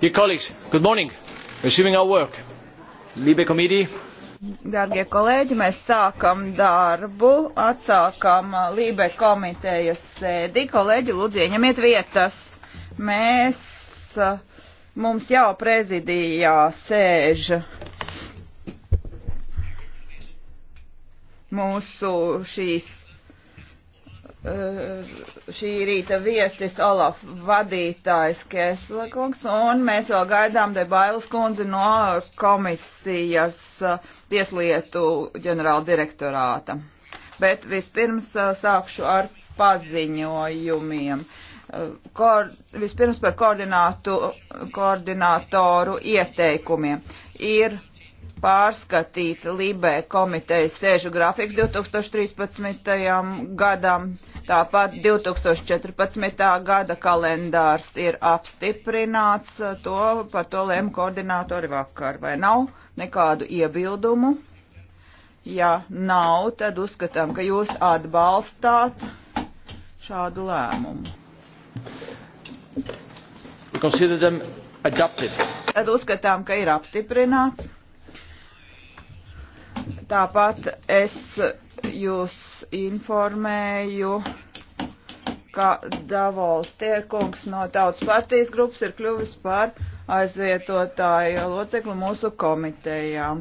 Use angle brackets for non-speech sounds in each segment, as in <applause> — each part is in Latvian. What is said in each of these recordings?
Dear colleagues, good morning. Resuming our work. Liebe committee. Dargie kolēģi, mēs sākam darbu, atsākam uh, Lībe komitejas sēdi. Kolēģi, lūdzu, ieņemiet vietas. Mēs, uh, mums jau prezidijā sēž mūsu šīs Eh, šī rīta viesis Olaf vadītājs Kēslakungs, un mēs vēl gaidām debailas kundzi no komisijas eh, tieslietu ģenerāla direktorāta. Bet vispirms eh, sākšu ar paziņojumiem. Kor, vispirms par koordinātu, koordinātoru ieteikumiem. Ir pārskatīt Libē komitejas sēžu grafiks 2013. gadam Tāpat 2014. gada kalendārs ir apstiprināts, to, par to lēma koordinātori vakar. Vai nav nekādu iebildumu? Ja nav, tad uzskatām, ka jūs atbalstāt šādu lēmumu. Tad uzskatām, ka ir apstiprināts. Tāpat es jūs informēju, ka Davols Tiekungs no Tautas partijas grupas ir kļuvis par aizvietotāju locekli mūsu komitejā.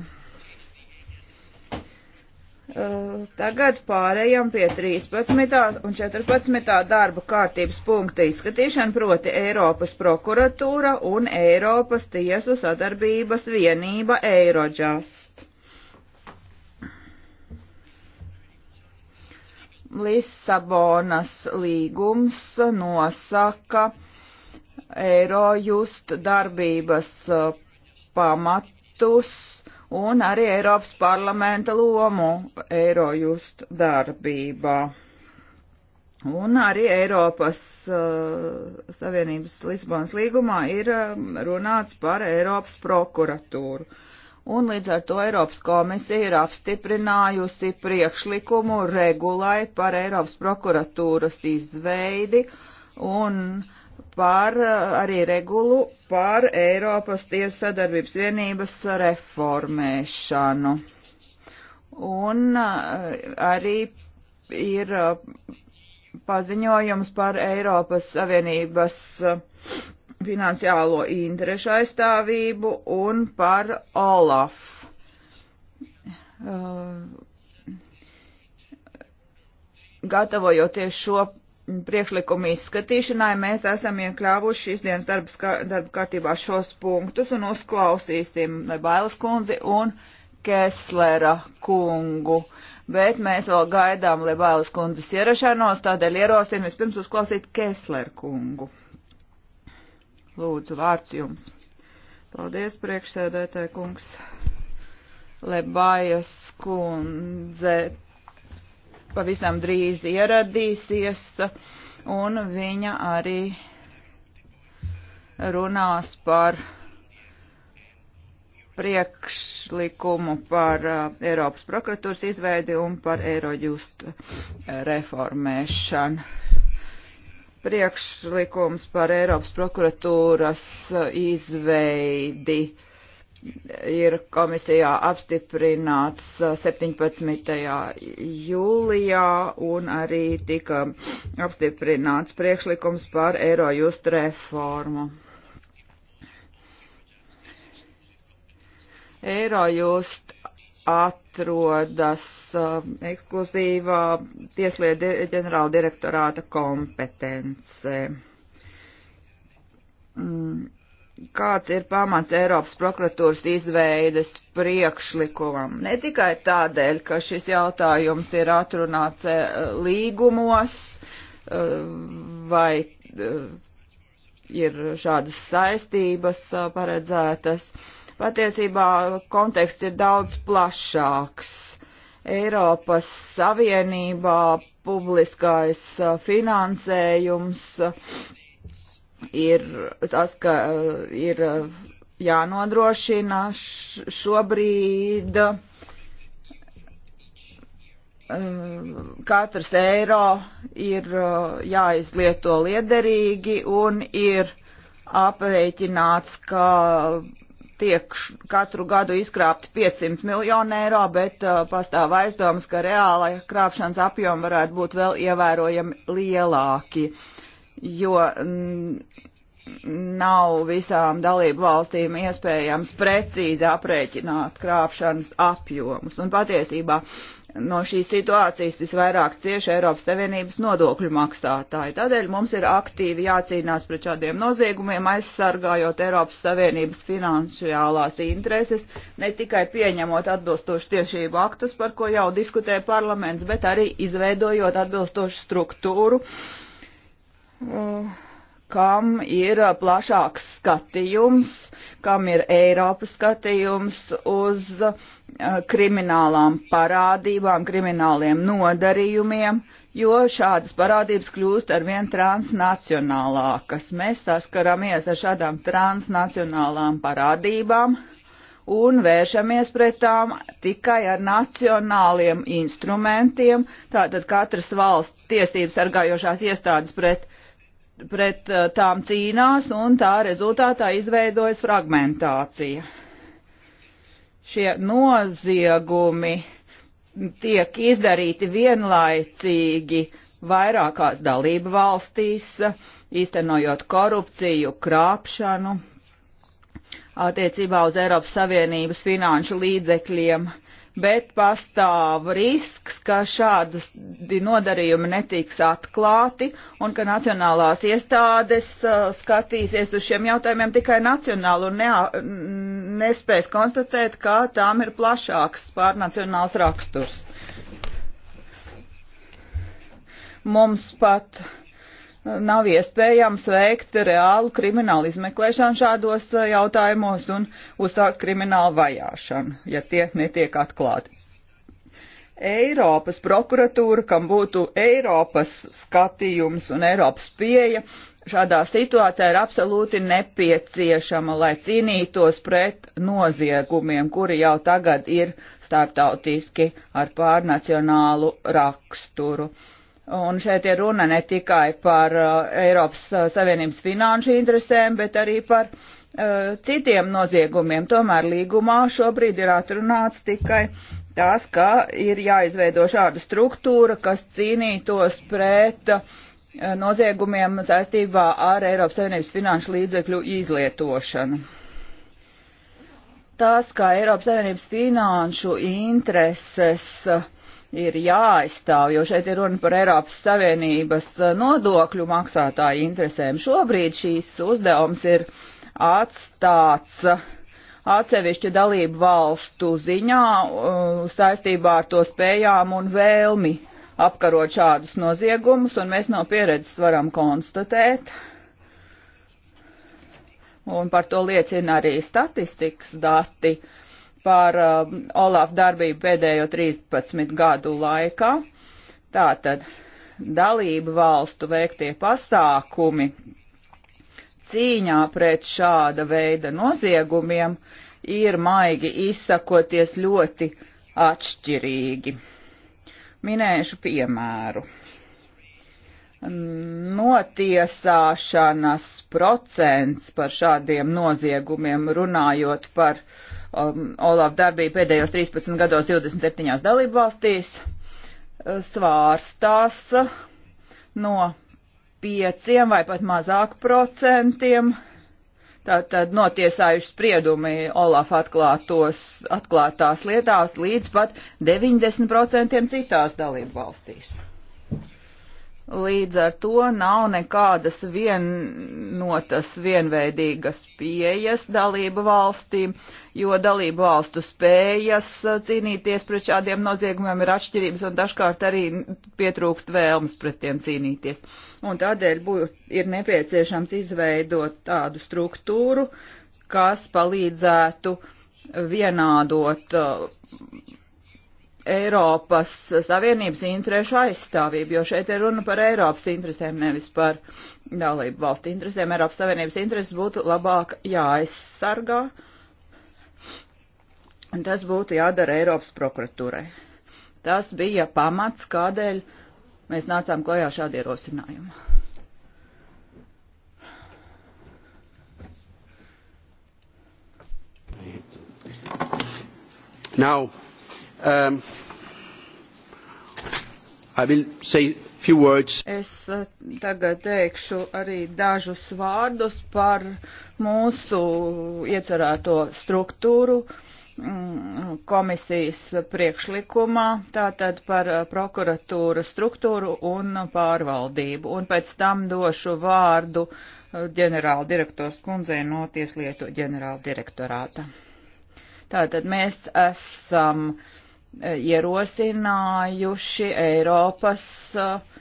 Uh, tagad pārējām pie 13. un 14. darba kārtības punkta izskatīšana, proti Eiropas prokuratūra un Eiropas tiesu sadarbības vienība Eirodžas. Lisabonas līgums nosaka Eirojust darbības e, pamatus un arī Eiropas parlamenta lomu Eirojust darbībā. Un arī Eiropas uh, Savienības Lisbonas līgumā ir uh, runāts par Eiropas prokuratūru. Uh, un līdz ar to Eiropas komisija ir apstiprinājusi priekšlikumu regulai par Eiropas prokuratūras izveidi un par eh, arī regulu par Eiropas tiesu sadarbības vienības reformēšanu. Un eh, arī ir eh, paziņojums par Eiropas Savienības uh, finansiālo interešu aizstāvību un par OLAF. Uh, gatavojoties šo priekšlikumu izskatīšanai, mēs esam iekļāvuši šīs dienas darbas, darba kārtībā šos punktus un uzklausīsim Bailas kundzi un Keslera kungu. Bet mēs vēl gaidām Lebailas kundzes ierašanos, tādēļ ierosim vispirms uzklausīt Keslera kungu. Lūdzu, vārds jums. Paldies, priekšsēdētāji kungs. Lebājas kundze pavisam drīz ieradīsies, un viņa arī runās par priekšlikumu par uh, Eiropas prokuratūras izveidi un par Eirojust uh, reformēšanu priekšlikums par Eiropas prokuratūras uh, izveidi ir komisijā apstiprināts 17. Uh, jūlijā un arī tika apstiprināts priekšlikums par Eirojust reformu. Eirojust atrodas um, ekskluzīvā tieslietu ģenerāla direktorāta kompetence. Mm. Kāds ir pamats Eiropas prokuratūras izveides priekšlikumam? Ne tikai tādēļ, ka šis jautājums ir atrunāts e, līgumos e, vai e, ir šādas saistības paredzētas, Patiesībā konteksts ir daudz plašāks. Eiropas Savienībā publiskais uh, finansējums uh, ir, saska, uh, ir jānodrošina šobrīd katrs eiro ir jāizlieto liederīgi un ir aprēķināts, ka tiek katru gadu izkrāpti 500 miljoni eiro, bet uh, pastāv aizdomas, ka reāla krāpšanas apjoma varētu būt vēl ievērojami lielāki, jo nav visām dalību valstīm iespējams precīzi aprēķināt krāpšanas apjomus. Un patiesībā uh, no šīs situācijas visvairāk cieši Eiropas Savienības nodokļu maksātāji. Tādēļ mums ir aktīvi jācīnās pret šādiem noziegumiem, aizsargājot Eiropas Savienības finansiālās intereses, ne tikai pieņemot atbilstošu tiešību aktus, par ko jau diskutē parlaments, bet arī izveidojot atbilstošu struktūru. Uh kam ir uh, plašāks skatījums, kam ir Eiropas skatījums uz uh, kriminālām parādībām, krimināliem nodarījumiem, jo šādas parādības kļūst arvien transnacionālākas. Mēs saskaramies ar šādām transnacionālām parādībām un vēršamies pret tām tikai ar nacionāliem instrumentiem. Tātad katras valsts tiesības sargājošās iestādes pret pret eh, tām cīnās, un tā rezultātā izveidojas fragmentācija. Šie noziegumi tiek izdarīti vienlaicīgi vairākās dalību valstīs, īstenojot korupciju, krāpšanu attiecībā uz Eiropas Savienības finanšu līdzekļiem. Uh, bet pastāv risks, ka šādas nodarījumi netiks atklāti un ka nacionālās iestādes uh, skatīsies uz šiem jautājumiem tikai nacionāli un ne, nespēs konstatēt, kā tām ir plašāks pārnacionāls raksturs. Mums pat nav iespējams veikt reālu kriminālu izmeklēšanu šādos eh, jautājumos un uzsākt kriminālu vajāšanu, ja tie netiek atklāti. Eiropas prokuratūra, kam būtu Eiropas skatījums un Eiropas pieeja, šādā situācijā ir absolūti nepieciešama, lai cīnītos pret noziegumiem, kuri jau tagad ir starptautiski ar pārnacionālu raksturu. Uh, Un šeit ir runa ne tikai par uh, Eiropas uh, Savienības finanšu interesēm, bet arī par uh, citiem noziegumiem. Tomēr līgumā šobrīd ir atrunāts tikai tas, ka ir jāizveido šāda struktūra, kas cīnītos pret uh, noziegumiem saistībā ar Eiropas Savienības finanšu līdzekļu izlietošanu. Tas, kā Eiropas Savienības finanšu intereses uh, ir jāaizstāv, jo šeit ir runa par Eiropas Savienības e, nodokļu maksātāju interesēm. Šobrīd šīs uzdevums ir atstāts atsevišķu dalību valstu ziņā e, saistībā ar to spējām un vēlmi apkarot šādus noziegumus, un mēs no pieredzes varam konstatēt, un par to liecina arī statistikas dati, uh, par um, Olaf darbību pēdējo 13 gadu laikā. Tātad dalību valstu veiktie pasākumi cīņā pret šāda veida noziegumiem ir maigi izsakoties ļoti atšķirīgi. Minēšu piemēru. Notiesāšanas procents par šādiem noziegumiem runājot par uh, um, Olaf darbību pēdējos 13 gados 27 dalību valstīs svārstās uh, no pieciem vai pat mazāk procentiem. Tātad notiesājuši spriedumi Olaf atklātos, atklātās lietās līdz pat 90% citās dalību valstīs. Līdz ar to nav nekādas vienotas vienveidīgas pieejas dalību valstīm, jo dalību valstu spējas cīnīties pret šādiem noziegumiem ir atšķirības un dažkārt arī pietrūkst vēlmes pret tiem cīnīties. Un tādēļ būt, ir nepieciešams izveidot tādu struktūru, kas palīdzētu vienādot uh, Eiropas Savienības interešu aizstāvību, jo šeit ir runa par Eiropas interesēm, nevis par dalību valstu interesēm. Eiropas Savienības intereses būtu labāk jāaizsargā, un tas būtu jādara Eiropas prokuratūrai. Tas bija pamats, kādēļ mēs nācām klajā šādi ierosinājumu. Now, Um, Es uh, tagad teikšu arī dažus vārdus par mūsu iecerēto struktūru mm, komisijas priekšlikumā, tātad par uh, prokuratūras struktūru un pārvaldību. Un pēc tam došu vārdu uh, ģenerāla direktors kundzei no Tieslietu ģenerāla direktorāta. Tātad mēs esam uh, Eh, ierosinājuši Eiropas eh,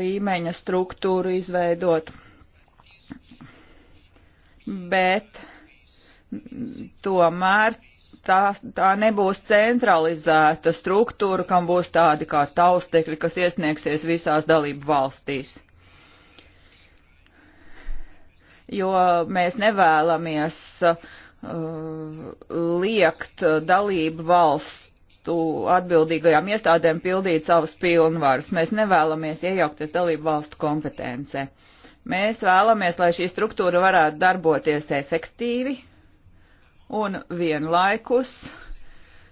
līmeņa struktūru izveidot. Bet mm, tomēr tā, tā nebūs centralizēta struktūra, kam būs tādi kā taustekļi, kas iesniegsies visās dalību valstīs. Jo mēs nevēlamies uh, liekt dalību valsts valstu atbildīgajām iestādēm pildīt savas pilnvaras. Mēs nevēlamies iejaukties dalību valstu kompetencē. Mēs vēlamies, lai šī struktūra varētu darboties efektīvi un vienlaikus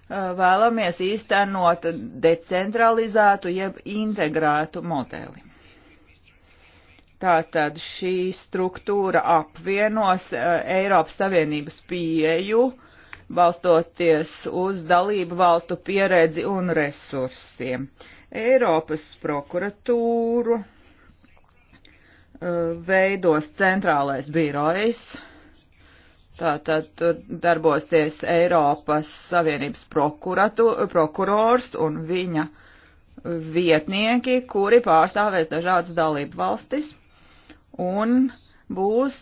vēlamies īstenot decentralizētu jeb integrētu modeli. Tātad šī struktūra apvienos Eiropas Savienības pieju uh, balstoties uz dalību valstu pieredzi un resursiem. Eiropas prokuratūru uh, veidos centrālais birojs, tātad tur darbosies Eiropas Savienības prokurors un viņa vietnieki, kuri pārstāvēs dažādas dalību valstis. Un uh, būs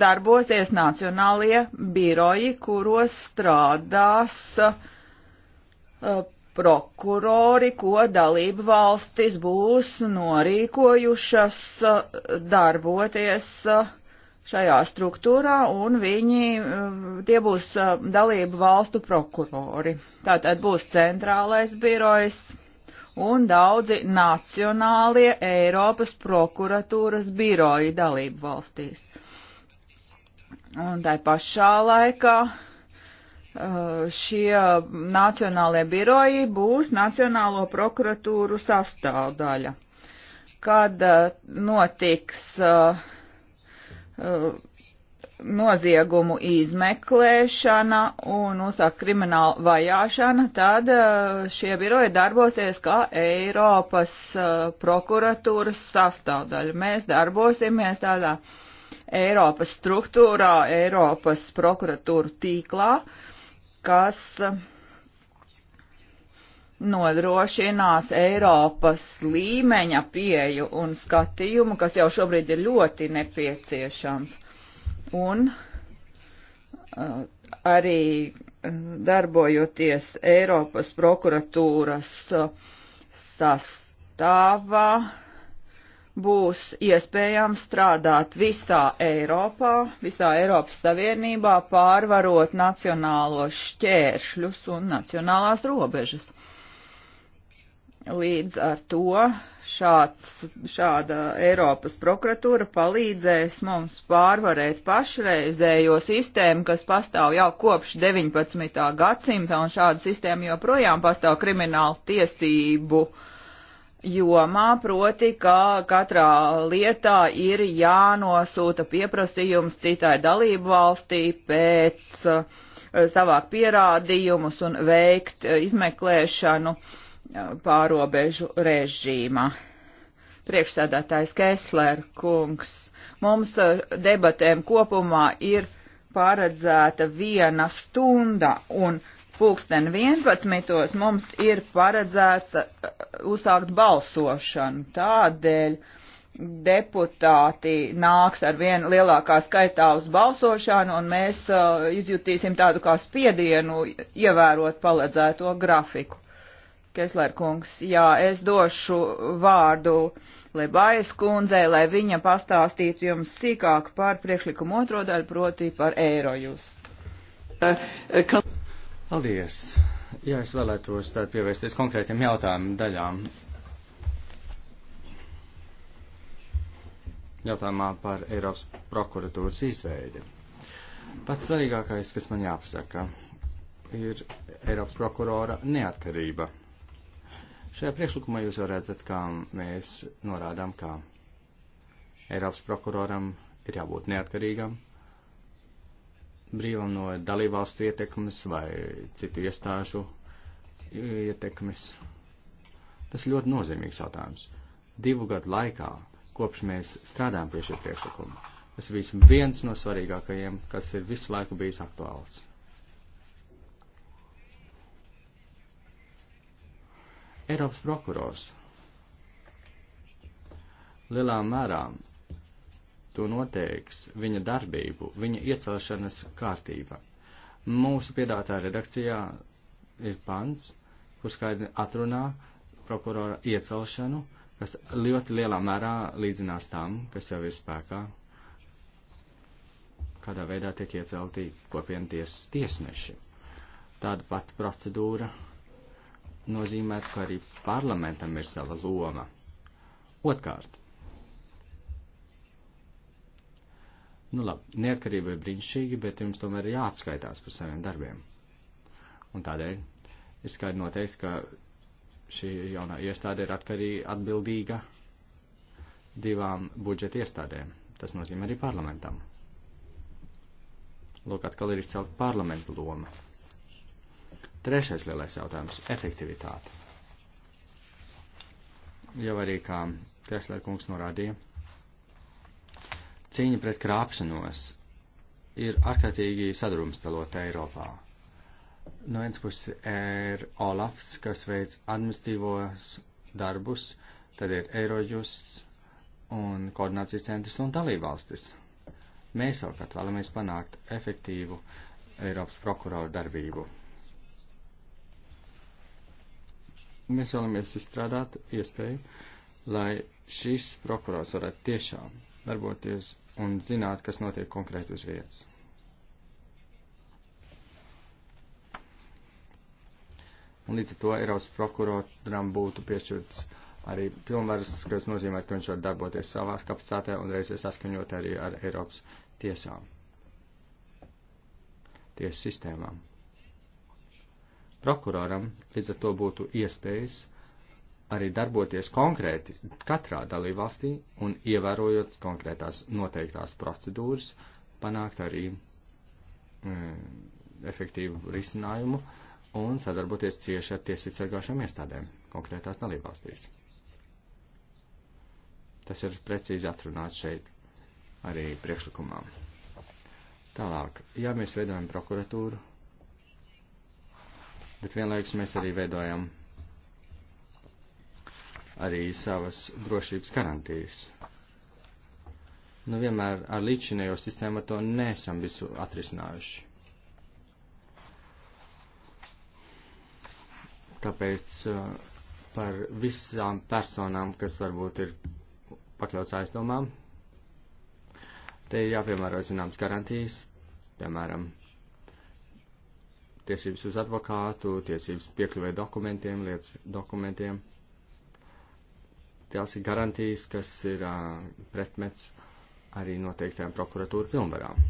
darbosies nacionālie biroji, kuros strādās prokurori, ko dalību valstis būs norīkojušas darboties šajā struktūrā, un viņi, tie būs dalību valstu prokurori. Tātad būs centrālais birojs, un daudzi nacionālie Eiropas prokuratūras biroji dalību valstīs. Un tai pašā laikā uh, šie nacionālie biroji būs Nacionālo prokuratūru sastāvdaļa. Kad uh, notiks uh, uh noziegumu izmeklēšana un uzsākt kriminālu vajāšana, tad uh, šie biroji darbosies kā Eiropas uh, prokuratūras sastāvdaļa. Mēs darbosimies tādā Eiropas struktūrā, Eiropas prokuratūru tīklā, kas uh, nodrošinās Eiropas līmeņa pieju un skatījumu, kas jau šobrīd ir ļoti nepieciešams un uh, arī uh, darbojoties Eiropas prokuratūras uh, sastāvā, būs iespējams strādāt visā Eiropā, visā Eiropas Savienībā, pārvarot nacionālos šķēršļus un nacionālās robežas. Līdz ar to šāds, šāda Eiropas prokuratūra palīdzēs mums pārvarēt pašreizējo sistēmu, kas pastāv jau kopš 19. gadsimta, un šāda sistēma joprojām pastāv kriminālu tiesību jomā, proti, ka katrā lietā ir jānosūta pieprasījums citai dalību valstī pēc eh, savāk pierādījumus un veikt eh, izmeklēšanu. Uh, pārobežu režīma. Priekšsēdētājs Kesler kungs, mums debatēm kopumā ir paredzēta viena stunda un pulksten 11. mums ir paredzēts uzsākt balsošanu. Tādēļ deputāti nāks ar vien lielākā skaitā uz balsošanu un mēs uh, izjutīsim tādu kā spiedienu ievērot paledzēto grafiku. Kesler kungs, jā, es došu vārdu Lebājas kundzei, lai viņa pastāstītu jums sīkāk par priekšlikumu otro daļu, proti par Eirojustu. Paldies. Jā, es vēlētos tad pievērsties konkrētiem jautājumu daļām. Jautājumā par Eiropas prokuratūras izveidi. Pats svarīgākais, kas man jāpasaka, ir Eiropas prokurora neatkarība Šajā priekšlikumā jūs redzat, kā mēs norādām, ka Eiropas prokuroram ir jābūt neatkarīgam, brīvam no dalībvalstu ietekmes vai citu iestāžu ietekmes. Tas ir ļoti nozīmīgs jautājums. Divu gadu laikā, kopš mēs strādājam pie šī priekšlikuma, tas ir viens no svarīgākajiem, kas ir visu laiku bijis aktuāls. Eiropas prokurors lielā mērā to noteiks viņa darbību, viņa iecelšanas kārtība. Mūsu piedātā redakcijā ir pants, kur skaidri atrunā prokurora iecelšanu, kas ļoti lielā mērā līdzinās tam, kas jau ir spēkā, kādā veidā tiek iecelti kopienu tiesas tiesneši. Tāda pati procedūra nozīmētu, ka arī parlamentam ir sava loma. Otkārt, nu labi, neatkarība ir brīnišķīga, bet jums tomēr ir jāatskaitās par saviem darbiem. Un tādēļ ir skaidri noteikts, ka šī jaunā iestāde ir atkarīga atbildīga divām budžeta iestādēm. Tas nozīmē arī parlamentam. Lūk, atkal ir izcelt parlamentu loma. Trešais lielais jautājums - efektivitāte. Jau arī kā Kreslēra kungs norādīja, cīņa pret krāpšanos ir ārkārtīgi sadrumstalota Eiropā. No vienas puses ir Olafs, kas veids administratīvos darbus, tad ir Eirojusts un koordinācijas centrs un dalībvalstis. Mēs savukārt vēlamies panākt efektīvu Eiropas prokuroru darbību. Mēs vēlamies izstrādāt iespēju, lai šis prokurors varētu tiešām darboties un zināt, kas notiek konkrēti uz vietas. Un līdz ar to Eiropas prokuroram būtu piešķirts arī pilnvaras, kas nozīmē, ka viņš var darboties savās kapacitātē un reizē saskaņot arī ar Eiropas tiesām, tiesu sistēmām. Prokuroram līdz ar to būtu iespējas arī darboties konkrēti katrā dalībvalstī un ievērojot konkrētās noteiktās procedūras, panākt arī mm, efektīvu risinājumu un sadarboties cieši ar tiesību sargājušām iestādēm konkrētās dalībvalstīs. Tas ir precīzi atrunāts šeit arī priekšlikumā. Tālāk, ja mēs veidojam prokuratūru, bet vienlaikus mēs arī veidojam arī savas drošības garantijas. Nu, vienmēr ar līdzinējo sistēmu to nesam visu atrisinājuši. Tāpēc eh, par visām personām, kas varbūt ir pakļauts aizdomām, te ir jāpiemēro zināmas garantijas, piemēram, tiesības uz advokātu, tiesības piekļuvē dokumentiem, lietas dokumentiem. Tās ir garantijas, kas ir uh, pretmets arī noteiktajām prokuratūra pilnvarām.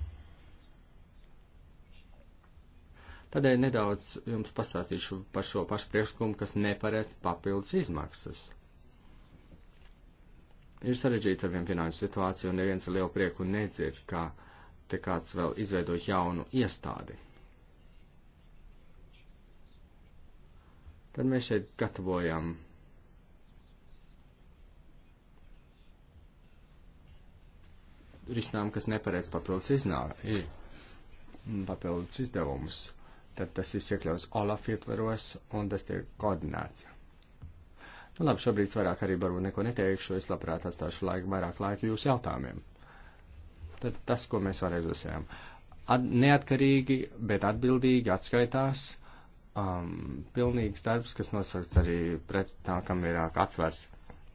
Tādēļ nedaudz jums pastāstīšu par šo pašu priekšlikumu, kas neparedz papildus izmaksas. Ir sarežģīta ar vien finanšu situāciju, un neviens ar lielu prieku nedzird, ka te kāds vēl izveido jaunu iestādi, Tad mēs šeit gatavojam risinājumu, kas neparedz papildus, iznā, i, papildus izdevumus. Tad tas viss iekļaus Olaf ietvaros un tas tiek koordinēts. Nu, labi, šobrīd vairāk arī varbūt neko neteikšu, es labprāt atstāšu laiku, vairāk laika jūsu jautājumiem. Tad tas, ko mēs vēlreiz uzsējām. At, neatkarīgi, bet atbildīgi atskaitās um, pilnīgs darbs, kas nosaucts arī pret tā, kam ir uh, atvers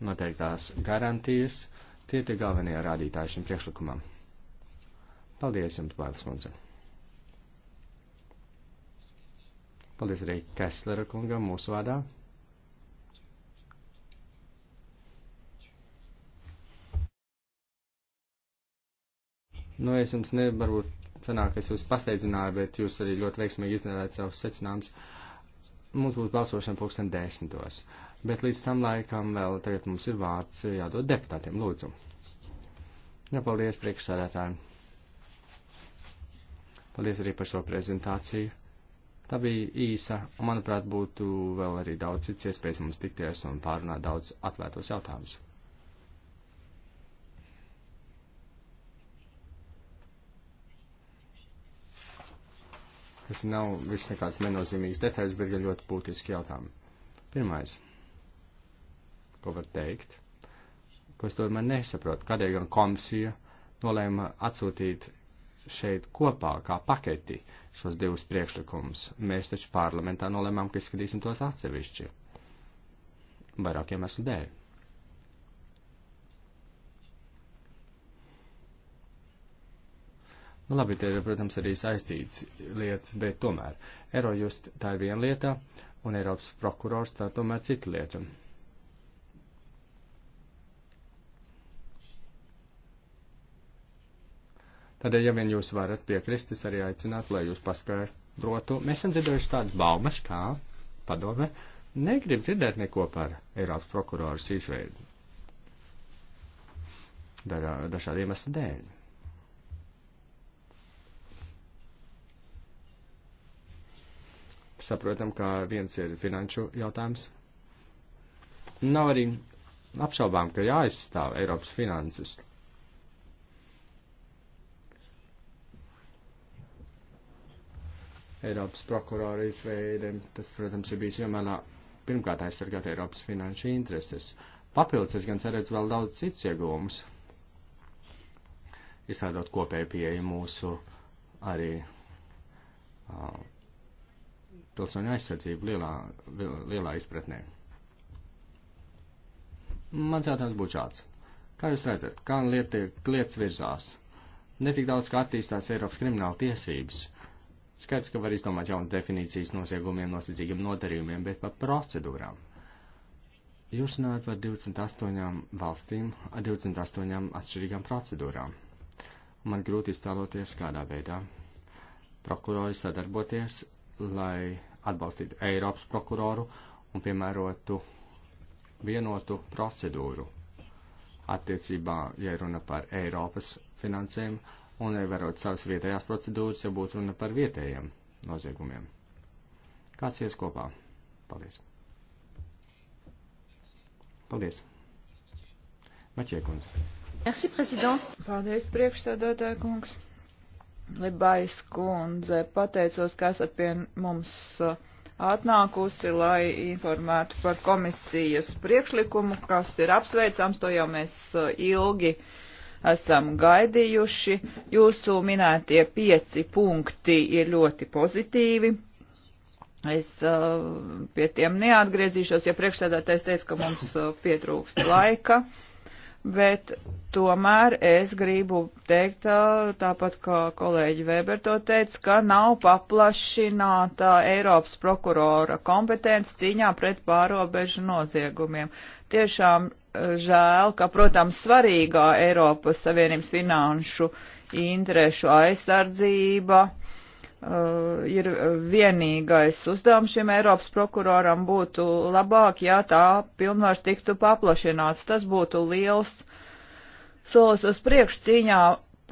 noteiktās garantijas. Tie ir tie galvenie rādītāji šim priekšlikumam. Paldies jums, Bailis Mundze. Paldies arī Keslera kungam mūsu vārdā. Nu, es jums nevaru sanāk, ka es jūs pasteidzināju, bet jūs arī ļoti veiksmīgi izdarījāt savus secinājumus. Mums būs balsošana pulksten desmitos, bet līdz tam laikam vēl tagad mums ir vārds jādod deputātiem, lūdzu. Jā, paldies priekšsādātājiem. Paldies arī par šo prezentāciju. Tā bija īsa, un manuprāt, būtu vēl arī daudz cits iespējas mums tikties un pārunāt daudz atvērtos jautājumus. Tas nav viss nekāds nenozīmīgs detaļas, bet gan ļoti būtiski jautājumi. Pirmais, ko var teikt, ko es tomēr nesaprotu, kādēļ gan komisija nolēma atsūtīt šeit kopā kā paketi šos divus priekšlikumus. Mēs taču parlamentā nolēmām, ka izskatīsim tos atsevišķi. Vairākiem esmu dēļ. Nu, labi, tie ir, protams, arī saistīts lietas, bet tomēr Eirojust tā ir viena lieta, un Eiropas prokurors tā tomēr cita lieta. Tādēļ, ja vien jūs varat piekrist, es arī aicinātu, lai jūs paskaidrotu. Mēs esam dzirdējuši tādas baumas, kā padome negrib dzirdēt neko par Eiropas prokuroras izveidu. Dažādu iemeslu dēļ. saprotam, ka viens ir finanšu jautājums. Nav arī apšaubām, ka jāaizstāv Eiropas finanses. Eiropas prokurora izveide, tas, protams, ir bijis vienmērā pirmkārt aizsargāt Eiropas finanšu intereses. Papildus es gan ceru vēl daudz cits iegūmus, izstrādot kopēju pieeju mūsu arī uh, pilsoņu aizsardzību lielā, lielā izpratnē. Mans jautājums būtu šāds. Kā jūs redzat, kā lieta, lietas virzās? Netik daudz, kā attīstās Eiropas krimināla tiesības. Skaidrs, ka var izdomāt jaunu definīcijas noziegumiem, noslēdzīgiem nodarījumiem, bet par procedūrām. Jūs runājat par 28 valstīm ar 28 atšķirīgām procedūrām. Man grūti iztēloties, kādā veidā prokurori sadarboties lai atbalstītu Eiropas prokuroru un piemērotu vienotu procedūru attiecībā, ja runa par Eiropas finansēm, un ievērot savas vietējās procedūras, ja būtu runa par vietējiem noziegumiem. Kāds ies kopā? Paldies. Paldies. Maķie kundze. Merci, prezident. Paldies, priekšstādātāja kungs. Libais kundze, pateicos, ka esat pie mums uh, atnākusi, lai informētu par komisijas priekšlikumu, kas ir apsveicams, to jau mēs uh, ilgi esam gaidījuši. Jūsu minētie pieci punkti ir ļoti pozitīvi. Es uh, pie tiem neatgriezīšos, ja priekšsēdētājs teica, ka mums pietrūkst laika bet tomēr es gribu teikt, tāpat kā kolēģi Weber to teica, ka nav paplašināta Eiropas prokurora kompetence cīņā pret pārobežu noziegumiem. Tiešām eh, žēl, ka, protams, svarīgā Eiropas Savienības finanšu interešu aizsardzība, uh, Uh, ir vienīgais uzdevums šim Eiropas prokuroram būtu labāk, ja tā pilnvars tiktu paplašināts. Tas būtu liels solis uz priekšu cīņā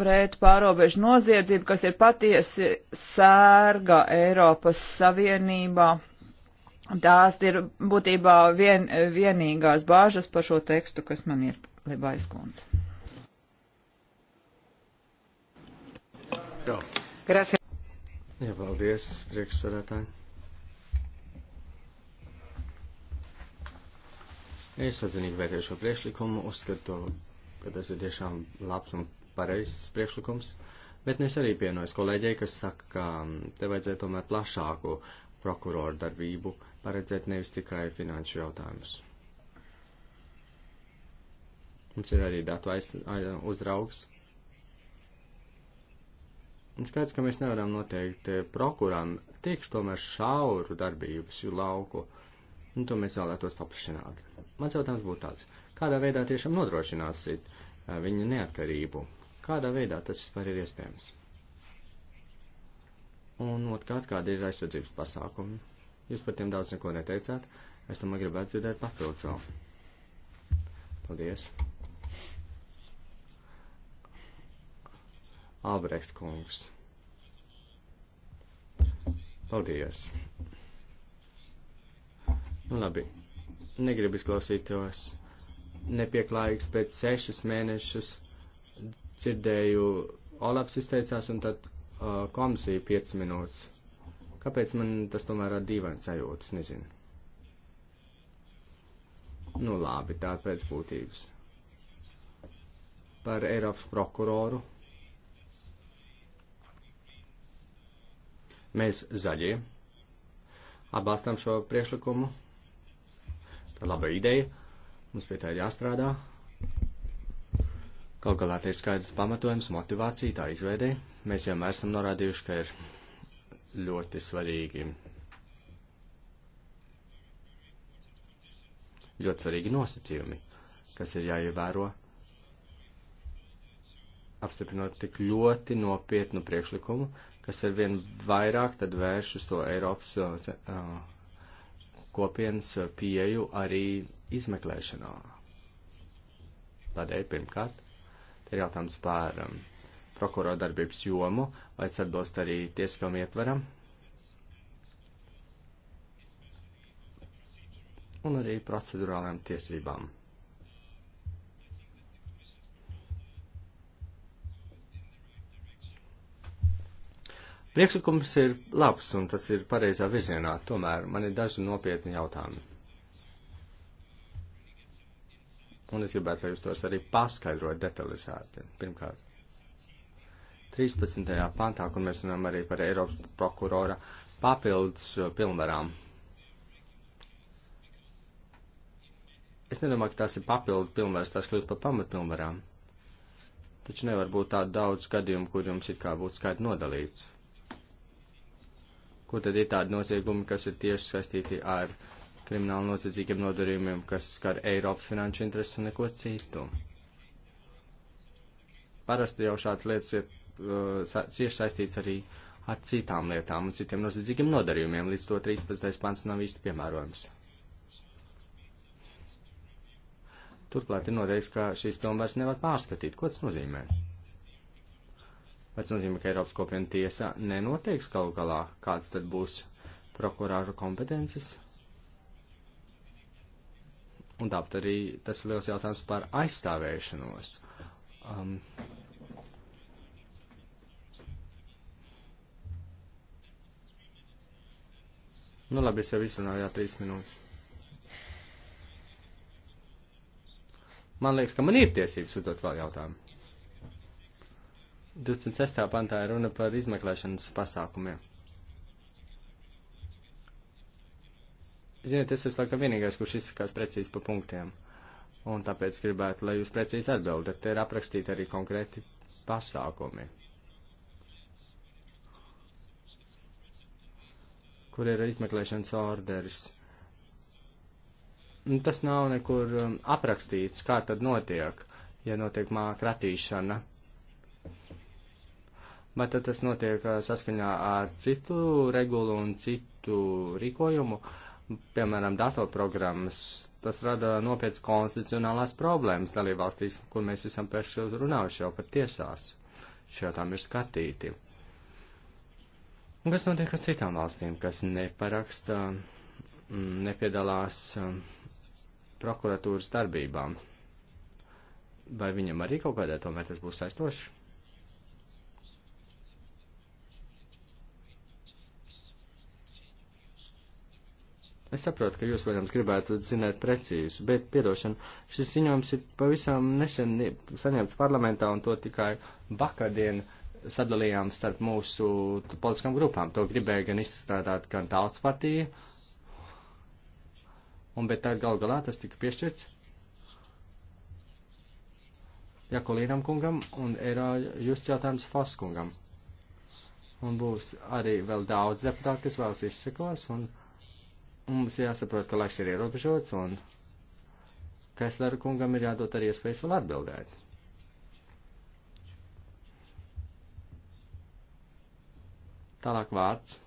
pret pārobežu noziedzību, kas ir patiesi sērga Eiropas Savienībā. Tās ir būtībā vien, vienīgās bāžas par šo tekstu, kas man ir, Lebais Kunz. Gracias. Jā, paldies, priekšsēdētāji. Es atzinīgi vērtēju šo priekšlikumu, uzskatu, ka tas ir tiešām labs un pareizs priekšlikums, bet es arī pienojos kolēģei, kas saka, ka te vajadzētu tomēr plašāku prokuroru darbību paredzēt nevis tikai finanšu jautājumus. Mums ir arī datu aiz, aiz, uzraugs, Skaidrs, ka mēs nevaram noteikt eh, prokuram, tiekš tomēr šauru darbības lauku, un to mēs vēlētos paplašināt. Mans jautājums būtu tāds, kādā veidā tiešām nodrošināsit eh, viņa neatkarību? Kādā veidā tas vispār ir iespējams? Un otrkārt, kāda ir aizsardzības pasākumi? Jūs par tiem daudz neko neteicāt, es tomēr gribētu dzirdēt papildus vēl. Paldies! Albrechts kungs. Paldies. Nu, labi. Negribu izklausītos nepieklājīgs pēc sešas mēnešus dzirdēju, Olaps izteicās un tad uh, komisija 5 minūtes. Kāpēc man tas tomēr ir dīvains sajūtas, nezinu. Nu labi, tā pēc būtības. Par Eiropas prokuroru Mēs zaļie atbalstam šo priekšlikumu. Tā laba ideja. Mums pie tā ir jāstrādā. Kaut galā te ir skaidrs pamatojums, motivācija tā izveidē. Mēs jau esam norādījuši, ka ir ļoti svarīgi. Ļoti svarīgi nosacījumi, kas ir jāievēro, apstiprinot tik ļoti nopietnu priekšlikumu, kas ar vien vairāk tad vērš uz to Eiropas uh, uh kopienas uh, pieju arī izmeklēšanā. Tādēļ pirmkārt, te ir jautājums par um, prokurora darbības jomu, vai tas atbilst arī tiesiskam ietveram. un arī procedurālajām tiesībām. Priekšlikums ir labs un tas ir pareizā virzienā, tomēr man ir daži nopietni jautājumi. Un es gribētu, lai jūs tos arī paskaidrot detalizēti. Pirmkārt, 13. pantā, kur mēs runājam arī par Eiropas prokurora papildus uh, pilnvarām. Es nedomāju, ka tās ir papildu pilnvaras, tās kļūst par pamatpilnvarām. Taču nevar būt tādu daudz gadījumu, kur jums ir kā būtu skaidri nodalīts kur tad ir tādi noziegumi, kas ir tieši saistīti ar kriminālu noziedzīgiem nodarījumiem, kas skar Eiropas finanšu intereses un neko citu. Parasti jau šāds lietas ir uh, cieši saistīts arī ar citām lietām un citiem noziedzīgiem nodarījumiem, līdz to 13. pants nav īsti piemērojams. Turklāt ir noteikts, ka šīs pilnvairs nevar pārskatīt. Ko tas nozīmē? Vai tas nozīmē, ka Eiropas kopiena tiesā nenoteiks galu galā, kāds tad būs prokurāru kompetences? Un tāpat arī tas ir liels jautājums par aizstāvēšanos. Um, Nu, labi, es jau izrunāju, jā, trīs minūtes. Man liekas, ka man ir tiesības uzdot vēl jautājumu. 26. pantā ir runa par izmeklēšanas pasākumiem. Ziniet, es esmu laikam vienīgais, kurš izsakās precīzi pa punktiem, un tāpēc gribētu, lai jūs precīzi atbildat. Te ir aprakstīti arī konkrēti pasākumi, kur ir izmeklēšanas orders. Nu, tas nav nekur um, aprakstīts, kā tad notiek, ja notiek mā kratīšana bet tad tas notiek saskaņā ar citu regulu un citu rīkojumu, piemēram, datorprogrammas. Tas rada nopietnas konstitucionālās problēmas dalībvalstīs, kur mēs esam pērši runājuši jau par tiesās. Šie jautājumi ir skatīti. Un kas notiek ar citām valstīm, kas neparaksta, mm, nepiedalās mm, prokuratūras darbībām? Vai viņam arī kaut kādā tomēr tas būs saistoši? Es saprotu, ka jūs, protams, gribētu zināt precīzi, bet, piedošana, šis ziņojums ir pavisam nesen saņemts parlamentā un to tikai vakardien sadalījām starp mūsu politiskām grupām. To gribēja gan izstrādāt, gan tautas partija. Un, bet tad gal galā tas tika piešķirts Jakolīnam kungam un Eirā Justs jautājums Faskungam. Un būs arī vēl daudz deputāti, kas vēlas izsekos un. Mums jāsaprot, ka laiks ir ierobežots un Kaislera kungam ir jādod arī iespējas vēl atbildēt. Tālāk vārds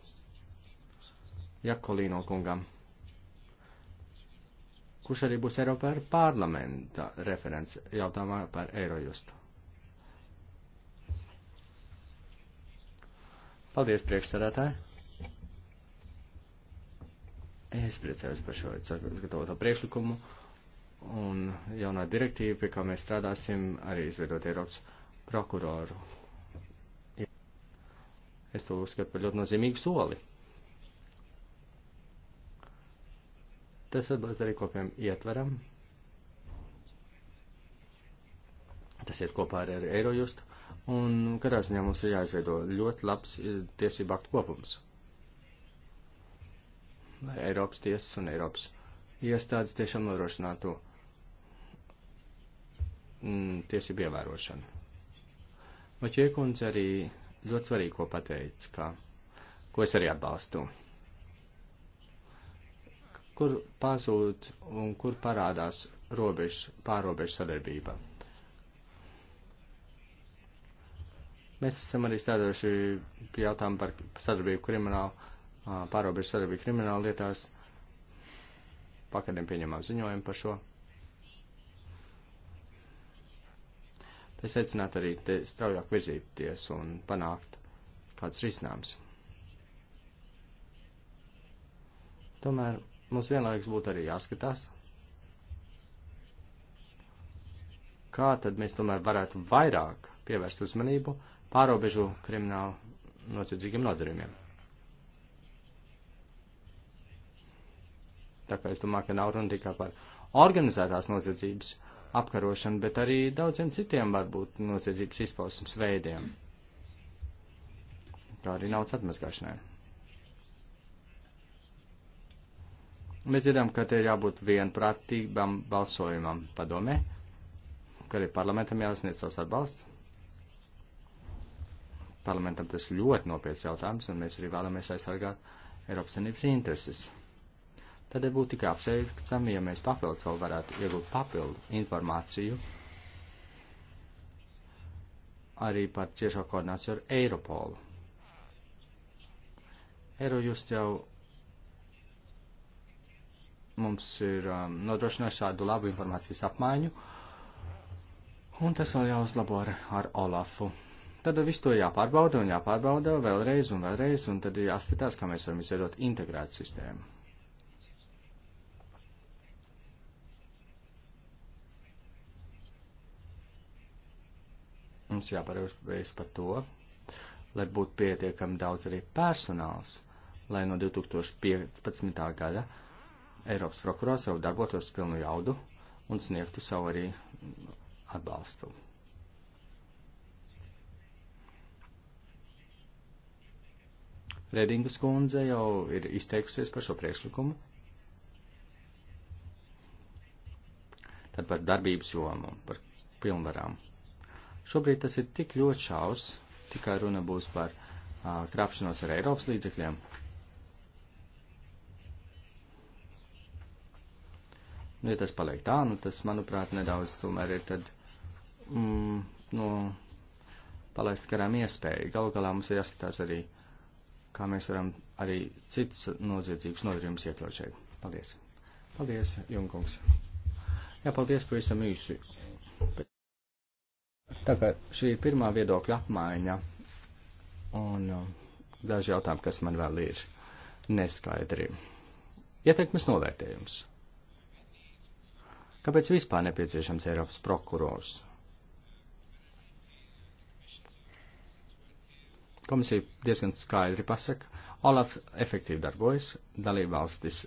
Jakolīno kungam, kurš arī būs Eiropā ar parlamenta referents jautājumā par Eirojustu. Paldies, priekšsarētāji! Es priecājos par šo sagatavoto priekšlikumu un jaunā direktīva, pie kā mēs strādāsim, arī izveidot Eiropas prokuroru. Es to uzskatu par ļoti nozīmīgu soli. Tas atbilst arī kopiem ietveram. Tas iet kopā ar Eirojustu. Un katrā ziņā mums ir jāizveido ļoti labs eh, tiesību aktu kopums lai Eiropas tiesas un Eiropas iestādes tiešām nodrošinātu mm, tiesību ievērošanu. Maķiekundze arī ļoti svarīgo pateica, ka, ko es arī atbalstu. Kur pazūd un kur parādās robežu, pārobežu sadarbība? Mēs esam arī strādājuši pie jautājumu par sadarbību kriminālu pārobežu sadarbību krimināla lietās. Pakadiem pieņemam ziņojumu par šo. Es aicinātu arī te straujāk virzīties un panākt kāds risinājums. Tomēr mums vienlaiks būtu arī jāskatās, kā tad mēs tomēr varētu vairāk pievērst uzmanību pārobežu kriminālu noziedzīgiem nodarījumiem. Tā kā es domāju, ka nav runa tikai par organizētās noziedzības apkarošanu, bet arī daudziem citiem varbūt noziedzības izpausmes veidiem, kā arī naudas atmazgāšanai. Mēs zinām, ka te ir jābūt vienprātīgam balsojumam padomē, ka arī parlamentam jāsniedz savs atbalsts. Parlamentam tas ļoti nopietns jautājums, un mēs arī vēlamies aizsargāt Eiropas Savienības intereses tad būtu tikai apsveicami, ja mēs papildus vēl varētu iegūt papildu informāciju arī par ciešo koordināciju ar Eiropolu. Eirojust jau mums ir um, nodrošinājuši šādu labu informācijas apmaiņu, un tas vēl jāuzlabo ar, ar Olafu. Tad visu to jāpārbauda un jāpārbauda vēlreiz un vēlreiz, un tad jāskatās, kā mēs varam izveidot integrētu sistēmu. mums jāparūpējas par to, lai būtu pietiekami daudz arī personāls, lai no 2015. gada Eiropas prokurors jau darbotos pilnu jaudu un sniegtu savu arī atbalstu. Redingas kundze jau ir izteikusies par šo priekšlikumu. Tad par darbības jomu, par pilnvarām. Šobrīd tas ir tik ļoti šaurs, tikai runa būs par uh, krāpšanos ar Eiropas līdzekļiem. Nu, ja tas paliek tā, nu tas, manuprāt, nedaudz tomēr ir tad, mm, nu, palaist garām iespēju. Galu galā mums ir jāskatās arī, kā mēs varam arī cits noziedzīgus nodarījumus iekļaut šeit. Paldies! Paldies, Junkungs! Jā, paldies pavisam īsi! Tā kā šī ir pirmā viedokļa apmaiņa un uh, daži jautājumi, kas man vēl ir neskaidri. Ieteikums novērtējums. Kāpēc vispār nepieciešams Eiropas prokurors? Komisija diezgan skaidri pasaka, Olaf efektīvi darbojas, dalībvalstis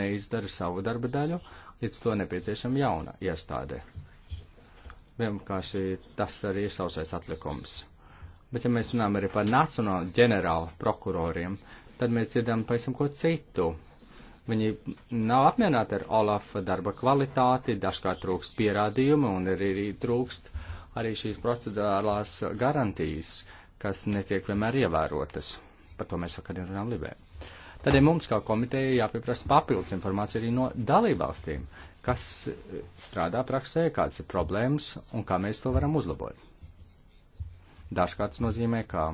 neizdara savu darba daļu, līdz to nepieciešama jauna iestāde vienkārši tas arī ir sausais atlikums. Bet, ja mēs runājam arī par nacionālu ģenerālu prokuroriem, tad mēs dzirdam pavisam ko citu. Viņi nav apmierināti ar Olafa darba kvalitāti, dažkārt trūkst pierādījumu un arī trūkst arī šīs procedurālās garantijas, kas netiek vienmēr ievērotas. Par to mēs vakar runājām Libē. Tad ir ja mums kā komiteja jāpieprasa papildus informācija arī no dalībvalstīm, kas eh, strādā praksē, kādas ir problēmas un kā mēs to varam uzlabot. Dažkārt tas nozīmē, ka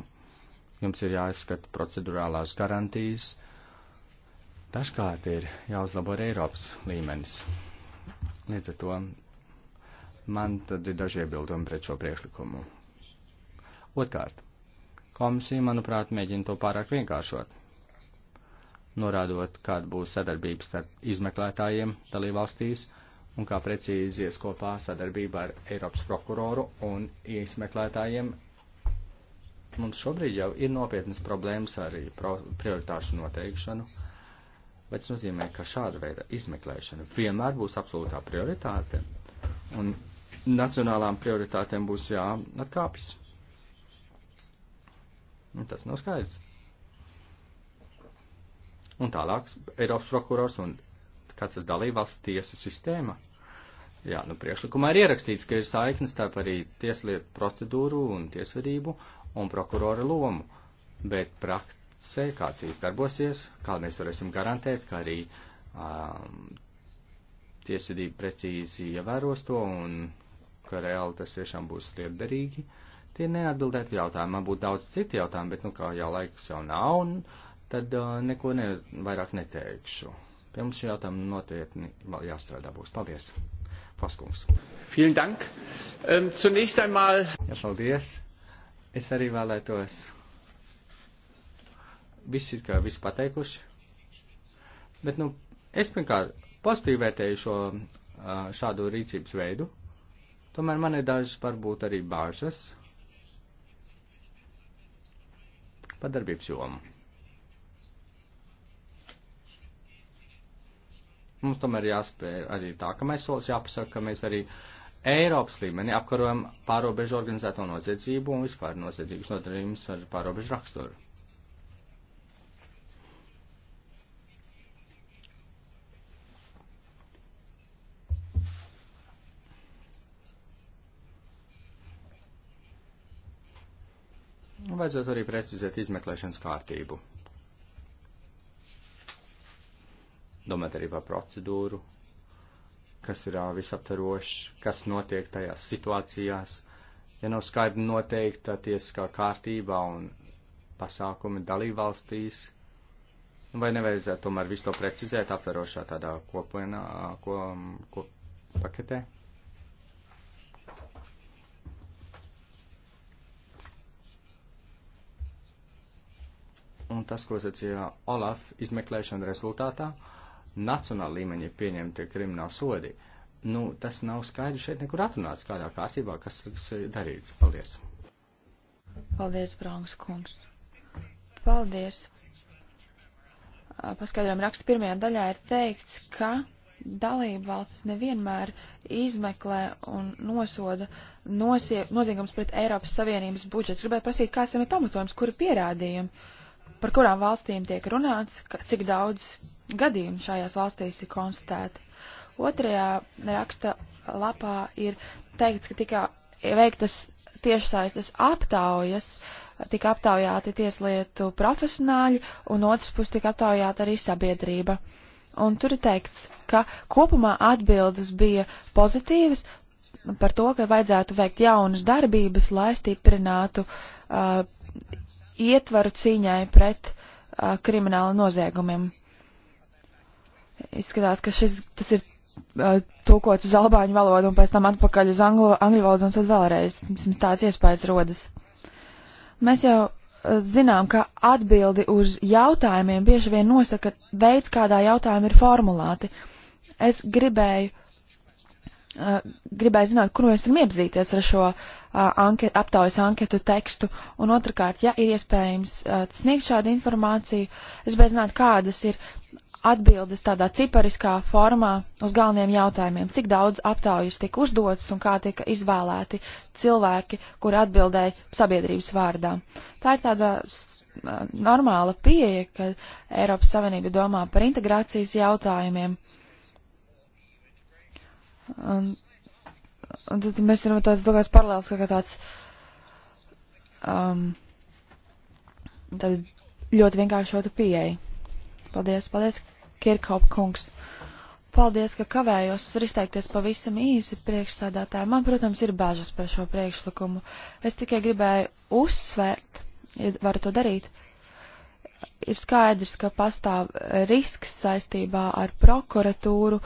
jums ir jāizskata procedurālās garantijas, dažkārt ir jāuzlabo Eiropas līmenis. Līdz ar to man tad ir daži iebildumi pret šo priekšlikumu. Otkārt, komisija, manuprāt, mēģina to pārāk vienkāršot norādot, kāda būs sadarbība starp izmeklētājiem dalībvalstīs un kā precīzi ies kopā sadarbība ar Eiropas prokuroru un izmeklētājiem. Mums šobrīd jau ir nopietnas problēmas ar prioritāšu noteikšanu, bet tas nozīmē, ka šāda veida izmeklēšana vienmēr būs absolūtā prioritāte, un nacionālām prioritātēm būs jāatkāpjas. Tas nav skaidrs. Un tālāk Eiropas prokurors un kāds tas dalībvalsts tiesu sistēma. Jā, nu priekšlikumā ir ierakstīts, ka ir saiknes starp arī tieslietu procedūru un tiesvedību un prokurora lomu, bet praksē, kāds īsti darbosies, kā mēs varēsim garantēt, ka arī um, tiesvedība precīzi ievēros to un ka reāli tas tiešām būs lietderīgi. Tie neatbildēti jautājumi, man būtu daudz citi jautājumi, bet nu kā jau laiks jau nav. Un, uh, tad uh, neko ne, vairāk neteikšu. Pie mums šī jautājuma notietni jāstrādā būs. Paldies, Paskungs. Vielen dank. Um, zunächst einmal. Ja, paldies. Es arī vēlētos. Visi, kā visi pateikuši. Bet, nu, es pirmkārt pozitīvi vērtēju šo uh, šādu rīcības veidu. Tomēr man ir dažas, varbūt arī bāžas par darbības jomu. Mums tomēr jāspēj arī tā, ka mēs solis jāpasaka, ka mēs arī Eiropas līmenī apkarojam pārobežu organizēto noziedzību un vispār noziedzīgus nodarījumus ar pārobežu raksturu. Vajadzētu arī precizēt izmeklēšanas kārtību. domāt arī par procedūru, kas ir visaptarošs, kas notiek tajās situācijās. Ja nav skaidri noteikta tiesiskā kārtībā un pasākumi dalībvalstīs, nu, vai nevajadzētu tomēr visu to precizēt apverošā tādā kopienā, ko, ko paketē? Un tas, ko sacīja Olaf izmeklēšana rezultātā, uh, nacionāla līmeņa ir pieņemti krimināli sodi. Nu, tas nav skaidrs šeit nekur atrunāts, kādā kārtībā, kas tiks darīts. Paldies! Paldies, Brauns kungs! Paldies! Paskaidrojumu raksta pirmajā daļā ir teikts, ka dalība valstis nevienmēr izmeklē un nosoda noziegums pret Eiropas Savienības budžets. Gribēju prasīt, kāds tam ir pamatojums, kuri pierādījumi? Uh, par kurām valstīm tiek runāts, ka, cik daudz gadījumu šajās valstīs ir konstatēti. Otrajā raksta lapā ir teikts, ka tika veiktas tiešsaistes aptaujas, tika aptaujāti tieslietu profesionāļi, un otrs pus tika aptaujāta arī sabiedrība. Un tur ir teikts, ka kopumā atbildes bija pozitīvas par to, ka vajadzētu veikt jaunas darbības, lai stiprinātu uh, ietvaru cīņai pret uh, kriminālu noziegumiem. Izskatās, ka šis, tas ir uh, tulkots uz albāņu valodu un pēc tam atpakaļ uz anglo, angļu valodu un tad vēlreiz. Vismaz tāds iespējas rodas. Mēs jau zinām, ka atbildi uz jautājumiem bieži vien nosaka veids, kādā jautājumi ir formulēti. Es gribēju Eh, gribēju zināt, kur mēs varam iepazīties ar šo eh, anket, aptaujas anketu tekstu, un otrkārt, ja ir iespējams eh, sniegt šādu informāciju, es gribēju zināt, kādas ir atbildes tādā cipariskā formā uz galveniem jautājumiem, cik daudz aptaujas tika uzdotas un kā tika izvēlēti cilvēki, kuri atbildēja sabiedrības vārdā. Tā ir tāda normāla pieeja, ka Eiropas Savienība domā par integrācijas jautājumiem. Uh, Un, un tad mēs varam tāds domās paralēls, ka tāds um, tad ļoti vienkāršotu pieeja. Paldies, paldies, Kirkhop kungs. Paldies, ka kavējos. Es varu izteikties pavisam īsi priekšsādātāji. Man, protams, ir bažas par šo priekšlikumu. Es tikai gribēju uzsvērt, ja varu to darīt. Ir skaidrs, ka pastāv risks saistībā ar prokuratūru,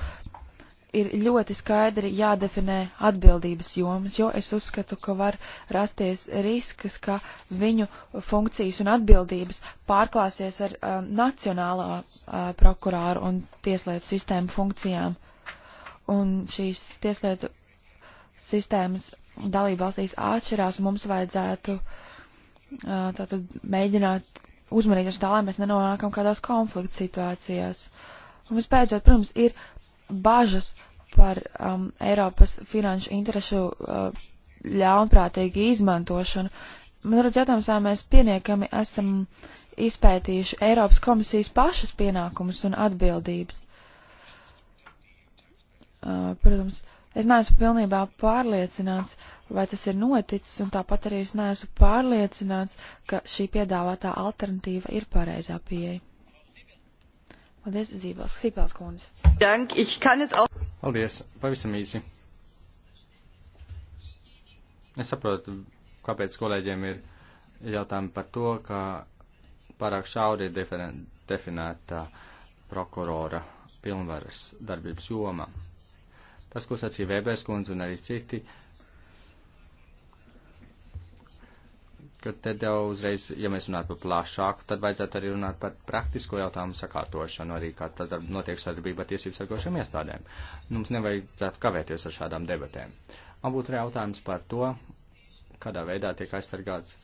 ir ļoti skaidri jādefinē atbildības jomas, jo es uzskatu, ka var rasties risks, ka viņu funkcijas un atbildības pārklāsies ar um, nacionālā uh, prokurāru un tieslietu sistēmu funkcijām. Un šīs tieslietu sistēmas dalībvalstīs atšķirās, mums vajadzētu uh, tātad mēģināt uzmanīt uz tā, lai mēs nenonākam kādās konflikta situācijās. Un vispēcot, protams, ir bažas par um, Eiropas finanšu interešu uh, ļaunprātīgu izmantošanu. Man rodas jautājums, vai mēs pieniekami esam izpētījuši Eiropas komisijas pašas pienākumus un atbildības. Uh, protams, es neesmu pilnībā pārliecināts, vai tas ir noticis, un tāpat arī es neesmu pārliecināts, ka šī piedāvātā alternatīva ir pareizā pieeja. Paldies, Zībās, Sīpās kundze. Paldies, pavisam īsi. Es saprotu, kāpēc kolēģiem ir jautājumi par to, ka pārāk šauri ir definēta prokurora pilnvaras darbības joma. Tas, ko sacīja Vēbērs kundze un arī citi, uh, ka te jau uzreiz, ja mēs runātu par plašāku, tad vajadzētu arī runāt par praktisko jautājumu sakārtošanu, arī kā tad notiek sadarbība ar tiesību sargošiem iestādēm. Nu, mums nevajadzētu kavēties ar šādām debatēm. Man būtu arī jautājums par to, kādā veidā tiek aizsargāts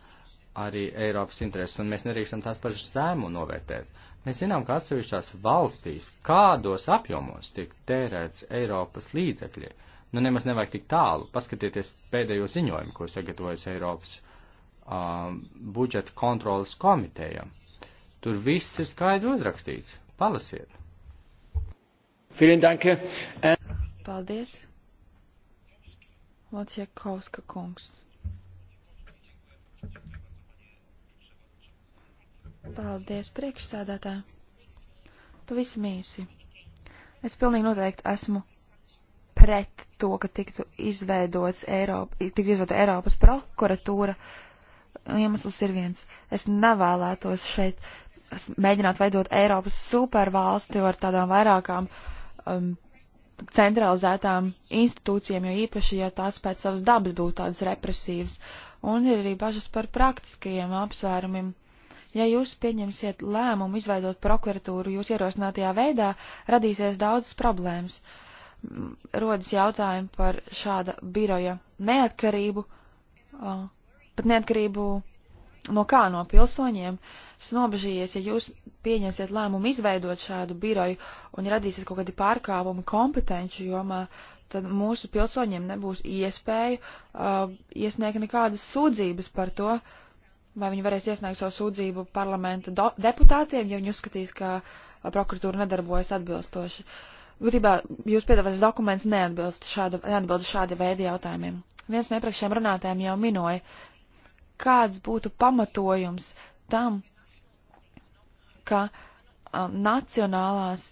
arī Eiropas intereses, un mēs nerīkstam tās par zēmu novērtēt. Mēs zinām, ka atsevišķās valstīs kādos apjomos tiek tērēts Eiropas līdzekļi. Nu, nemaz nevajag tik tālu. Paskatieties pēdējo ziņojumu, ko sagatavojas Eiropas um, budžeta kontrolas komiteja. Tur viss ir skaidri uzrakstīts. Palasiet! Paldies! Vatsiekovska kungs. Paldies, priekšsādātā. Pavisam īsi. Es pilnīgi noteikti esmu pret to, ka tiktu izveidots Eiropa, tiktu izveidota Eiropas prokuratūra, iemesls ir viens. Es nevēlētos šeit mēģināt veidot Eiropas supervalsti ar tādām vairākām um, centralizētām institūcijām, jo īpaši, ja tās pēc savas dabas būtu tādas represīvas. Un ir arī bažas par praktiskajiem apsvērumiem. Ja jūs pieņemsiet lēmumu izveidot prokuratūru jūs ierosinātajā veidā, radīsies daudzas problēmas. Mm, rodas jautājumi par šāda biroja neatkarību. Uh, pat neatkarību no kā no pilsoņiem, es nobežījies, ja jūs pieņemsiet lēmumu izveidot šādu biroju un radīsies kaut kādi pārkāpumi kompetenci jomā, tad mūsu pilsoņiem nebūs iespēju uh, iesniegt nekādas sūdzības par to, vai viņi varēs iesniegt savu sūdzību parlamenta do, deputātiem, ja viņi uzskatīs, ka uh, prokuratūra nedarbojas atbilstoši. Būtībā jūs piedāvātais dokuments neatbilst šāda, neatbilst šāda veida jautājumiem. Viens no iepriekšējiem runātājiem jau minoja, kāds būtu pamatojums tam, ka a, um, nacionālās,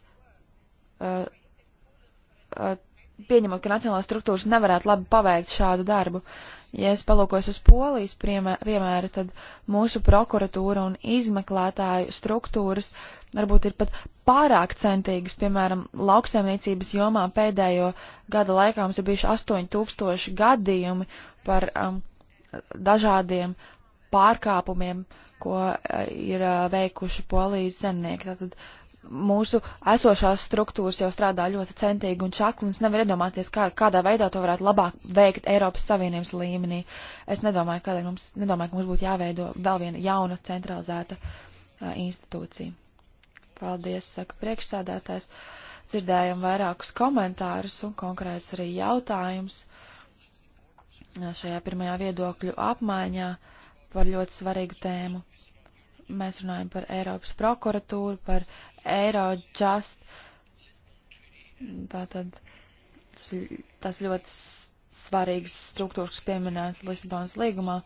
a, uh, a, uh, pieņemot, ka nacionālās struktūras nevarētu labi paveikt šādu darbu. Ja es palūkos uz polijas piemēru, tad mūsu prokuratūra un izmeklētāju struktūras varbūt ir pat pārāk centīgas, piemēram, lauksaimniecības jomā pēdējo gadu laikā mums ir bijuši 8000 gadījumi par um, dažādiem pārkāpumiem, ko e, ir e, veikuši polijas zemnieki. Tātad mūsu esošās struktūras jau strādā ļoti centīgi un čakli, un es nevaru iedomāties, kā, kādā veidā to varētu labāk veikt Eiropas Savienības līmenī. Es nedomāju, kādēļ mums, nedomāju, ka mums būtu jāveido vēl viena jauna centralizēta uh, institūcija. Paldies, saka priekšsādātājs. Dzirdējam vairākus komentārus un konkrēts arī jautājums. Uh, šajā pirmajā viedokļu apmaiņā par ļoti svarīgu tēmu. Mēs runājam par Eiropas prokuratūru, par Eirojust. Tātad tas, tas ļoti svarīgs struktūrs pieminēts Lisabonas līgumā.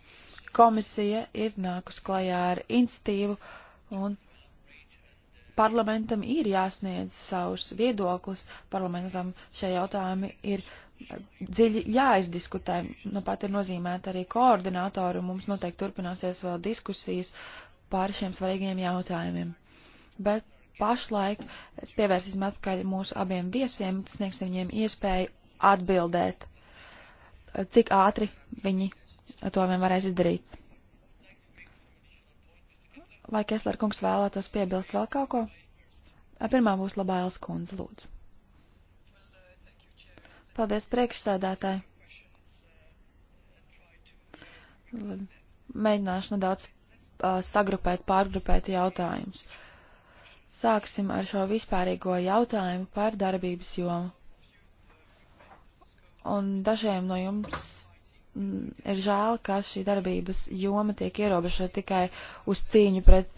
Komisija ir nākus klajā ar institīvu un parlamentam ir jāsniedz savus viedoklis, parlamentam šie jautājumi ir dziļi jāizdiskutē. Nu, pat ir nozīmēta arī koordinātori, un mums noteikti turpināsies vēl diskusijas pār šiem svarīgiem jautājumiem. Bet pašlaik pievērsīsim atkaļ mūsu abiem viesiem, sniegsim viņiem iespēju atbildēt, cik ātri viņi to vien varēs izdarīt. Vai Kesler kungs vēlētos piebilst vēl kaut ko? Pirmā būs labā Elsa kundze, lūdzu. Paldies priekšsēdētāji. Mēģināšu nedaudz uh, sagrupēt, pārgrupēt jautājumus. Sāksim ar šo vispārīgo jautājumu par darbības jomu. Un dažiem no jums Mm, ir žēl, ka šī darbības joma tiek ierobežota tikai uz cīņu pret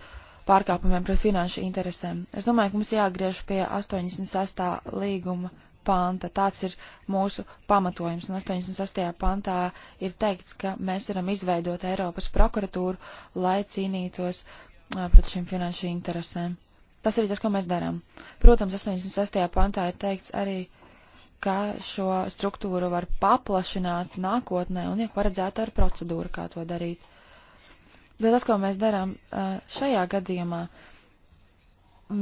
pārkāpumiem pret finanšu interesēm. Es domāju, ka mums jāgriež pie 86. līguma panta. Tāds ir mūsu pamatojums. Un 86. pantā ir teikts, ka mēs varam izveidot Eiropas prokuratūru, lai cīnītos pret šīm finanšu interesēm. Tas arī tas, ko mēs darām. Protams, 86. pantā ir teikts arī uh, ka šo struktūru var paplašināt nākotnē un ir paredzēta ar procedūru, kā to darīt. Bet tas, ko mēs darām šajā gadījumā,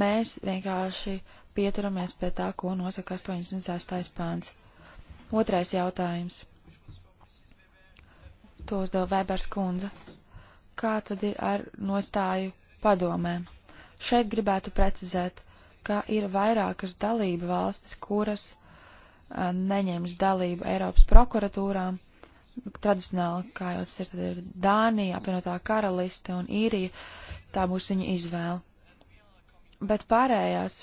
mēs vienkārši pieturamies pie tā, ko nosaka 86. pāns. Otrais jautājums. To uzdev Vēbers kundze. Kā tad ir ar nostāju padomēm? Šeit gribētu precizēt, ka ir vairākas dalība valstis, kuras uh, neņems dalību Eiropas prokuratūrā. Tradicionāli, kā jau tas ir, tad ir Dānija, apvienotā karaliste un īrija. Tā būs viņa izvēle. Bet pārējās,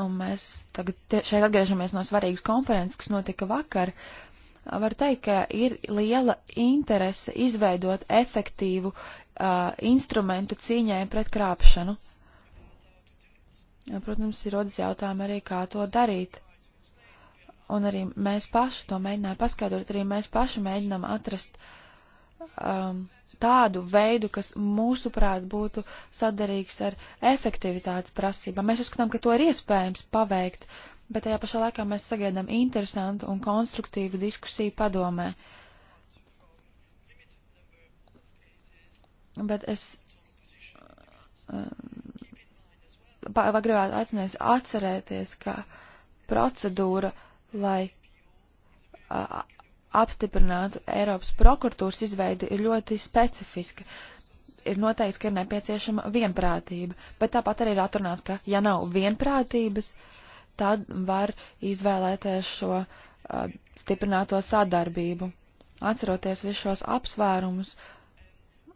un mēs tagad šeit atgriežamies no svarīgas konferences, kas notika vakar, var teikt, ka ir liela interese izveidot efektīvu uh, instrumentu cīņai pret krāpšanu. Protams, ir rodas jautājumi arī, kā to darīt un arī mēs paši to mēģinājām paskaidrot, arī mēs paši mēģinām atrast um, tādu veidu, kas mūsuprāt būtu sadarīgs ar efektivitātes prasībām. Mēs uzskatām, ka to ir iespējams paveikt, bet tajā pašā laikā mēs sagaidām interesantu un konstruktīvu diskusiju padomē. Bet es um, gribētu aicināt atcerēties, ka procedūra uh, lai a, apstiprinātu Eiropas prokuratūras izveidi, ir ļoti specifiska. Ir noteikts, ka ir nepieciešama vienprātība, bet tāpat arī ir atrunāts, ka ja nav vienprātības, tad var izvēlēties šo a, stiprināto sadarbību. Atceroties visus šos apsvērumus,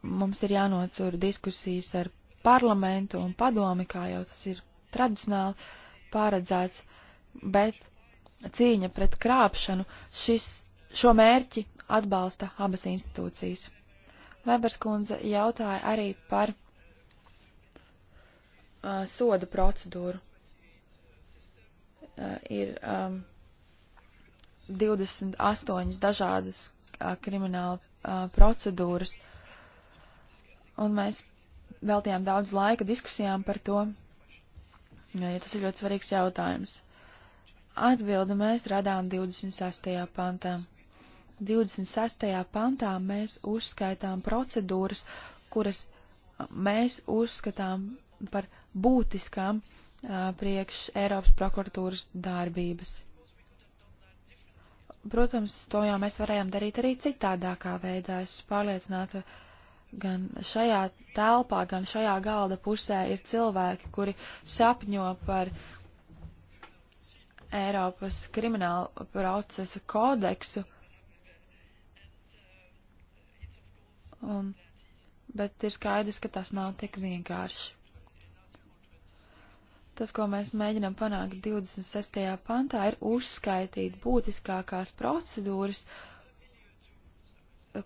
mums ir jānotur diskusijas ar parlamentu un padomi, kā jau tas ir tradicionāli pāredzēts, bet cīņa pret krāpšanu, šis, šo mērķi atbalsta abas institūcijas. Vebers kundze jautāja arī par uh, soda procedūru. Uh, ir um, 28 dažādas uh, krimināla uh, procedūras, un mēs veltījām daudz laika diskusijām par to, jo ja tas ir ļoti svarīgs jautājums. Uh, Atbildi mēs radām 26. pantā. 26. pantā mēs uzskaitām procedūras, kuras mēs uzskatām par būtiskām a, priekš Eiropas prokuratūras darbības. Protams, to jau mēs varējām darīt arī citādākā veidā. Es pārliecināta, gan šajā telpā, gan šajā galda pusē ir cilvēki, kuri sapņo par uh, Eiropas krimināla procesa kodeksu. Un, bet ir skaidrs, ka tas nav tik vienkārši. Tas, ko mēs mēģinām panākt 26. pantā, ir uzskaitīt būtiskākās procedūras,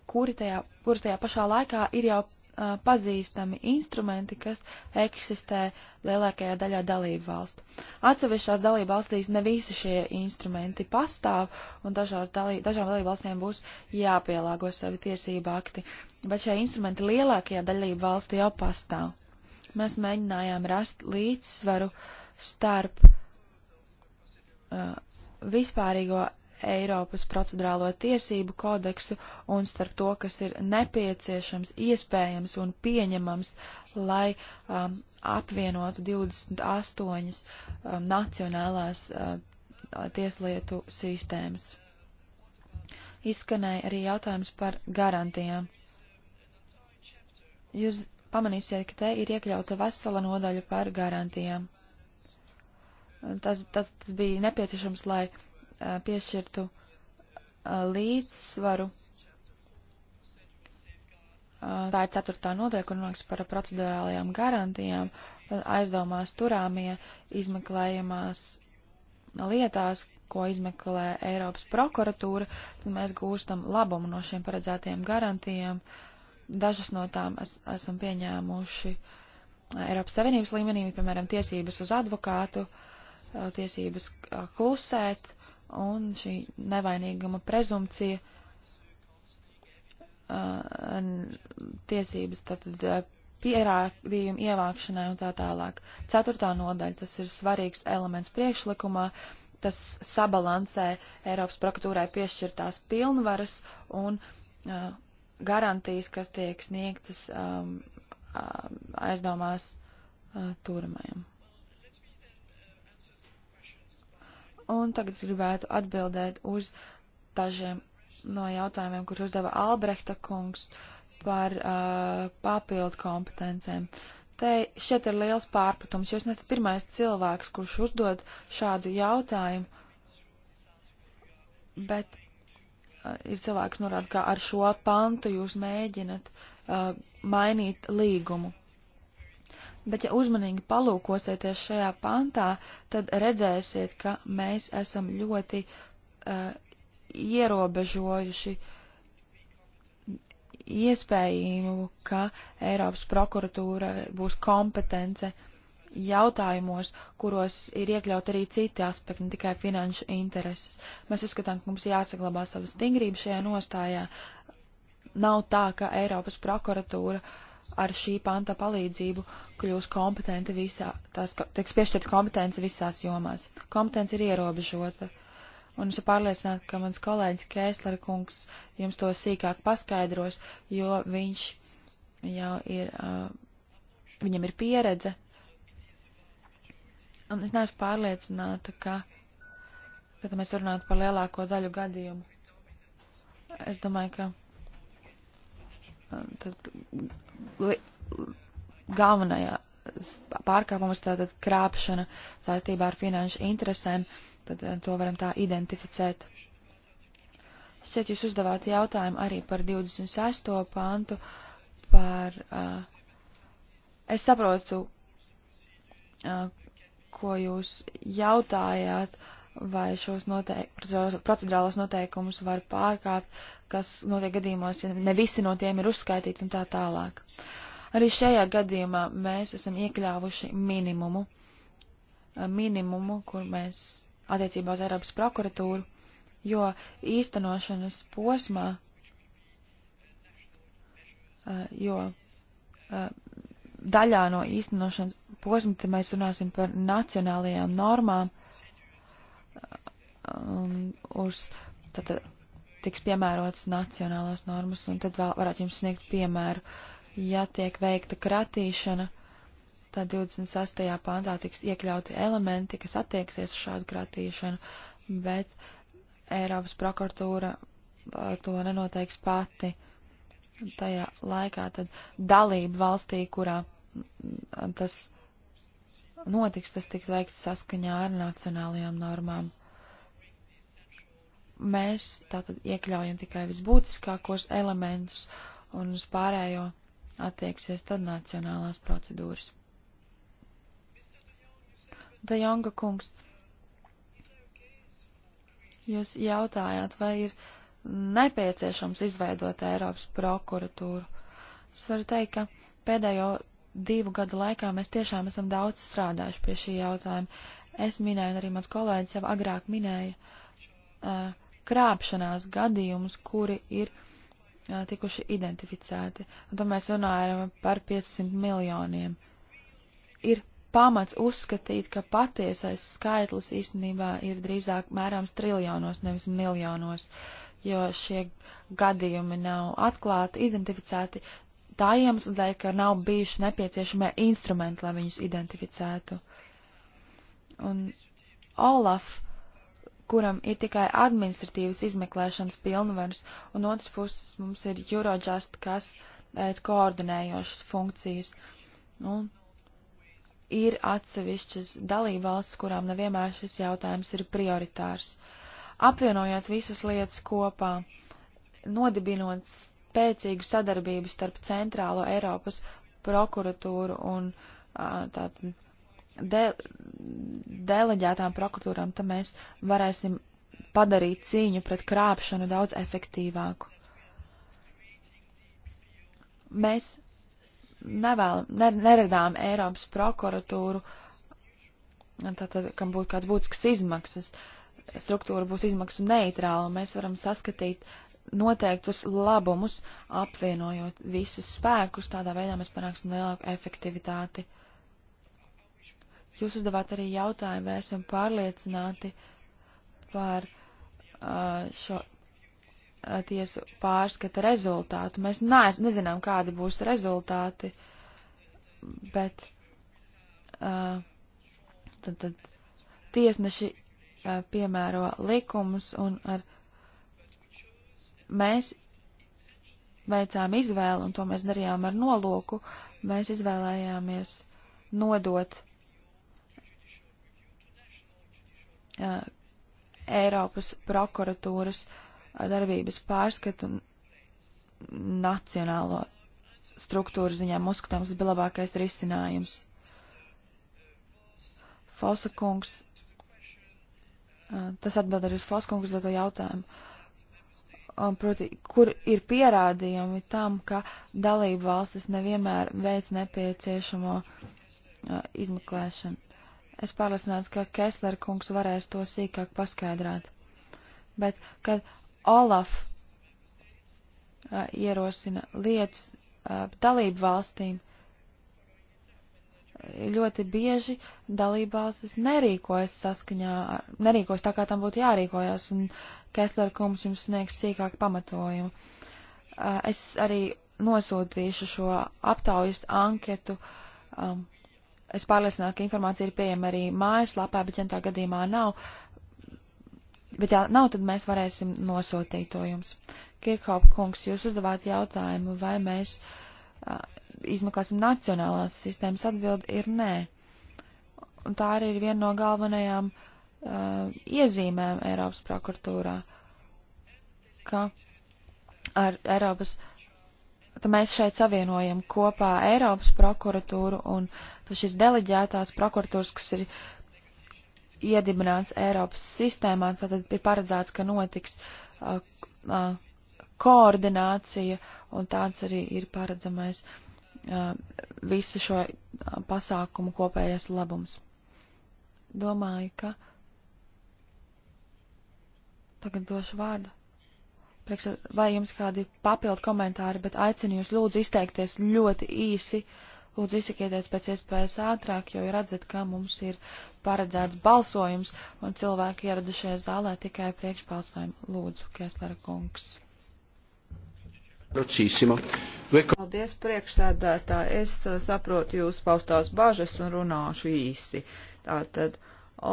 kuri tajā, kuras tajā pašā laikā ir jau uh, pazīstami instrumenti, kas eksistē lielākajā daļā dalību valstu. Atsevišķās dalību valstīs ne visi šie instrumenti pastāv, un dažās dalī, dažām dalību valstīm būs jāpielāgo savi tiesību akti, bet šie instrumenti lielākajā dalību valstu jau pastāv. Mēs mēģinājām rast līdzsvaru starp uh, vispārīgo Eiropas procedurālo tiesību kodeksu un starp to, kas ir nepieciešams, iespējams un pieņemams, lai um, apvienotu 28 um, nacionālās uh, tieslietu sistēmas. Izskanēja arī jautājums par garantijām. Jūs pamanīsiet, ka te ir iekļauta vesela nodaļa par garantijām. Tas, tas, tas bija nepieciešams, lai uh, Eh, piešķirtu eh, līdzsvaru. Eh, tā ir ceturtā nodaļa, kur nonāks par procedurālajām garantijām, aizdomās turāmie izmeklējumās lietās, ko izmeklē Eiropas prokuratūra, tad mēs gūstam labumu no šiem paredzētajiem garantijām. Dažas no tām es, esam pieņēmuši Eiropas Savienības līmenī, piemēram, tiesības uz advokātu, tiesības klusēt, un šī nevainīguma prezumcija uh, tiesības tātad pierādījumu ievākšanai un tā tālāk. Ceturtā nodaļa, tas ir svarīgs elements priekšlikumā, tas sabalansē Eiropas prokuratūrai piešķirtās pilnvaras un uh, garantijas, kas tiek sniegtas um, aizdomās uh, turamajam. Un tagad es gribētu atbildēt uz dažiem no jautājumiem, kur uzdeva Albrehta kungs par uh, papildu kompetencēm. Te šeit ir liels pārpratums, jo es neesmu pirmais cilvēks, kurš uzdod šādu jautājumu, bet uh, ir cilvēks norāda, ka ar šo pantu jūs mēģinat uh, mainīt līgumu. Bet, ja uzmanīgi palūkosieties šajā pantā, tad redzēsiet, ka mēs esam ļoti uh, ierobežojuši iespējumu, ka Eiropas prokuratūra būs kompetence jautājumos, kuros ir iekļaut arī citi aspekti, ne tikai finanšu intereses. Mēs uzskatām, ka mums jāsaglabā sava stingrība šajā nostājā. Nav tā, ka Eiropas prokuratūra uh, ar šī panta palīdzību kļūs kompetenti visā, tās tiks piešķirta kompetence visās jomās. Kompetence ir ierobežota. Un es esmu pārliecināta, ka mans kolēģis Kēslera kungs jums to sīkāk paskaidros, jo viņš jau ir, uh, viņam ir pieredze. Un es neesmu pārliecināta, ka, kad mēs runātu par lielāko daļu gadījumu, es domāju, ka tad, li, galvenajā pārkāpumus, tātad krāpšana saistībā ar finanšu interesēm, tad eh, to varam tā identificēt. Šķiet, jūs uzdevāt jautājumu arī par 26. pantu, par, uh, es saprotu, uh, ko jūs jautājāt, uh, vai šos noteik procedurālos noteikumus var pārkāpt, kas notiek gadījumos, ja ne visi no tiem ir uzskaitīti un tā tālāk. Arī šajā gadījumā mēs esam iekļāvuši minimumu, eh, minimumu, kur mēs attiecībā uz Eiropas prokuratūru, jo īstenošanas posmā, eh, jo eh, daļā no īstenošanas posma, te mēs runāsim par nacionālajām normām, um, uz, tad, uh, tiks piemērotas nacionālās normas, un tad vēl varētu jums sniegt piemēru. Ja tiek veikta kratīšana, tad 28. pāntā tiks iekļauti elementi, kas attieksies uz šādu kratīšanu, bet Eiropas prokuratūra uh, to nenoteiks pati tajā laikā, tad dalība valstī, kurā mm, tas notiks, tas tiks veikts saskaņā ar nacionālajām normām mēs tātad iekļaujam tikai visbūtiskākos elementus un uz pārējo attieksies tad nacionālās procedūras. Da Jonga kungs, jūs jautājāt, vai ir nepieciešams izveidot Eiropas prokuratūru. Es varu teikt, ka pēdējo divu gadu laikā mēs tiešām esam daudz strādājuši pie šī jautājuma. Es minēju, un arī mans kolēģis jau agrāk minēja, uh, krāpšanās gadījumus, kuri ir uh, tikuši identificēti. Un to mēs runājam par 500 miljoniem. Ir pamats uzskatīt, ka patiesais skaitlis īstenībā ir drīzāk mērāms triljonos, nevis miljonos, jo šie gadījumi nav atklāti, identificēti tā iemesla dēļ, ka nav bijuši nepieciešamie instrumenti, lai viņus identificētu. Un Olaf kuram ir tikai administratīvas izmeklēšanas pilnvaras, un otrs puses mums ir Eurojust, kas veic eh, koordinējošas funkcijas. Nu, ir atsevišķas dalībvalsts, kurām nevienmēr šis jautājums ir prioritārs. Apvienojot visas lietas kopā, nodibinot spēcīgu sadarbību starp Centrālo Eiropas prokuratūru un tātad de, deleģētām prokuratūrām, tad mēs varēsim padarīt cīņu pret krāpšanu daudz efektīvāku. Mēs nevēlam, ne, neredām Eiropas prokuratūru, tātad, kam būtu kāds būtisks izmaksas, struktūra būs izmaksu neitrāla, mēs varam saskatīt noteiktus labumus, apvienojot visus spēkus, tādā veidā mēs panāksim lielāku efektivitāti. Uh, Jūs uzdevāt arī jautājumu, vai esam pārliecināti par uh, šo tiesu pārskata rezultātu. Mēs nees, nezinām, kādi būs rezultāti, bet uh, tad, tad tiesneši uh, piemēro likumus un ar mēs veicām izvēli, un to mēs darījām ar nolūku, mēs izvēlējāmies nodot uh, Eiropas prokuratūras uh, darbības pārskatu nacionālo struktūru ziņā uzskatāms bija labākais risinājums. Fosa kungs, uh, tas atbild arī uz Fosa kungs doto jautājumu. Um, proti, kur ir pierādījumi tam, ka dalību valstis nevienmēr veic nepieciešamo uh, izmeklēšanu? Es pārliecināts, ka Kessler kungs varēs to sīkāk paskaidrāt. Bet, kad Olaf uh, ierosina lietas uh, dalību valstīm, ļoti bieži dalībvalstis nerīkojas saskaņā, nerīkojas tā, kā tam būtu jārīkojas, un Kessler kungs jums sniegs sīkāk pamatojumu. Uh, es arī nosūtīšu šo aptaujas anketu um, Es pārliecināju, ka informācija ir pieejama arī mājaslapā, bet ja tā gadījumā nav, bet ja nav, tad mēs varēsim nosūtīt to jums. Kirkhop kungs, jūs uzdevāt jautājumu, vai mēs a, izmeklēsim nacionālās sistēmas atbildi ir nē. Un tā arī ir viena no galvenajām a, iezīmēm Eiropas prokuratūrā, ka ar Eiropas, tad mēs šeit savienojam kopā Eiropas prokuratūru un uh, šis deleģētās prokuratūras, kas ir iedibināts Eiropas sistēmā, tad ir paredzēts, ka notiks uh, uh, koordinācija, un tāds arī ir paredzamais uh, visu šo pasākumu kopējais labums. Domāju, ka tagad došu vārdu. Prieks, vai jums kādi papildu komentāri, bet aicinu jūs lūdzu izteikties ļoti īsi. Uh, Lūdzu, izsakieties pēc iespējas ātrāk, jo redzat, ka mums ir paredzēts balsojums, un cilvēki ieradušies zālē tikai priekšbalsojumu. Lūdzu, Kieslera kungs. Paldies, priekšsēdētāji. Es uh, saprotu jūs paustās bažas un runāšu īsi. Tātad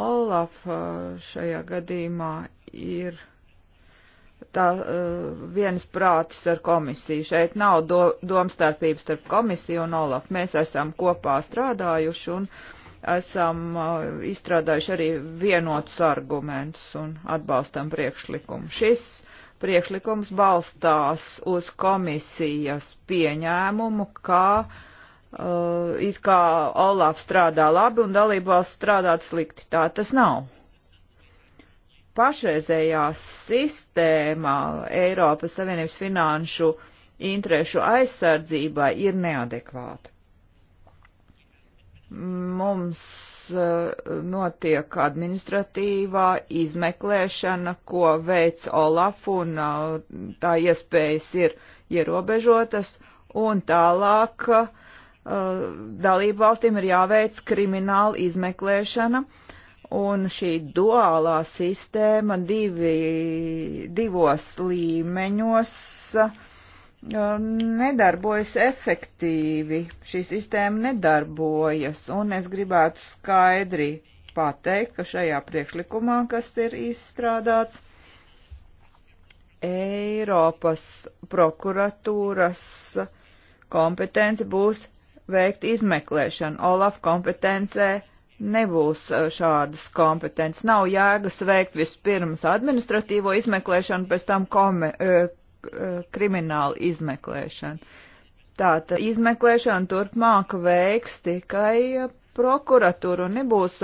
Olaf uh, šajā gadījumā ir tā uh, vienas prātis ar komisiju. Šeit nav do, domstarpības starp komisiju un Olaf. Mēs esam kopā strādājuši un esam uh, izstrādājuši arī vienotus argumentus un atbalstam priekšlikumu. Šis priekšlikums balstās uz komisijas pieņēmumu, kā uh, it kā Olaf strādā labi un dalībvalsts strādāt slikti. Tā tas nav pašreizējā sistēmā Eiropas Savienības finanšu interešu aizsardzībai ir neadekvāta. Mums eh, notiek administratīvā izmeklēšana, ko veic Olaf, un eh, tā iespējas ir ierobežotas, un tālāk eh, dalību valstīm ir jāveic krimināla izmeklēšana, uh, Un šī duālā sistēma divi, divos līmeņos uh, nedarbojas efektīvi. Šī sistēma nedarbojas, un es gribētu skaidri pateikt, ka šajā priekšlikumā, kas ir izstrādāts, Eiropas prokuratūras kompetence būs veikt izmeklēšanu. Olaf kompetencē nebūs e, šādas kompetences. Nav jēgas veikt vispirms administratīvo izmeklēšanu, pēc tam kome, e, e, kriminālu izmeklēšanu. Tātad izmeklēšana turpmāk veiks tikai prokuratūru un nebūs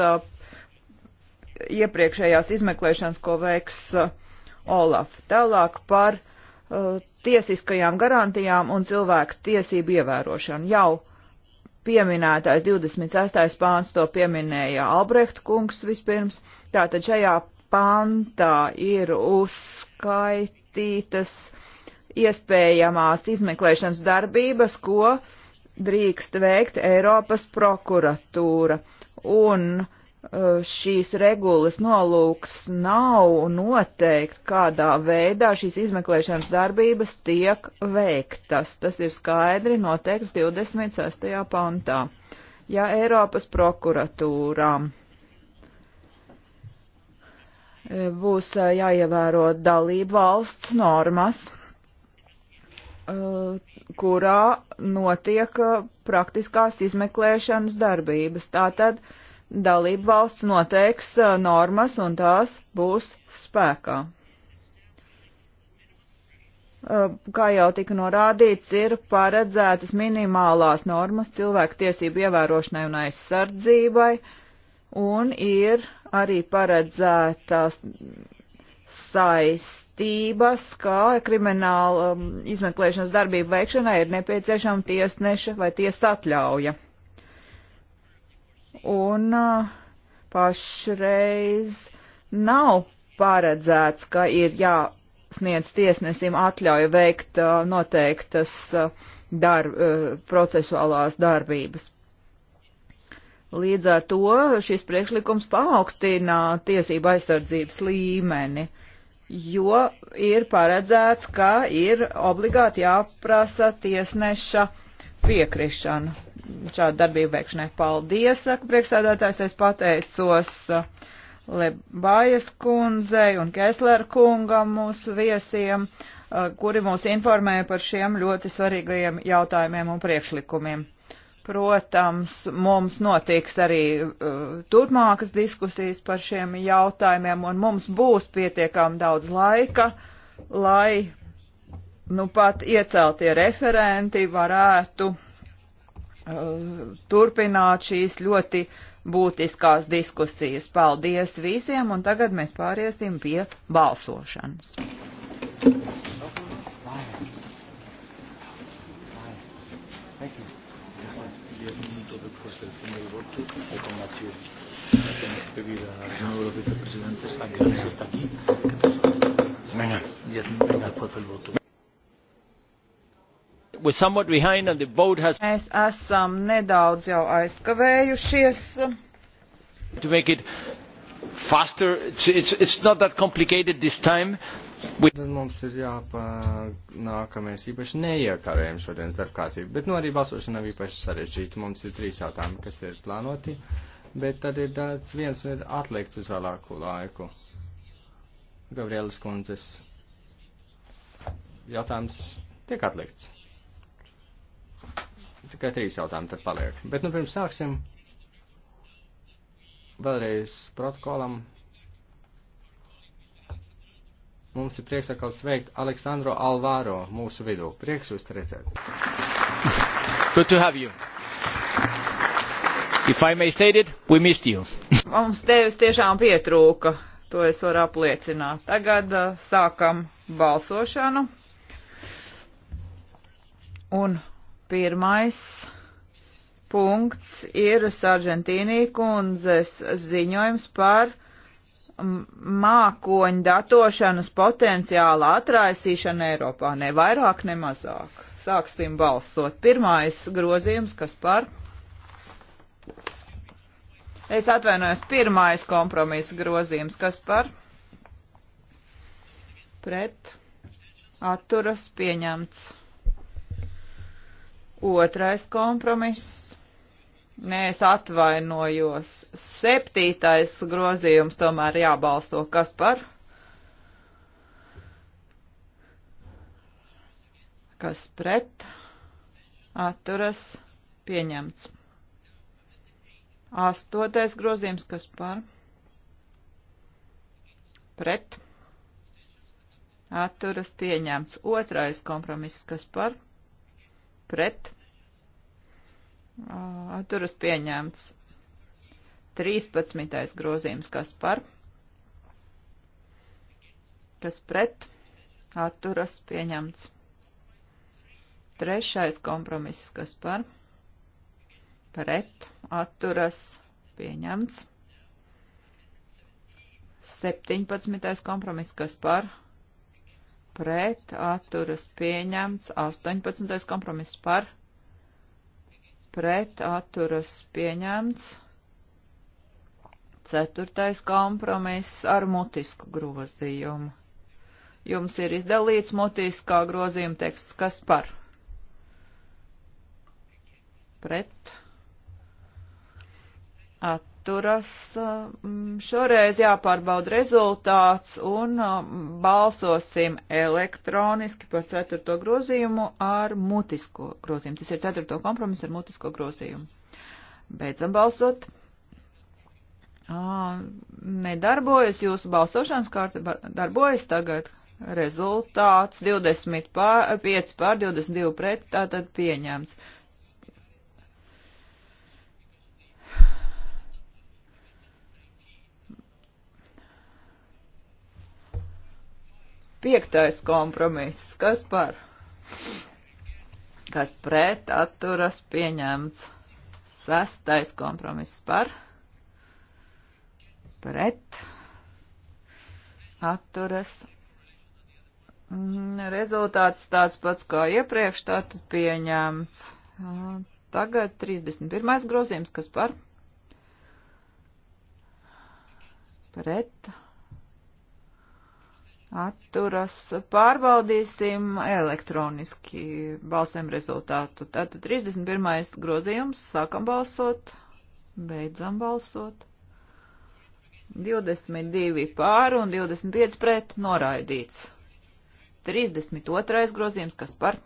iepriekšējās izmeklēšanas, ko veiks Olaf. Tālāk par tiesiskajām garantijām un cilvēku tiesību ievērošanu. Jau pieminētais 28. pāns, to pieminēja Albrecht kungs vispirms. Tātad šajā pantā ir uzskaitītas iespējamās izmeklēšanas darbības, ko drīkst veikt Eiropas prokuratūra. Un uh, Eh, šīs regulas nolūks nav noteikt, kādā veidā šīs izmeklēšanas darbības tiek veiktas. Tas ir skaidri noteikts 26. pantā. Ja Eiropas prokuratūrā eh, būs eh, jāievēro dalību valsts normas, kurā notiek praktiskās izmeklēšanas darbības. Tātad, uh, dalību valsts noteiks normas un tās būs spēkā. Kā jau tika norādīts, ir paredzētas minimālās normas cilvēku tiesību ievērošanai un aizsardzībai, un ir arī paredzētas saistības, kā krimināla izmeklēšanas darbību veikšanai ir nepieciešama tiesneša vai tiesa atļauja un uh, pašreiz nav paredzēts, ka ir jāsniedz tiesnesim atļauja veikt uh, noteiktas uh, darb, procesuālās darbības. Līdz ar to šis priekšlikums paaugstina tiesību aizsardzības līmeni, jo ir paredzēts, ka ir obligāti jāprasa tiesneša uh, piekrišanu šādu darbību veikšanai. Paldies, saka priekšsēdētājs, es pateicos uh, Lebājas kundzei un Kesler kungam mūsu viesiem, uh, kuri mūs informēja par šiem ļoti svarīgajiem jautājumiem un priekšlikumiem. Protams, mums notiks arī uh, turpmākas diskusijas par šiem jautājumiem, un mums būs pietiekami daudz laika, lai nu pat ieceltie referenti varētu uh, turpināt šīs ļoti būtiskās diskusijas. Paldies visiem, un tagad mēs pāriesim pie balsošanas. Venga, después del voto. Has... Mēs esam nedaudz jau aizkavējušies. It faster, it's, it's, it's not that complicated this time. We... Tad mums ir jāpanāk, ka mēs īpaši neiekavējam šodienas darbkārtību, bet nu arī balsošana nav īpaši sarežģīta. Mums ir trīs jautājumi, kas ir plānoti, bet tad ir tāds viens ir atliekts uz vēlāku laiku. Gavrielas kundzes jautājums tiek atlikts. Tikai trīs jautājumi tad paliek. Bet, nu, pirms sāksim, vēlreiz protokolam. Mums ir prieks atkal sveikt Aleksandro Alvāro mūsu vidū. Prieks jūs redzēt. Good to have you. If I may state it, we missed you. <laughs> Mums tevis tiešām pietrūka, to es varu apliecināt. Tagad uh, sākam balsošanu. Un Pirmais punkts ir Sargentīnī kundzes ziņojums par mākoņu datošanas potenciāla atraisīšana Eiropā, ne vairāk, ne mazāk. Sāksim balsot. Pirmais grozījums, kas par? Es atvainojos, pirmais kompromisa grozījums, kas par? Pret. Atturas pieņemts. Otrais kompromiss. Nē, es atvainojos. Septītais grozījums tomēr jābalsto. Kas par? Kas pret? Atturas pieņemts. Astotais grozījums, kas par? Pret. Atturas pieņemts. Otrais kompromiss, kas par? pret atturas pieņemts. 13. grozījums, kas par, kas pret, atturas pieņemts. Trešais kompromiss, kas par, pret, atturas pieņemts. 17. kompromiss, kas par, pret atturas pieņemts 18. kompromiss par pret atturas pieņemts 4. kompromiss ar mutisku grozījumu. Jums ir izdalīts mutiskā grozījuma teksts, kas par pret atturas atturas. Mm, šoreiz jāpārbauda rezultāts un mm, balsosim elektroniski par ceturto grozījumu ar mutisko grozījumu. Tas ir ceturto kompromisu ar mutisko grozījumu. Beidzam balsot. À, nedarbojas jūsu balsošanas kārta, darbojas tagad rezultāts 25 pār 22 pret, tātad pieņemts. Piektais kompromiss. Kas par? Kas pret atturas pieņemts? Sestais kompromiss par? Pret atturas. Mm, rezultāts tāds pats kā iepriekš, tātad pieņemts. Tagad 31. grozījums, kas par? Pret Atturas pārbaudīsim elektroniski balsēm rezultātu. Tātad 31. grozījums, sākam balsot, beidzam balsot. 22 pār un 25 pret noraidīts. 32. grozījums, kas par?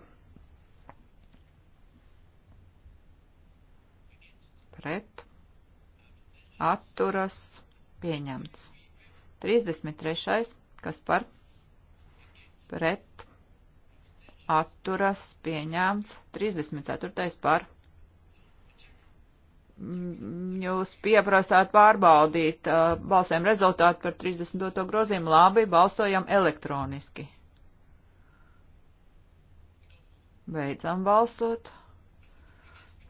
Pret. Atturas. Pieņemts. 33. kas par? pret atturas pieņemts 34. par. Mm, jūs pieprasāt pārbaudīt uh, balsēm rezultātu par 32. grozījumu. Labi, balsojam elektroniski. Beidzam balsot.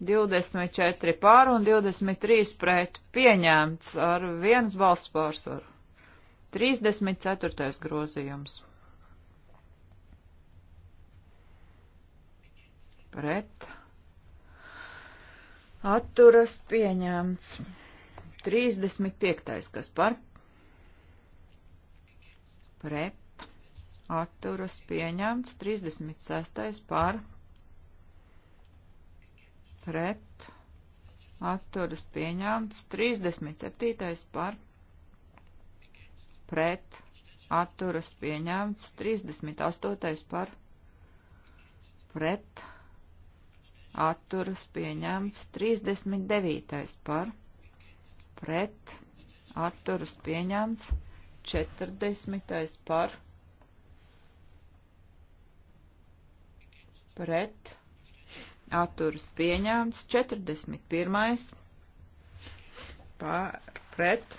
24 pār un 23 pret pieņemts ar viens balss pārsvaru. 34. grozījums. pret, atturas pieņemts. 35. kas par, pret, atturas pieņemts. 36. par, pret, atturas pieņemts. 37. par, pret, atturas pieņemts. 38. par, pret, atturas pieņemts 39. par pret atturas pieņemts 40. par pret atturas pieņemts 41. par pret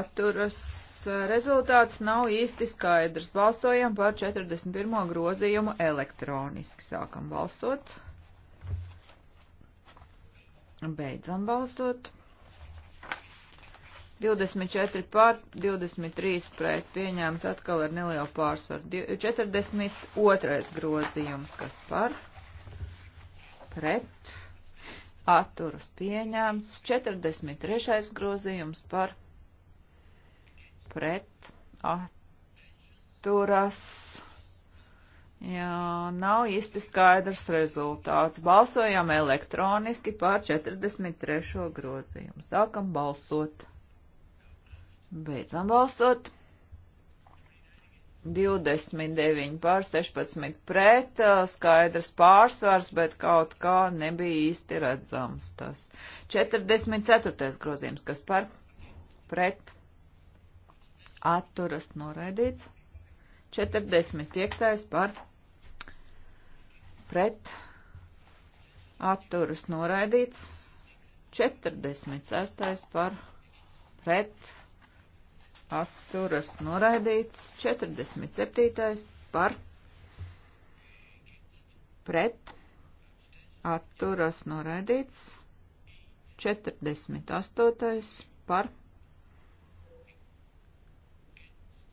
atturas eh, rezultāts nav īsti skaidrs. Balstojam par 41. grozījumu elektroniski. Sākam balsot. Beidzam balsot. 24 pār, 23 pret, pieņēmums atkal ar nelielu pārsvaru. 42. grozījums, kas par, pret, atturas pieņēmums. 43. grozījums par, pret, atturas Jā, nav īsti skaidrs rezultāts. Balsojam elektroniski pār 43. grozījumu. Sākam balsot. Beidzam balsot. 29 pār 16 pret, skaidrs pārsvars, bet kaut kā nebija īsti redzams tas. 44. grozījums, kas par pret atturas noraidīts. 45. par pret pret atturas noraidīts, 46. par pret atturas noraidīts, 47. par pret atturas noraidīts, 48. par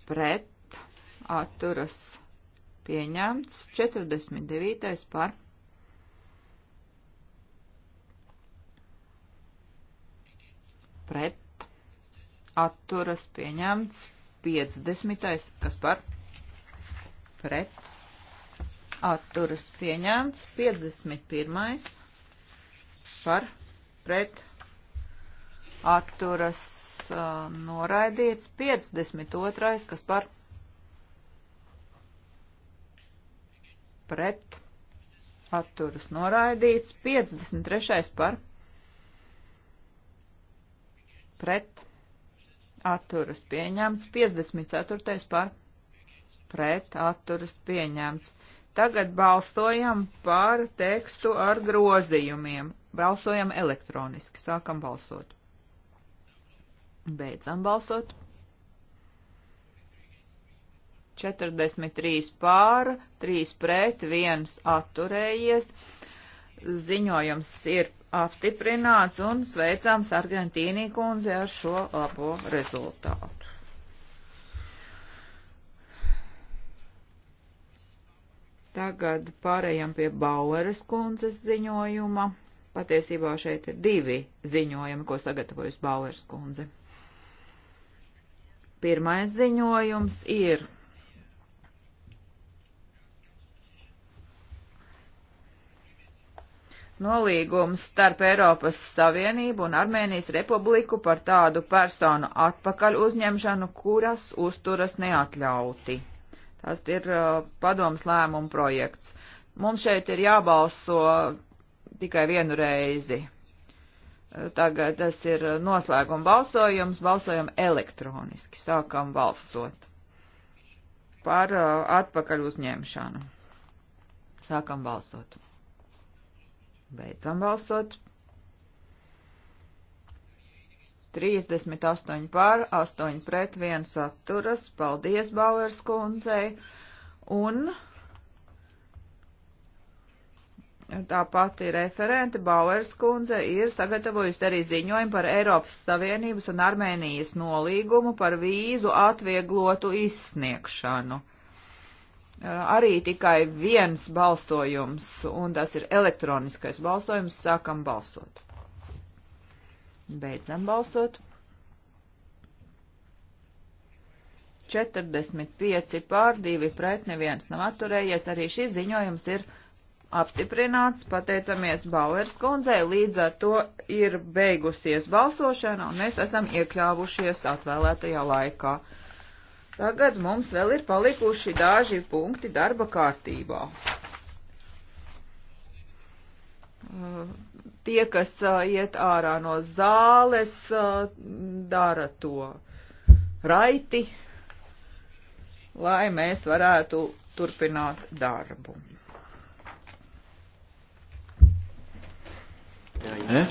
pret atturas noraidīts pieņemts, 49. par pret, atturas pieņemts, 50. kas par pret, atturas pieņemts, 51. par pret, atturas uh, noraidīts, 52. kas par pret pret atturas noraidīts, 53. par pret atturas pieņemts, 54. par pret atturas pieņemts. Tagad balsojam par tekstu ar grozījumiem. Balsojam elektroniski. Sākam balsot. Beidzam balsot. 43 pār, 3 pret, 1 atturējies. Ziņojums ir apstiprināts un sveicām Sargentīnī kundzi ar šo labo rezultātu. Tagad pārējām pie Baueres kundzes ziņojuma. Patiesībā šeit ir divi ziņojumi, ko sagatavojusi Baueres kundze. Pirmais ziņojums ir nolīgums starp Eiropas Savienību un Armēnijas Republiku par tādu personu atpakaļ uzņemšanu, kuras uzturas neatļauti. Tas ir uh, padoms lēmuma projekts. Mums šeit ir jābalso tikai vienu reizi. Uh, tagad tas ir noslēguma balsojums, balsojam elektroniski, sākam balsot par uh, atpakaļ uzņemšanu. Sākam balsot. Beidzam balsot. 38 pār, 8 pret, 1 atturas. Paldies, Bauers kundzei. Un tāpat ir referente Bauers kundze ir sagatavojusi arī ziņojumu par Eiropas Savienības un Armēnijas nolīgumu par vīzu atvieglotu izsniegšanu. Eh, arī tikai viens balsojums, un tas ir elektroniskais balsojums. Sākam balsot. Beidzam balsot. 45 pār 2 pret neviens nav atturējies. Arī šis ziņojums ir apstiprināts. Pateicamies Bauers kundzei. Līdz ar to ir beigusies balsošana, un mēs esam iekļāvušies atvēlētajā laikā. Tagad mums vēl ir palikuši daži punkti darba kārtībā. Uh, tie, kas uh, iet ārā no zāles, uh, dara to raiti, lai mēs varētu turpināt darbu. Eh?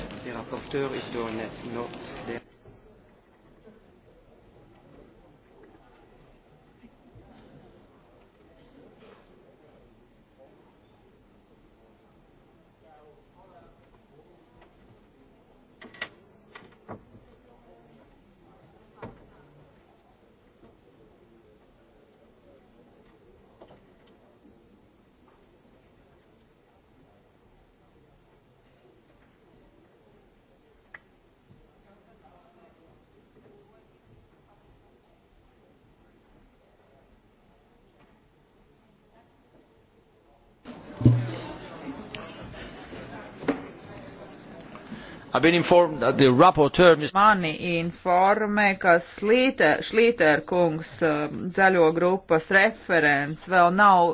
Mani informē, ka Šlīter, Šlīter kungs um, zaļo grupas referents vēl nav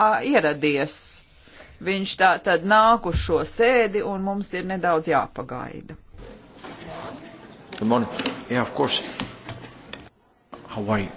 a, ieradies. Viņš tā tad nāk uz šo sēdi un mums ir nedaudz jāpagaida. Good morning. Yeah, of course. How are you?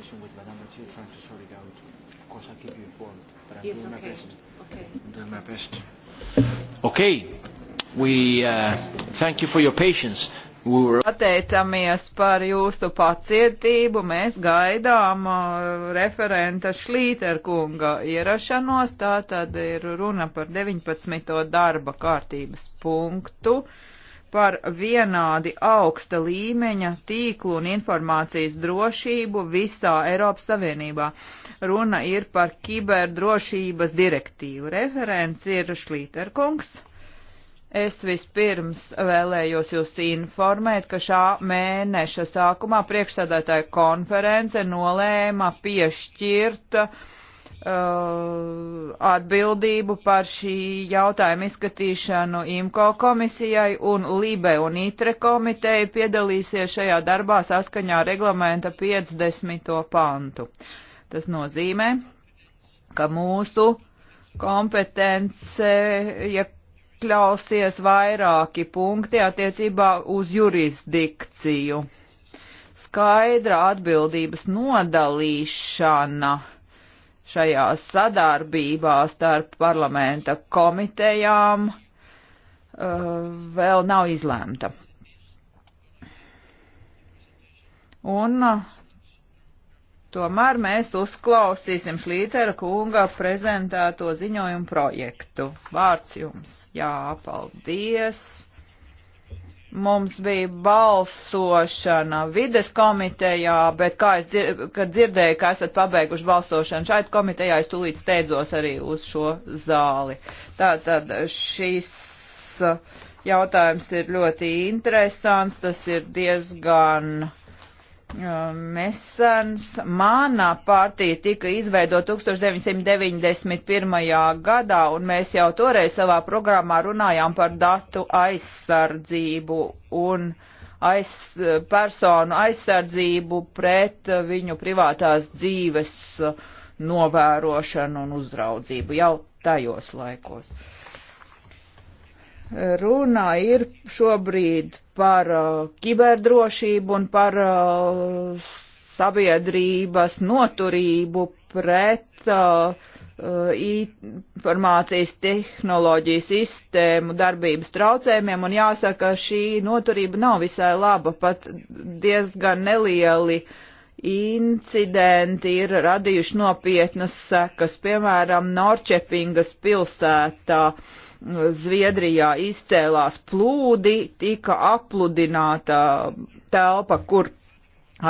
conversation with Madame Mathieu trying to sort it out. Of course, I'll keep you informed, but I'm yes, doing okay. my best. Okay. I'm doing my best. Okay. We uh, thank you for your patience. We were... Pateicamies par jūsu pacietību. Mēs gaidām uh, referenta Šlīterkunga ierašanos. Tā tad ir runa par 19. darba kārtības punktu. Uh, par vienādi augsta līmeņa tīklu un informācijas drošību visā Eiropas Savienībā. Runa ir par kiberdrošības direktīvu. Referents ir Šlīterkungs. Es vispirms vēlējos jūs informēt, ka šā mēneša sākumā priekšstādātāja konference nolēma piešķirt uh, Uh, atbildību par šī jautājuma izskatīšanu IMCO komisijai un LIBE un ITRE komiteja piedalīsies šajā darbā saskaņā reglamenta 50. pantu. Tas nozīmē, ka mūsu kompetence iekļausies ja vairāki punkti attiecībā uz jurisdikciju. Skaidra atbildības nodalīšana uh, šajā sadarbībā starp parlamenta komitejām uh, vēl nav izlēmta. Un uh, tomēr mēs uzklausīsim Šlītera kunga prezentēto ziņojumu projektu. Vārds jums. Jā, paldies. Mums bija balsošana vides komitejā, bet kā es dzir kad dzirdēju, ka esat pabeiguši balsošanu šeit komitejā, es tūlīt steidzos arī uz šo zāli. Tātad šis uh, jautājums ir ļoti interesants, tas ir diezgan Um, Nesens mana partija tika izveidota 1991. gadā, un mēs jau toreiz savā programmā runājām par datu aizsardzību un aiz, personu aizsardzību pret viņu privātās dzīves novērošanu un uzraudzību jau tajos laikos. Uh, Runā ir šobrīd par uh, kiberdrošību un par uh, sabiedrības noturību pret uh, uh informācijas tehnoloģijas sistēmu darbības traucējumiem, un jāsaka, šī noturība nav visai laba, pat diezgan nelieli incidenti ir radījuši nopietnas sekas, piemēram, Norčepingas pilsētā. Uh, Zviedrijā izcēlās plūdi, tika apludināta telpa, kur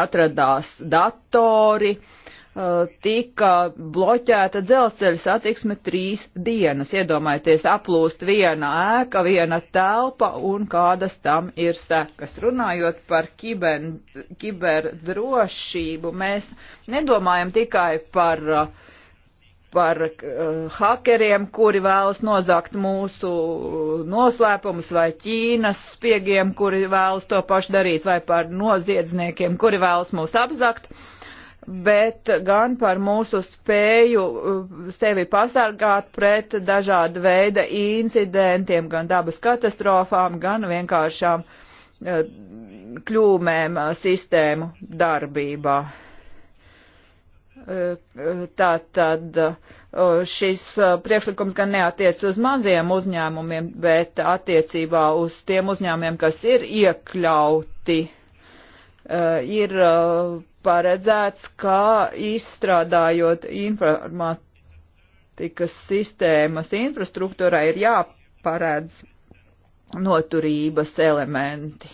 atradās datori, uh, tika bloķēta dzelzceļa satiksme trīs dienas. Iedomājieties, aplūst viena ēka, viena telpa un kādas tam ir sekas. Runājot par kiber, kiberdrošību, mēs nedomājam tikai par uh, par uh, hakeriem, kuri vēlas nozakt mūsu noslēpumus, vai Ķīnas spiegiem, kuri vēlas to pašu darīt, vai par noziedzniekiem, kuri vēlas mūs apzakt, bet gan par mūsu spēju uh, sevi pasargāt pret dažādu veida incidentiem, gan dabas katastrofām, gan vienkāršām uh, kļūmēm uh, sistēmu darbībā. Tātad šis priekšlikums gan neatiec uz maziem uzņēmumiem, bet attiecībā uz tiem uzņēmumiem, kas ir iekļauti, e, ir paredzēts, ka izstrādājot informatikas sistēmas infrastruktūrā ir jāparedz noturības elementi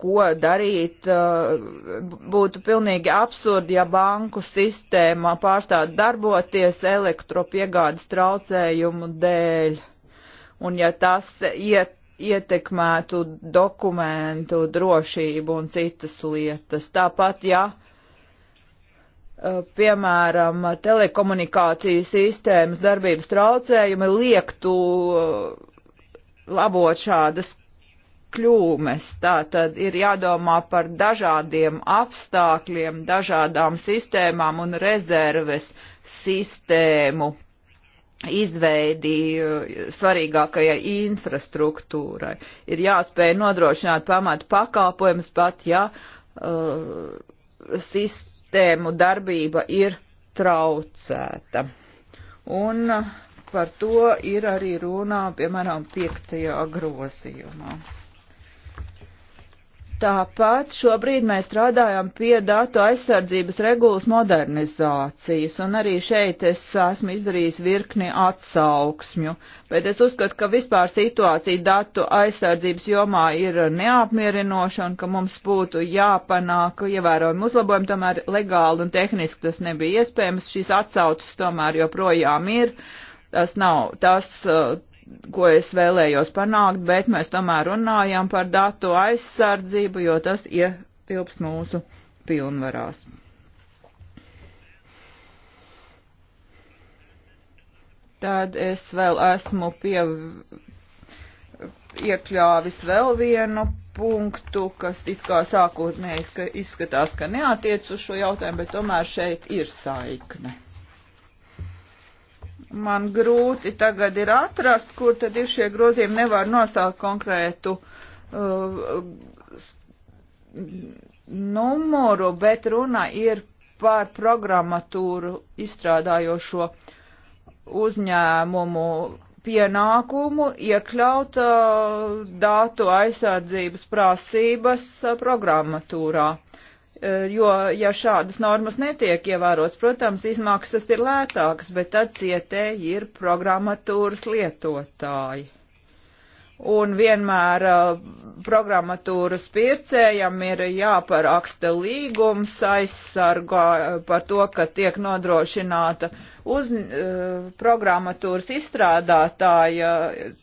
ko darīt, eh, būtu pilnīgi absurdi, ja banku sistēmā pārstātu darboties elektropiegādes traucējumu dēļ. Un ja tas iet, ietekmētu dokumentu drošību un citas lietas. Tāpat, ja eh, piemēram, telekomunikācijas sistēmas darbības traucējumi liektu eh, labot šādas kļūmes. Tā tad ir jādomā par dažādiem apstākļiem, dažādām sistēmām un rezerves sistēmu izveidī eh, svarīgākajai infrastruktūrai. Ir jāspēj nodrošināt pamatu pakalpojumus pat, ja uh, sistēmu darbība ir traucēta. Un eh, par to ir arī runā, piemēram, piektajā grozījumā. Tāpat šobrīd mēs strādājam pie datu aizsardzības regulas modernizācijas, un arī šeit es esmu izdarījis virkni atsauksmju, bet es uzskatu, ka vispār situācija datu aizsardzības jomā ir neapmierinoša un ka mums būtu jāpanāk ievērojami uzlabojumi, tomēr legāli un tehniski tas nebija iespējams, šīs atsaucas tomēr joprojām ir, tas nav tas. Uh, ko es vēlējos panākt, bet mēs tomēr runājam par datu aizsardzību, jo tas ietilps mūsu pilnvarās. Tad es vēl esmu pie, iekļāvis vēl vienu punktu, kas it kā sākotnēji izskatās, ka neatiec uz šo jautājumu, bet tomēr šeit ir saikne man grūti tagad ir atrast, kur tad ir šie grozījumi, nevar nosaukt konkrētu uh, numuru, bet runa ir par programmatūru izstrādājošo uzņēmumu pienākumu iekļaut uh, datu aizsardzības prasības uh, programmatūrā. Eh, jo, ja šādas normas netiek ievērotas, protams, izmaksas ir lētākas, bet tad cietēji ir programmatūras lietotāji un vienmēr uh, programmatūras pircējam ir jāparaksta līgums aizsargā uh, par to, ka tiek nodrošināta uz uh, programmatūras izstrādātāja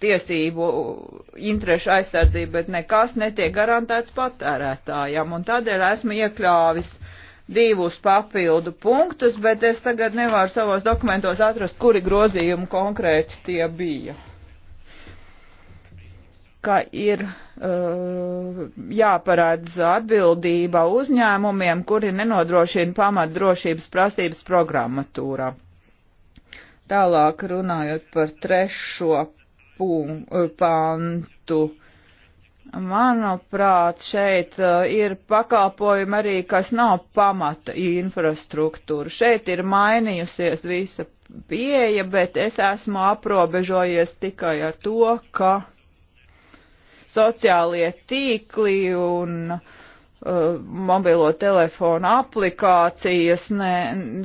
tiesību interešu aizsardzība, bet nekas netiek garantēts patērētājam, un tādēļ esmu iekļāvis divus papildu punktus, bet es tagad nevaru savos dokumentos atrast, kuri grozījumi konkrēti tie bija ka ir uh, jāparādz atbildība uzņēmumiem, kuri nenodrošina pamatdrošības prasības programmatūrā. Tālāk runājot par trešo uh, pantu. Manuprāt, šeit uh, ir pakalpojumi arī, kas nav pamata infrastruktūra. Šeit ir mainījusies visa pieeja, bet es esmu aprobežojies tikai ar to, ka uh, sociālie tīkli un uh, mobilo telefonu aplikācijas ne,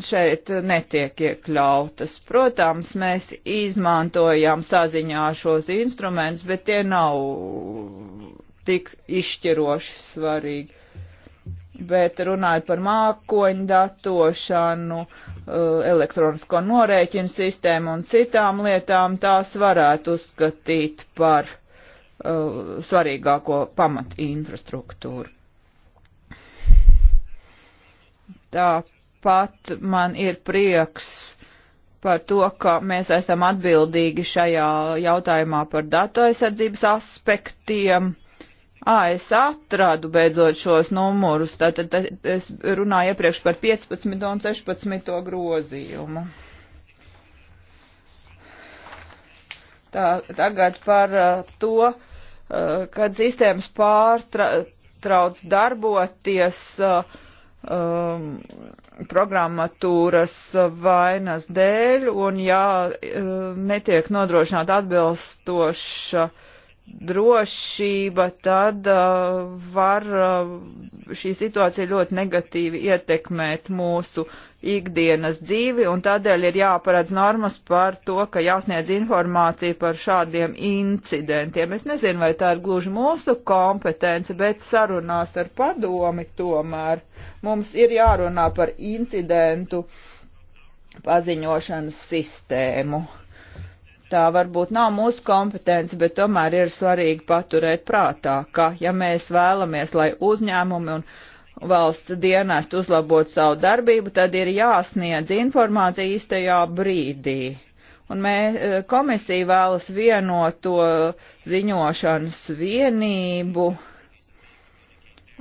šeit netiek iekļautas. Protams, mēs izmantojam saziņā šos instrumentus, bet tie nav tik izšķiroši svarīgi bet runājot par mākoņu datošanu, uh, elektronisko norēķinu sistēmu un citām lietām, tās varētu uzskatīt par Uh, svarīgāko pamat infrastruktūru. Tāpat man ir prieks par to, ka mēs esam atbildīgi šajā jautājumā par datu aizsardzības aspektiem. Ā, es atradu beidzot šos numurus, tātad es runāju iepriekš par 15 un 16 grozījumu. Tā, tagad par uh, to, uh, kad sistēmas pārtrauc darboties uh, um, programmatūras vainas dēļ un ja netiek nodrošināta atbilstoša uh, drošība, tad uh, var uh, šī situācija ļoti negatīvi ietekmēt mūsu ikdienas dzīvi, un tādēļ ir jāparedz normas par to, ka jāsniedz informācija par šādiem incidentiem. Es nezinu, vai tā ir gluži mūsu kompetence, bet sarunās ar padomi tomēr mums ir jārunā par incidentu paziņošanas sistēmu Tā varbūt nav mūsu kompetence, bet tomēr ir svarīgi paturēt prātā, ka ja mēs vēlamies, lai uzņēmumi un valsts dienest uzlabot savu darbību, tad ir jāsniedz informācija īstajā brīdī un mē, e, komisija vēlas vienoto ziņošanas vienību,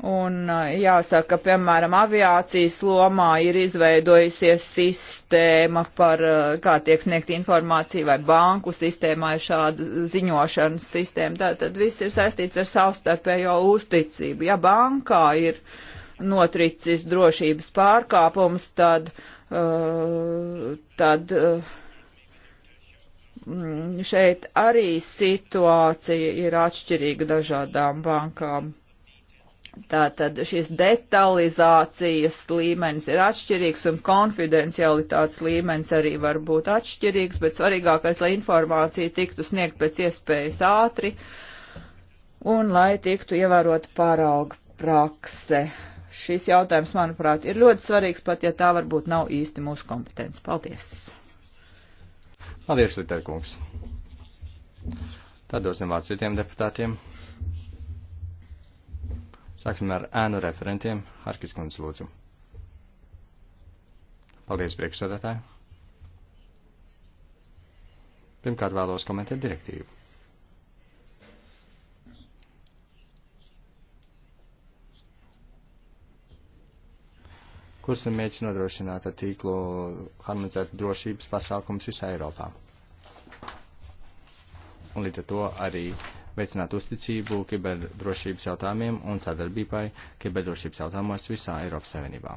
Un uh, jāsaka, piemēram, aviācijas lomā ir izveidojusies sistēma par, uh, kā tiek sniegt informācija, vai banku sistēmā ir šāda ziņošanas sistēma. Tātad viss ir saistīts ar savstarpējo uzticību. Ja bankā ir notricis drošības pārkāpums, tad, uh, tad uh, mm, šeit arī situācija ir atšķirīga dažādām bankām. Tātad šis detalizācijas līmenis ir atšķirīgs un konfidencialitātes līmenis arī var būt atšķirīgs, bet svarīgākais, lai informācija tiktu sniegt pēc iespējas ātri un lai tiktu ievērot pārauga prakse. Šis jautājums, manuprāt, ir ļoti svarīgs, pat ja tā varbūt nav īsti mūsu kompetence. Paldies! Paldies, Viterkungs! Tad dosim vārdu citiem deputātiem. Sāksim ar ēnu referentiem. Harkis kundze, lūdzu. Paldies, priekšsēdētāji. Pirmkārt vēlos komentēt direktīvu. Kurs ir mēģinājums nodrošināt ar tīklu harmonizēt drošības pasākumus visā Eiropā. Un līdz ar to arī uh, veicināt uzticību kiberdrošības jautājumiem un sadarbībai kiberdrošības jautājumos visā Eiropas Savienībā.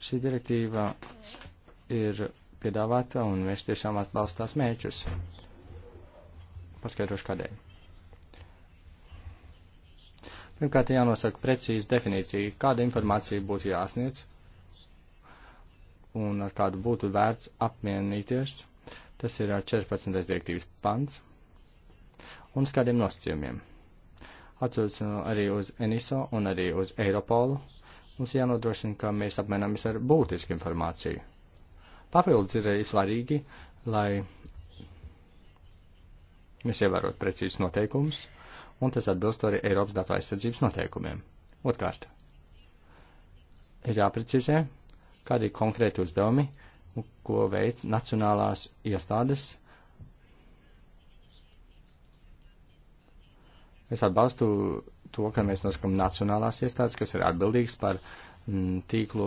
Šī direktīva ir piedāvāta un mēs tiešām atbalstām tās mērķus. Paskaidrošu kādēļ. Pirmkārt, jānosaka precīzi definīcija, kāda informācija būtu jāsniedz un ar kādu būtu vērts apmienīties Tas ir 14. direktīvas pants un uz kādiem nosacījumiem. Atcaucas arī uz ENISO un arī uz Eiropolu. Mums jānodrošina, ka mēs apmainamies ar būtisku informāciju. Papildus ir arī svarīgi, lai mēs ievērot precīzus noteikumus, un tas atbilst arī Eiropas datu aizsardzības noteikumiem. Otkārt, ir jāprecizē, kādi ir konkrēti uzdevumi, ko veic nacionālās iestādes. Es atbalstu to, ka mēs nosakām nacionālās iestādes, kas ir atbildīgas par m, mm, tīklu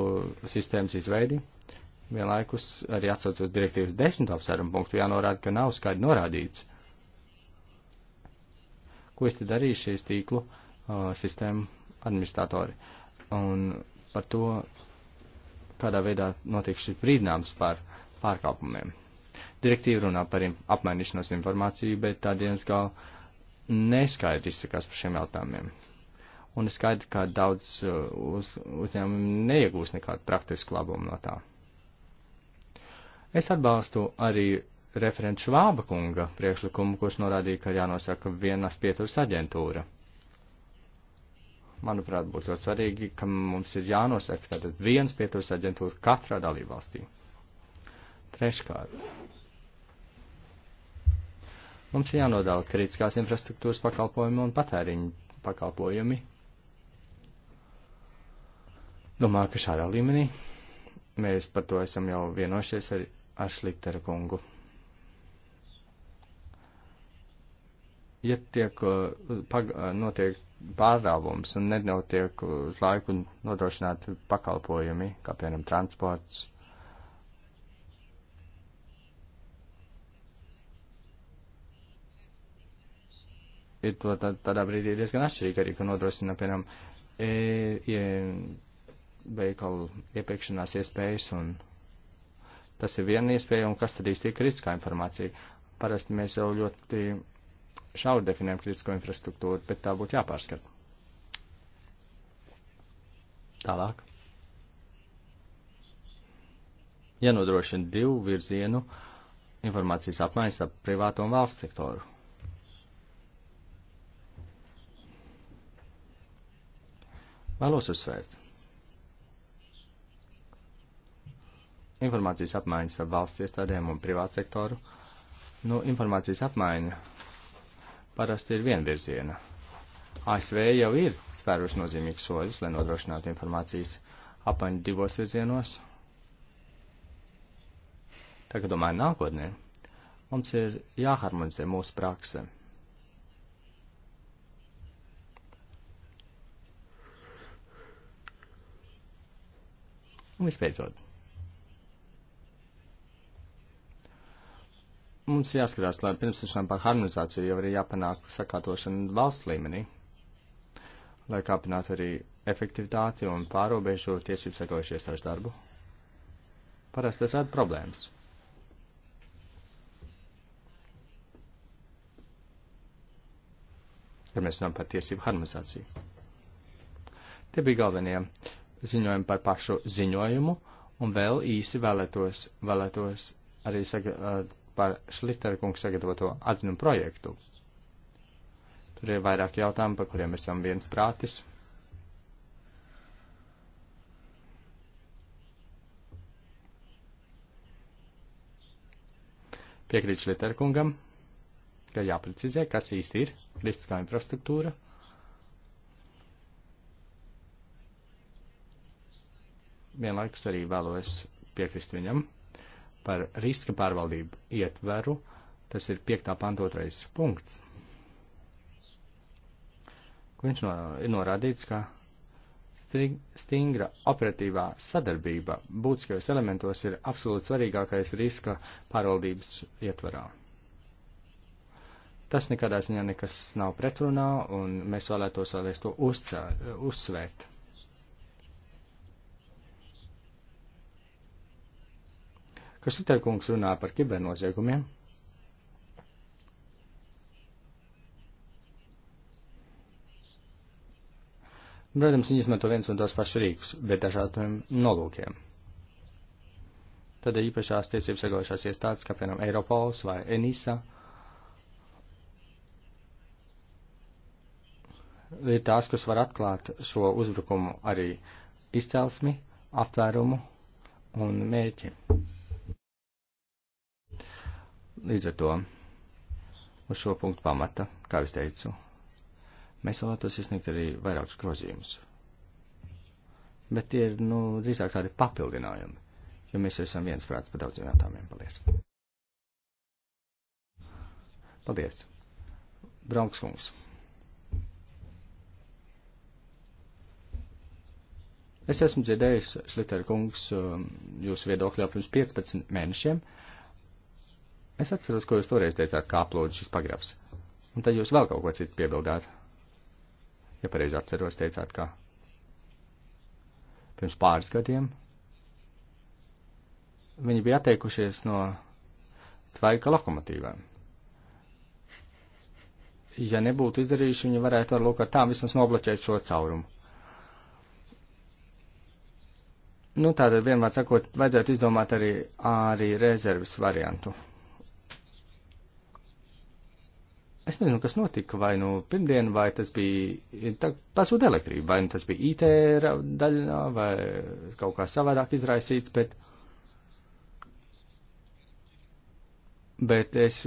sistēmas izveidi. Vienlaikus arī atsaucos direktīvas desmito apsvērumu punktu, jānorāda, ka nav skaidri norādīts, ko es te darīju šīs tīklu uh, sistēmu administratori. Un par to kādā veidā notiek šis brīdinājums par pārkāpumiem. Direktīva runā par apmainīšanos informāciju, bet tā dienas gal neskaidri izsakās par šiem jautājumiem. Un ir skaidrs, ka daudz uh, uz, uzņēmumi neiegūs nekādu praktisku labumu no tā. Es atbalstu arī referentu Švāba kunga priekšlikumu, kurš norādīja, ka jānosaka vienas pieturas aģentūra manuprāt, būtu ļoti svarīgi, ka mums ir jānosaka tātad viens pieturas aģentūra katrā dalībvalstī. Treškārt. Mums ir jānodala kritiskās infrastruktūras pakalpojumi un patēriņu pakalpojumi. Domāju, ka šādā līmenī mēs par to esam jau vienošies ar, ar Šliktera kungu. ja tiek uh, pag, uh, notiek pārdāvums un nenotiek uz laiku nodrošināti pakalpojumi, kā piemēram transports. Ir to tad, tādā brīdī diezgan atšķirīgi arī, ka nodrošina, piemēram, e, e, veikalu iepirkšanās iespējas un tas ir viena iespēja, un kas tad īsti ir kritiskā informācija. Parasti mēs jau ļoti šauri definējam kritisko infrastruktūru, bet tā būtu jāpārskata. Tālāk. Jānodrošina divu virzienu informācijas apmaiņas ar privāto un valsts sektoru. Vēlos uzsvērt. Informācijas apmaiņas ar valsts iestādēm un privātu sektoru. Nu, informācijas apmaiņa parasti ir vienvirziena. ASV jau ir spērus nozīmīgus soļus, lai nodrošinātu informācijas apaņu divos virzienos. Tagad domāju nākotnē. Mums ir jāharmonizē mūsu prakse. Un visbeidzot, mums jāskatās, lai pirms runājam par harmonizāciju, jau arī jāpanāk sakārtošana valsts līmenī, lai kāpinātu arī efektivitāti un pārobežu tiesību sekojušu iestāžu darbu. Parasti tas rada problēmas. Ja mēs runājam par tiesību harmonizāciju. Tie bija galvenie ziņojumi par pašu ziņojumu, un vēl īsi vēlētos, vēlētos arī sagatavot par Šliterkungu sagatavoto atziņu projektu. Tur ir vairāk jautājumu, par kuriem esam viens prātis. Piekrīt Šliterkungam, ka jāprecizē, kas īsti ir kristiskā infrastruktūra. vienlaikus arī vēlos piekrist viņam, par riska pārvaldību ietveru, tas ir 5. pantotrais punkts. Viņš no, ir norādīts, ka stingra operatīvā sadarbība būtiskajos elementos ir absolūti svarīgākais riska pārvaldības ietvarā. Tas nekādā ziņā nekas nav pretrunā, un mēs vēlētos vēlreiz to uzcē, uzsvērt. Kas tad kungs runā par kibernoziegumiem? Protams, viņi izmanto viens un tos pašus rīkus, bet dažādiem nolūkiem. Tad ir īpašās tiesības regulējušās iestādes, kā piemēram Eiropols vai Enisa. Ir tās, kas var atklāt šo uzbrukumu arī izcelsmi, aptvērumu un mērķi. Līdz ar to uz šo punktu pamata, kā es teicu, mēs vēlētos izsniegt arī vairākus grozījumus. Bet tie ir, nu, drīzāk tādi papildinājumi, jo mēs esam viensprāts par daudziem jautājumiem. Paldies! Paldies! Braunskungs! Es esmu dzirdējis, Šlitera kungs, um, jūsu viedokļā pirms 15 mēnešiem. Uh, Es atceros, ko jūs toreiz teicāt, kā aplūda šis pagrabs. Un tad jūs vēl kaut ko citu piebildāt. Ja pareizi atceros, teicāt, kā. Pirms pāris gadiem viņi bija atteikušies no tvaika lokomotīvēm. Ja nebūtu izdarījuši, viņi varētu ar lūk ar tām vismaz nobloķēt šo caurumu. Nu, tātad vienmēr sakot, vajadzētu izdomāt arī, arī rezerves variantu. Es nezinu, kas notika, vai nu pirmdien, vai tas bija pazūd elektrība, vai nu tas bija IT daļā, vai kaut kā savādāk izraisīts, bet, bet es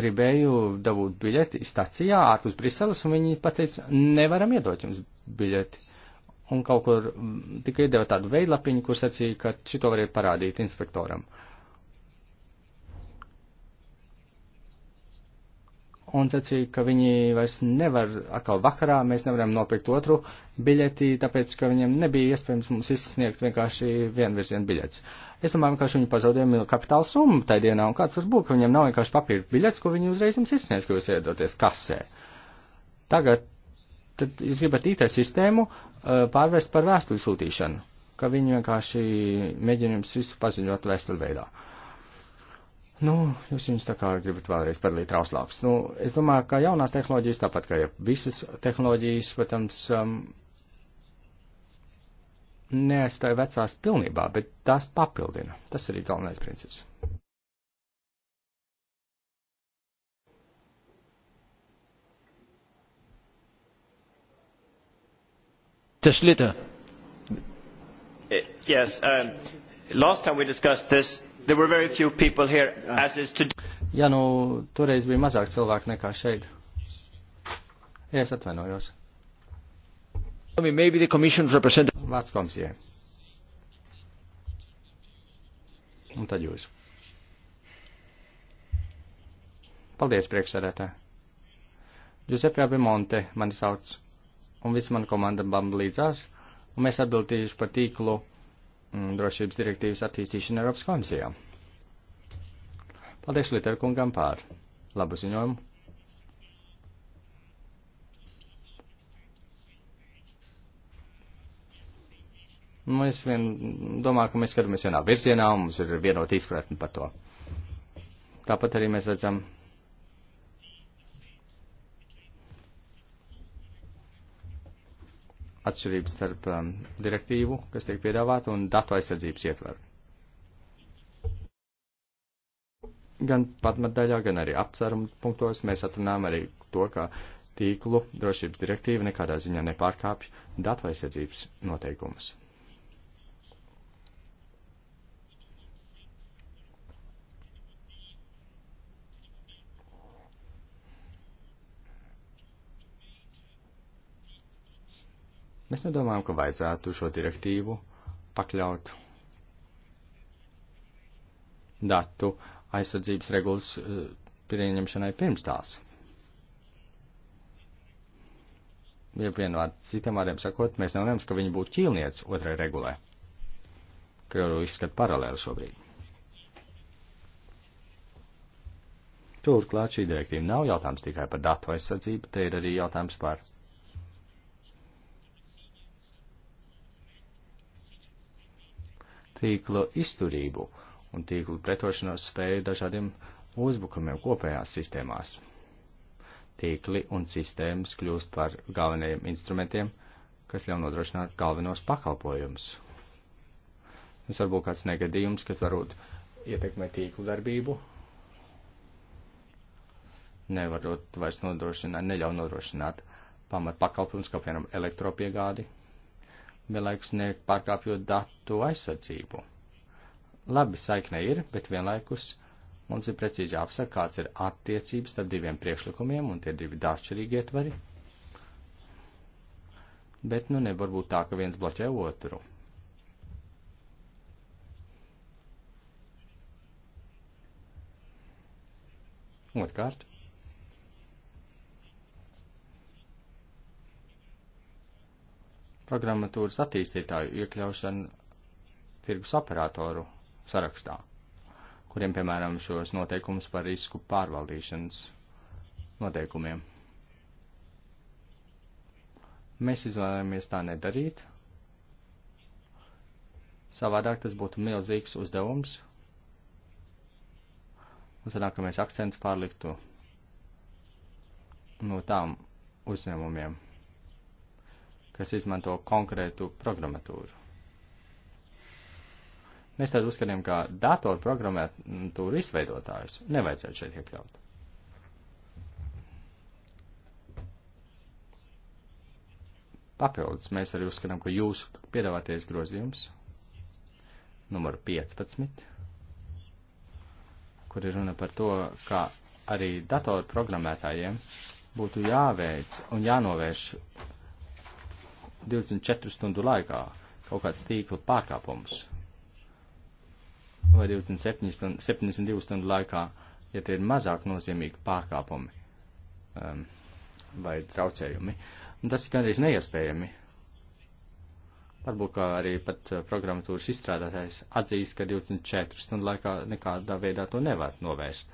gribēju dabūt biļeti stacijā ārpus Briseles, un viņi pateica, nevaram iedot jums biļeti. Un kaut kur tikai deva tādu veidlapiņu, kur sacīja, ka šito varēja parādīt inspektoram. Uh, un sacīja, ka viņi vairs nevar, atkal vakarā mēs nevaram nopirkt otru biļeti, tāpēc, ka viņiem nebija iespējams mums izsniegt vienkārši vienvirzienu biļets. Es domāju, ka viņi pazaudēja milzīgu kapitāla summu tajā dienā, un kāds var būt, ka viņiem nav vienkārši papīra biļets, ko viņi uzreiz jums izsniegs, ko jūs iedoties kasē. Tagad tad jūs gribat IT sistēmu eh, pārvērst par vēstuļu sūtīšanu, ka viņi vienkārši mēģina jums visu paziņot vēstuļu veidā. Uh, Nu, jūs viņus tā kā gribat vēlreiz padalīt trauslāps. Nu, es domāju, ka jaunās tehnoloģijas, tāpat kā jau visas tehnoloģijas, protams, um, neaizstāja vecās pilnībā, bet tās papildina. Tas arī galvenais princips. Yes, um, last time we discussed this Here, ah. ja nu toreiz bija mazāk cilvēku nekā šeit. Ja es atvainojos. Vārds komisijai. Un tad jūs. Paldies, priekšsēdētā. Giuseppe Abimonte mani sauc, un visa mana komanda bam līdzās, un mēs atbildījuši par tīklu Mm, drošības direktīvas attīstīšanu Eiropas komisijā. Paldies Literkungam par labu ziņojumu. Mēs vien domājam, ka mēs skatāmies vienā virzienā, un mums ir vienota izpratne par to. Tāpat arī mēs redzam atšķirības starp um, direktīvu, kas tiek piedāvāta, un datu aizsardzības ietvaru. Gan patmatdaļā, gan arī apsvērumu punktos mēs atrunājam arī to, ka tīklu drošības direktīva nekādā ziņā nepārkāpj datu aizsardzības noteikumus. Mēs nedomājam, ka vajadzētu šo direktīvu pakļaut datu aizsardzības regulas eh, pieņemšanai pirms tās. Ja vienvārds citiem vārdiem sakot, mēs nevaram, ka viņi būtu ķīlniec otrai regulē, ka jau izskat paralēli šobrīd. Turklāt šī direktīva nav jautājums tikai par datu aizsardzību, te ir arī jautājums par tīklu izturību un tīklu pretošanos spēju dažādiem uzbrukumiem kopējās sistēmās. Tīkli un sistēmas kļūst par galvenajiem instrumentiem, kas ļauj nodrošināt galvenos pakalpojumus. Tas varbūt kāds negadījums, kas varbūt ietekmē tīklu darbību, nevarot vairs nodrošināt, neļauj nodrošināt pamat pakalpojumus, kā piemēram elektropiegādi vienlaikus nepārkāpjot datu aizsardzību. Labi, saikne ir, bet vienlaikus mums ir precīzi jāapsaka, kāds ir attiecības starp diviem priekšlikumiem, un tie divi dāršķirīgi ietvari. Bet nu nevar būt tā, ka viens bloķē otru. Otkārt, programmatūras attīstītāju iekļaušanu tirgus operatoru sarakstā, kuriem, piemēram, šos noteikumus par risku pārvaldīšanas noteikumiem. Mēs izvēlējāmies tā nedarīt. Savādāk tas būtu milzīgs uzdevums. Un sanāk, ka mēs akcents pārliktu no tām uzņēmumiem kas izmanto konkrētu programmatūru. Mēs tad uzskatām, ka datoru programmatūru izveidotājus nevajadzētu šeit iekļaut. Papildus mēs arī uzskatām, ka jūsu piedāvātais grozījums numur 15, kur ir runa par to, ka arī datoru programmētājiem būtu jāveic un jānovērš 24 stundu laikā kaut kāds tīkla pārkāpums vai 27 stundu, 72 stundu laikā, ja tie ir mazāk nozīmīgi pārkāpumi um, vai traucējumi. Un nu, tas ir gandrīz neiespējami. Varbūt arī pat uh, programmatūras izstrādātājs atzīst, ka 24 stundu laikā nekādā veidā to nevar novērst.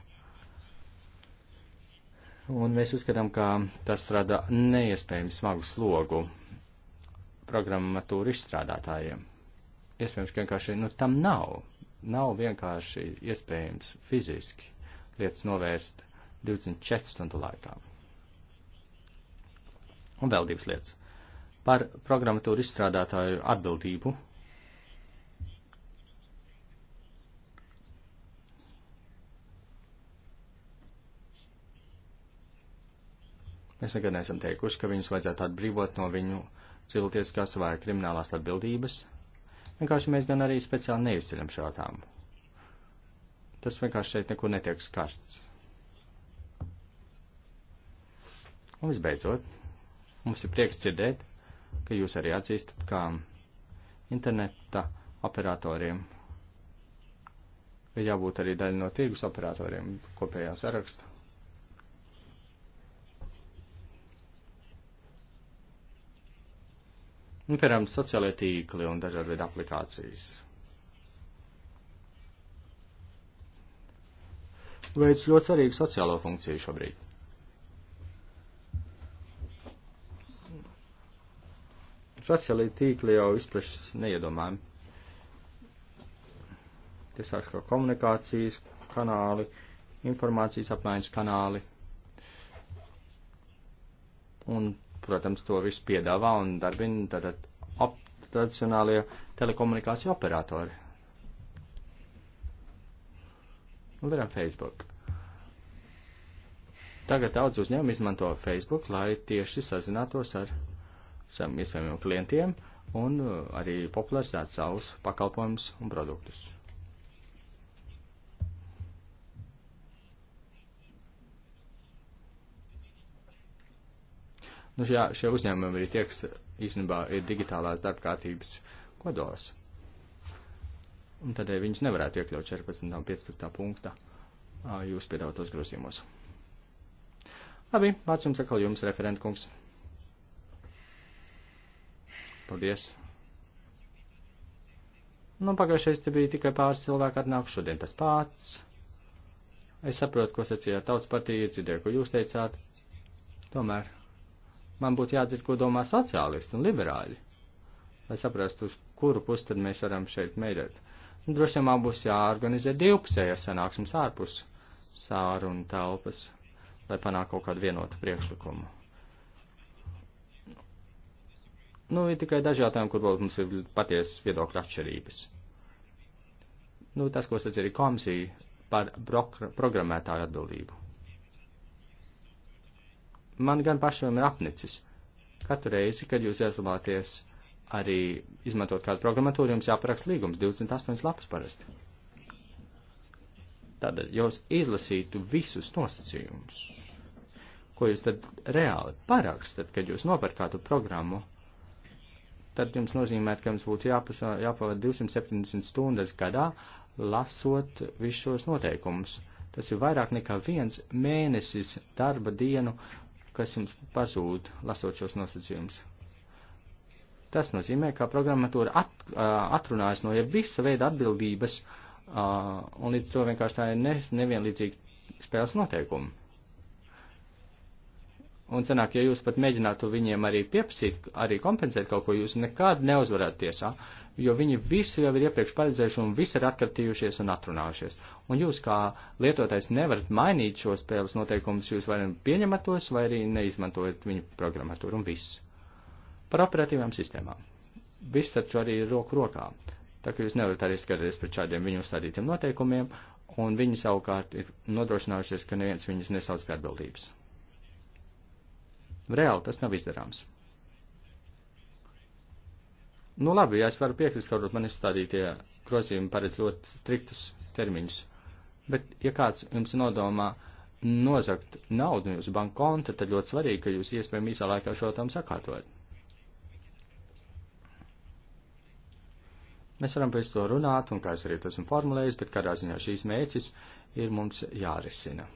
Un mēs uzskatām, ka tas rada neiespējami smagu slogu programmatūru izstrādātājiem. Iespējams, ka vienkārši nu, tam nav. Nav vienkārši iespējams fiziski lietas novērst 24 stundu laikā. Un vēl divas lietas. Par programmatūru izstrādātāju atbildību. Mēs nekad neesam teikuši, ka viņus vajadzētu atbrīvot no viņu uh, cilvēciskās vai kriminālās atbildības. Vienkārši mēs gan arī speciāli neizceļam šo jautājumu. Tas vienkārši šeit nekur netiek skarts. Un visbeidzot, mums ir prieks dzirdēt, ka jūs arī atzīstat, ka interneta operatoriem ir jābūt arī daļa no tirgus operatoriem kopējā sarakstā. Nu, piemēram, sociālai tīkli un dažādi veidi aplikācijas. Veids ļoti svarīgu sociālo funkciju šobrīd. Sociālai tīkli jau izplešas neiedomājami. Tie sāk kā komunikācijas kanāli, informācijas apmaiņas kanāli. Un protams, to visu piedāvā un darbina tātad tradicionālie telekomunikāciju operatori. Un varam Facebook. Tagad daudz uzņēmumu izmanto Facebook, lai tieši sazinātos ar saviem iespējamiem klientiem un uh, arī popularizētu savus pakalpojumus un produktus. Nu, jā, šie uzņēmumi ir tie, kas īstenībā ir digitālās darba kārtības kodols. Un tādēļ eh, viņus nevarētu iekļaut 14. un 15. punktā jūs piedāvātos grozījumos. Labi, vārds jums atkal jums, referentkungs. Paldies. Nu, pagājušais te bija tikai pāris cilvēki atnāk, šodien tas pats. Es saprotu, ko sacījāt tautas partija, dzirdēju, ko jūs teicāt. Tomēr man būtu jādzird, ko domā sociālisti un liberāļi, lai saprastu, uz kuru pusi tad mēs varam šeit mēģināt. Nu, droši vien man būs jāorganizē divpusējas sanāksmes ārpus sāru un telpas, lai panāktu kaut kādu vienotu priekšlikumu. Nu, ir tikai daži jautājumi, kur mums ir patiesas viedokļa atšķirības. Nu, tas, ko sacīja komisija par programmētāju atbildību man gan pašam ir apnicis. Katru reizi, kad jūs ieslabāties arī izmantot kādu programmatūru, jums jāparaksta līgums 28 lapas parasti. Tātad jūs izlasītu visus nosacījumus, ko jūs tad reāli parakstat, kad jūs nopērkātu programmu, tad jums nozīmē, ka jums būtu jāpasa, jāpavada 270 stundas gadā, lasot visus šos noteikumus. Tas ir vairāk nekā viens mēnesis darba dienu kas jums pazūd, lasot šos nosacījumus. Tas nozīmē, ka programmatūra at, atrunājas no jau visa veida atbildības, un līdz to vienkārši tā ir ne, nevienlīdzīga spēles noteikuma. Un sanāk, ja jūs pat mēģinātu viņiem arī pieprasīt, arī kompensēt kaut ko, jūs nekad neuzvarētu tiesā, jo viņi visu jau ir iepriekš paredzējuši un visi ir atkartījušies un atrunājušies. Un jūs kā lietotājs nevarat mainīt šo spēles noteikumus, jūs vai nu pieņemat tos, vai arī neizmantojat viņu programmatūru un viss. Par operatīvām sistēmām. Viss taču arī ir roku rokā. Tā kā jūs nevarat arī skatīties pret šādiem viņu uzstādītiem noteikumiem, un viņi savukārt ir nodrošinājušies, ka neviens viņus nesauc pie atbildības. Reāli tas nav izdarāms. Nu labi, ja es varu piekrist, kaut man izstādītie grozījumi paredz ļoti striktus termiņus, bet ja kāds jums nodomā nozagt naudu jūsu banku konta, tad ļoti svarīgi, ka jūs iespējami īsā laikā šo tam sakārtojat. Mēs varam pēc to runāt, un kā es arī to esmu formulējis, bet kādā ziņā šīs mēķis ir mums jārisina.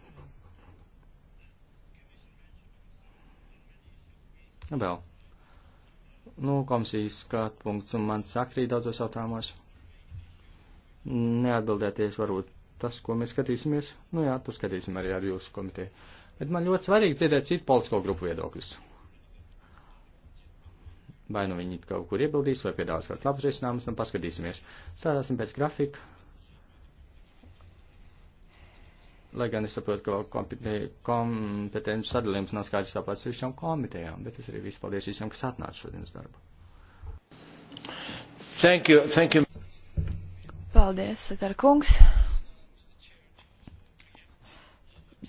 Nu, vēl. Nu, komisijas skatu punkts un man sakrīt daudzos jautājumos. Neatbildēties varbūt tas, ko mēs skatīsimies. Nu jā, tur skatīsim arī ar jūsu komiteju. Bet man ļoti svarīgi dzirdēt citu politisko grupu viedokļus. Vai nu viņi kaut kur iebildīs, vai piedāvās kādu labus risinājumus, nu paskatīsimies. Strādāsim pēc grafika, lai gan es saprotu, ka e, kompetenci sadalījums nav skaidrs tāpat sevišķām komitejām, bet es arī visu paldies visiem, kas atnāca šodien uz darbu. Thank you, thank you. Paldies, Satar kungs.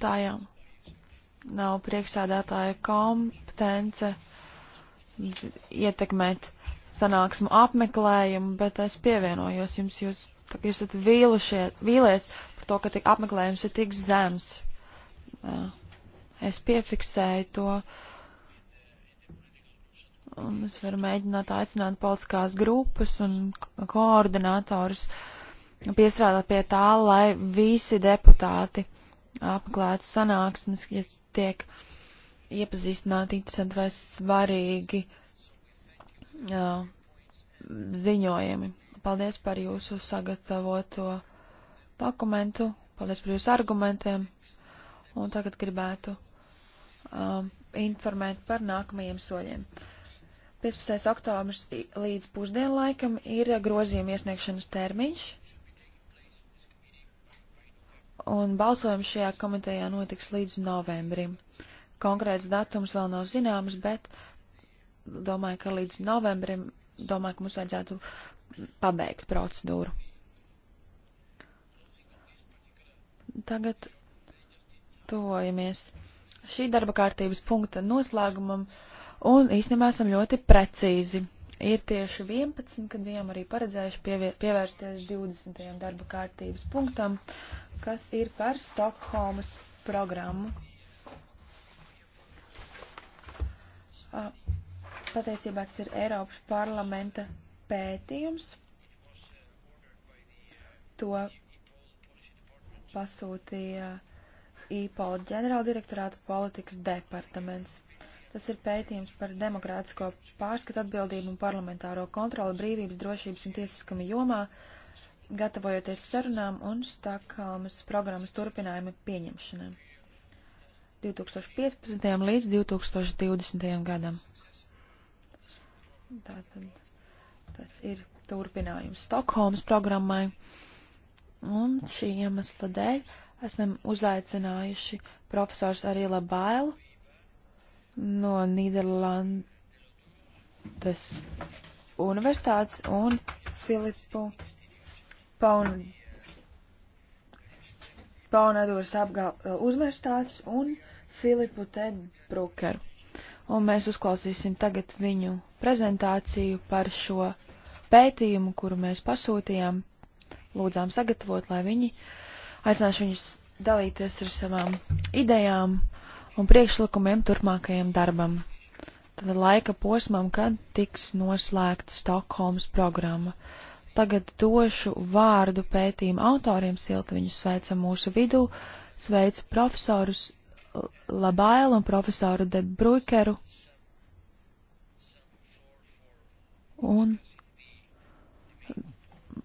Tā jau nav priekšsādātāja kompetence ietekmēt sanāksmu apmeklējumu, bet es pievienojos jums, jūs jūs esat vīlies par to, ka tik apmeklējums ir tik zems. Es piefiksēju to. Un es varu mēģināt aicināt politiskās grupas un koordinātors piestrādāt pie tā, lai visi deputāti apmeklētu sanāksmes, ja tiek iepazīstināti interesanti vai svarīgi jā, ziņojumi Paldies par jūsu sagatavoto dokumentu, paldies par jūsu argumentiem. Un tagad gribētu um, informēt par nākamajiem soļiem. 15. oktobrs līdz pusdienlaikam ir grozījuma iesniegšanas termiņš. Un balsojums šajā komitejā notiks līdz novembrim. Konkrēts datums vēl nav zināms, bet domāju, ka līdz novembrim domāju, ka mums vajadzētu pabeigt procedūru. Tagad tojamies šī darba kārtības punkta noslēgumam un īstenībā esam ļoti precīzi. Ir tieši 11, kad bijām arī paredzējuši pievie, pievērsties 20. darba kārtības punktam, kas ir par Stokholmas programmu. Patiesībā tas ir Eiropas parlamenta pētījums. To pasūtīja IPOL ģenerāldirektorāta politikas departaments. Tas ir pētījums par demokrātisko pārskatu atbildību un parlamentāro kontroli brīvības, drošības un tiesiskuma jomā, gatavojoties sarunām un Stakāmas programmas turpinājuma pieņemšanai 2015. līdz 2020. gadam. Tātad Tas ir turpinājums Stokholmas programmai. Un šī iemesla dēļ esam uzaicinājuši profesors Arīla Bailu no Nīderlandes universitātes un Filipu Paun Paunadūras apgal universitātes un Filipu T. Brukeru un mēs uzklausīsim tagad viņu prezentāciju par šo pētījumu, kuru mēs pasūtījām, lūdzām sagatavot, lai viņi aicināšu viņus dalīties ar savām idejām un priekšlikumiem turpmākajam darbam. Tad laika posmam, kad tiks noslēgta Stokholmas programma. Tagad došu vārdu pētījumu autoriem, silti viņus sveicam mūsu vidū, sveicu profesorus Labailu un profesoru De Bruikeru. Un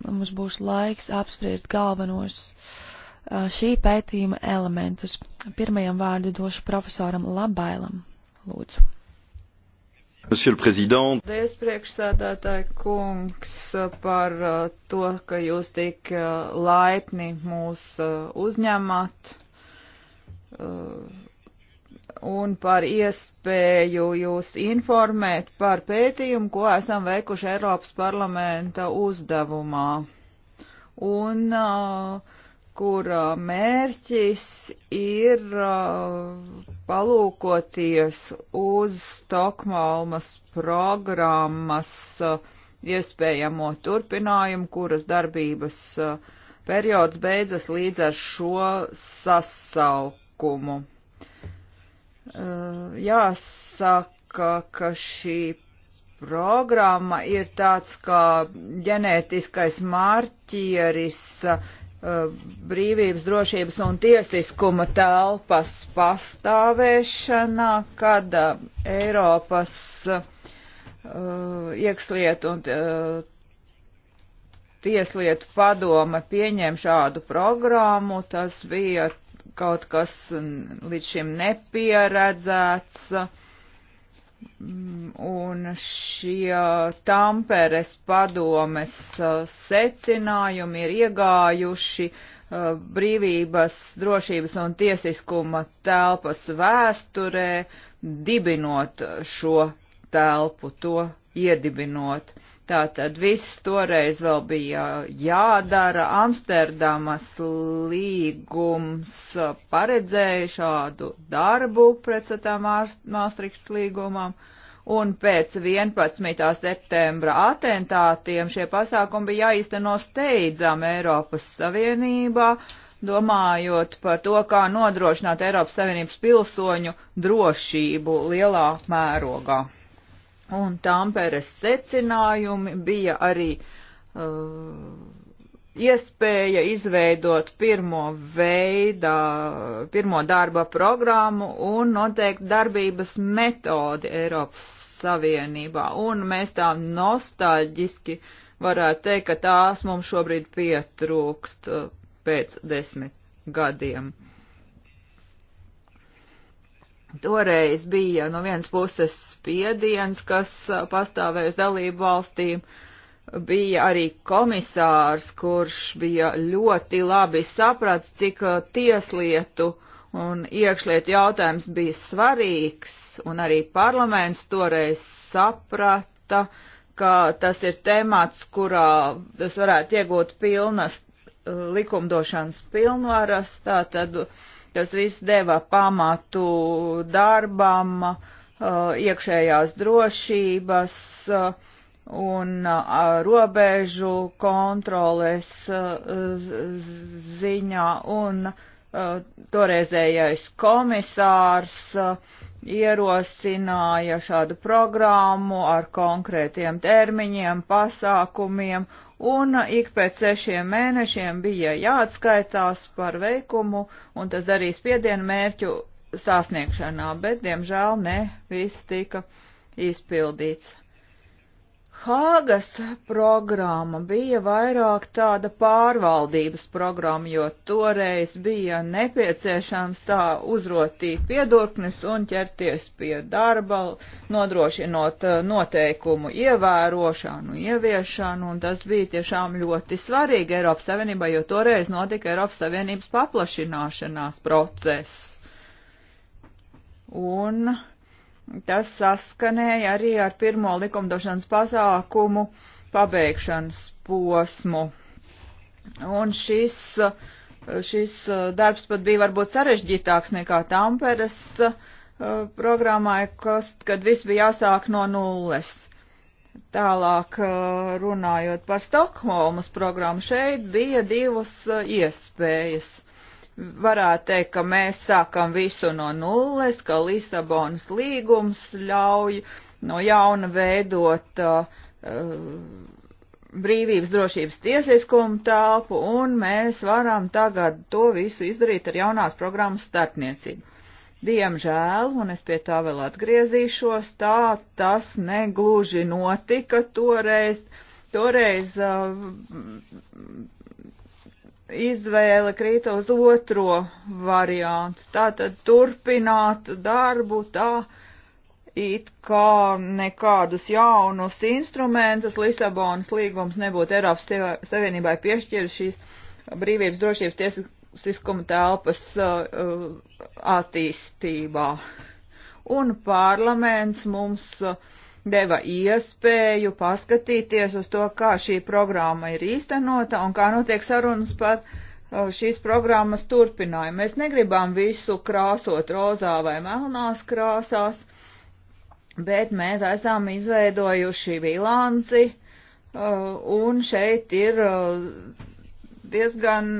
mums būs laiks apspriest galvenos uh, šī pētījuma elementus. Pirmajam vārdu došu profesoram Labailam. Lūdzu. Monsieur le Président. Paldies, priekšsēdētāji kungs, par uh, to, ka jūs tik uh, laipni mūs uzņemat Uh, un par iespēju jūs informēt par pētījumu, ko esam veikuši Eiropas parlamenta uzdevumā, un uh, kura uh, mērķis ir palūkoties uz Stokmalmas programmas iespējamo turpinājumu, kuras darbības periods beidzas līdz ar šo sasaukumu likumu. Uh, jāsaka, ka šī programma ir tāds kā ģenētiskais mārķieris uh, brīvības, drošības un tiesiskuma telpas pastāvēšanā, kad uh, Eiropas uh, iekšlietu un uh, tieslietu padome pieņem šādu programmu. Tas bija kaut kas līdz šim nepieredzēts. Mm, un šie Tamperes padomes uh, secinājumi ir iegājuši uh, brīvības, drošības un tiesiskuma telpas vēsturē, dibinot šo telpu, to iedibinot. Tātad viss toreiz vēl bija uh, jādara. Amsterdamas līgums uh, paredzēja šādu darbu pretstatā Māstrikts līgumam, un pēc 11. septembra atentātiem šie pasākumi bija jāizteno steidzām Eiropas Savienībā, domājot par to, kā nodrošināt Eiropas Savienības pilsoņu drošību lielā mērogā. Un Tamperes secinājumi bija arī uh, iespēja izveidot pirmo veidā, pirmo darba programmu un noteikt darbības metodi Eiropas Savienībā. Un mēs tā nostalģiski varētu teikt, ka tās mums šobrīd pietrūkst uh, pēc desmit gadiem. Toreiz bija no vienas puses spiediens, kas pastāvēja uz dalību valstīm, bija arī komisārs, kurš bija ļoti labi saprats, cik tieslietu un iekšlietu jautājums bija svarīgs, un arī parlaments toreiz saprata, ka tas ir temats, kurā tas varētu iegūt pilnas likumdošanas pilnvaras, tātad. tad Tas viss deva pamatu darbam, uh, iekšējās drošības uh, un uh, robežu kontroles ziņā un toreizējais komisārs uh, ierosināja šādu programmu ar konkrētiem termiņiem, pasākumiem, un ik pēc sešiem mēnešiem bija jāatskaitās par veikumu, un tas darīs piedienu mērķu sasniegšanā, bet, diemžēl, ne viss tika izpildīts. Hāgas programma bija vairāk tāda pārvaldības programma, jo toreiz bija nepieciešams tā uzrotīt piedurknes un ķerties pie darba, nodrošinot eh, noteikumu ievērošanu, ieviešanu, un tas bija tiešām ļoti svarīgi Eiropas Savienībā, jo toreiz notika Eiropas Savienības paplašināšanās process. Un Tas saskanēja arī ar pirmo likumdošanas pasākumu pabeigšanas posmu. Un šis, šis darbs pat bija varbūt sarežģītāks nekā Tamperes eh, programmai, kas, kad viss bija jāsāk no nulles. Tālāk eh, runājot par Stokholmas programmu, šeit bija divas eh, iespējas varētu teikt, ka mēs sākam visu no nulles, ka Lisabonas līgums ļauj no jauna veidot uh, uh brīvības drošības tiesiskumu tāpu, un mēs varam tagad to visu izdarīt ar jaunās programmas starpniecību. Diemžēl, un es pie tā vēl atgriezīšos, tā tas negluži notika toreiz. Toreiz uh, izvēle krīt uz otro variantu. Tātad turpināt darbu tā, it kā nekādus jaunus instrumentus Lisabonas līgums nebūtu Eiropas Savienībai piešķiris šīs brīvības drošības tiesiskuma telpas uh, attīstībā. Un parlaments mums uh, deva iespēju paskatīties uz to, kā šī programma ir īstenota un kā notiek sarunas par uh, šīs programmas turpinājumu. Mēs negribam visu krāsot rozā vai melnās krāsās, bet mēs esam izveidojuši bilanci uh, un šeit ir uh, diezgan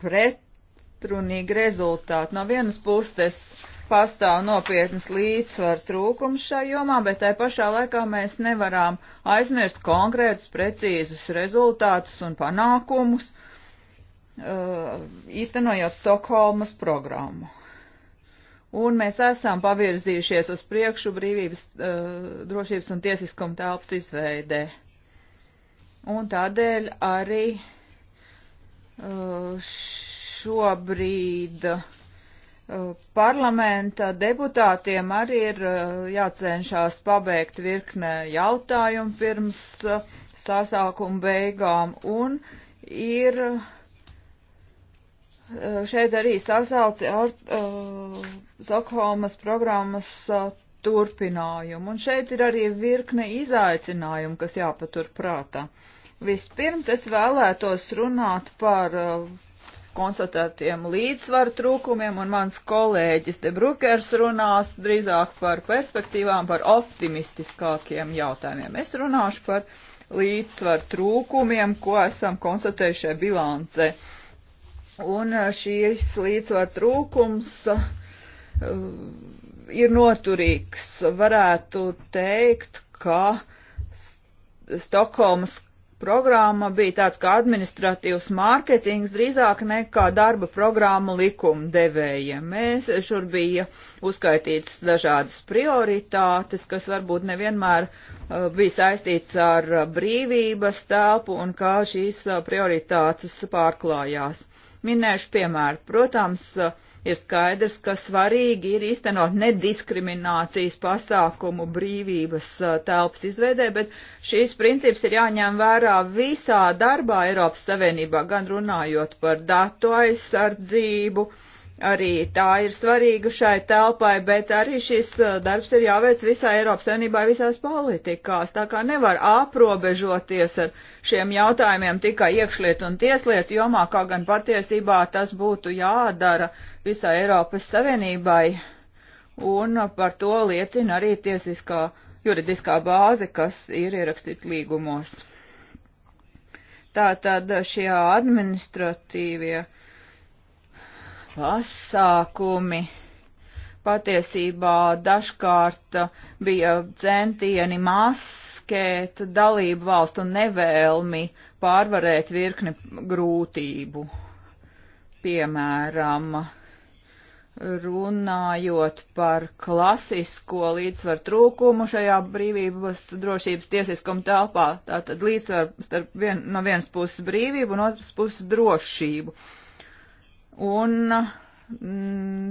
pretrunīgi rezultāti. No vienas puses, pastāv nopietnas līdzsvar trūkums šai jomā, bet tai pašā laikā mēs nevaram aizmirst konkrētus, precīzus rezultātus un panākumus, uh, īstenojot Stokholmas programmu. Un mēs esam pavirzījušies uz priekšu brīvības, uh, drošības un tiesiskuma telpas izveidē. Un tādēļ arī uh, šobrīd uh, Parlamenta deputātiem arī ir eh, jācenšas pabeigt virknē jautājumu pirms eh, sasākuma beigām un ir eh, šeit arī sasauci ar uh, Stokholmas programmas uh, turpinājumu. Un šeit ir arī virkne izaicinājumu, kas jāpatur prātā. Vispirms es vēlētos runāt par uh, konstatētiem līdzsvaru trūkumiem, un mans kolēģis De Brukers runās drīzāk par perspektīvām, par optimistiskākiem jautājumiem. Es runāšu par līdzsvaru trūkumiem, ko esam konstatējušie bilancē. Un eh, šīs līdzsvaru trūkums eh, ir noturīgs. Varētu teikt, ka Stokholmas programma bija tāds kā administratīvs mārketings drīzāk nekā darba programma likumdevējiem. Mēs šur bija uzskaitīts dažādas prioritātes, kas varbūt nevienmēr uh, bija saistīts ar uh, brīvības telpu un kā šīs uh, prioritātes pārklājās. Minēšu piemēru. Protams, uh, ir skaidrs, ka svarīgi ir īstenot nediskriminācijas pasākumu brīvības telpas izveidē, bet šīs princips ir jāņem vērā visā darbā Eiropas Savienībā, gan runājot par datu aizsardzību, uh, arī tā ir svarīga šai telpai, bet arī šis uh, darbs ir jāveic visā Eiropas Savienībā, visās politikās. Tā kā nevar aprobežoties ar šiem jautājumiem tikai iekšlietu un tieslietu jomā, kā gan patiesībā tas būtu jādara visā Eiropas Savienībai. Un par to liecina arī tiesiskā juridiskā bāze, kas ir ierakstīta līgumos. Tātad šie administratīvie uh, pasākumi patiesībā dažkārt bija centieni maskēt dalību valstu nevēlmi pārvarēt virkni grūtību. Piemēram, runājot par klasisko līdzsvaru trūkumu šajā brīvības drošības tiesiskuma telpā, tātad līdzsvaru starp vien, no vienas puses brīvību un otras puses drošību. Uh, Un mm,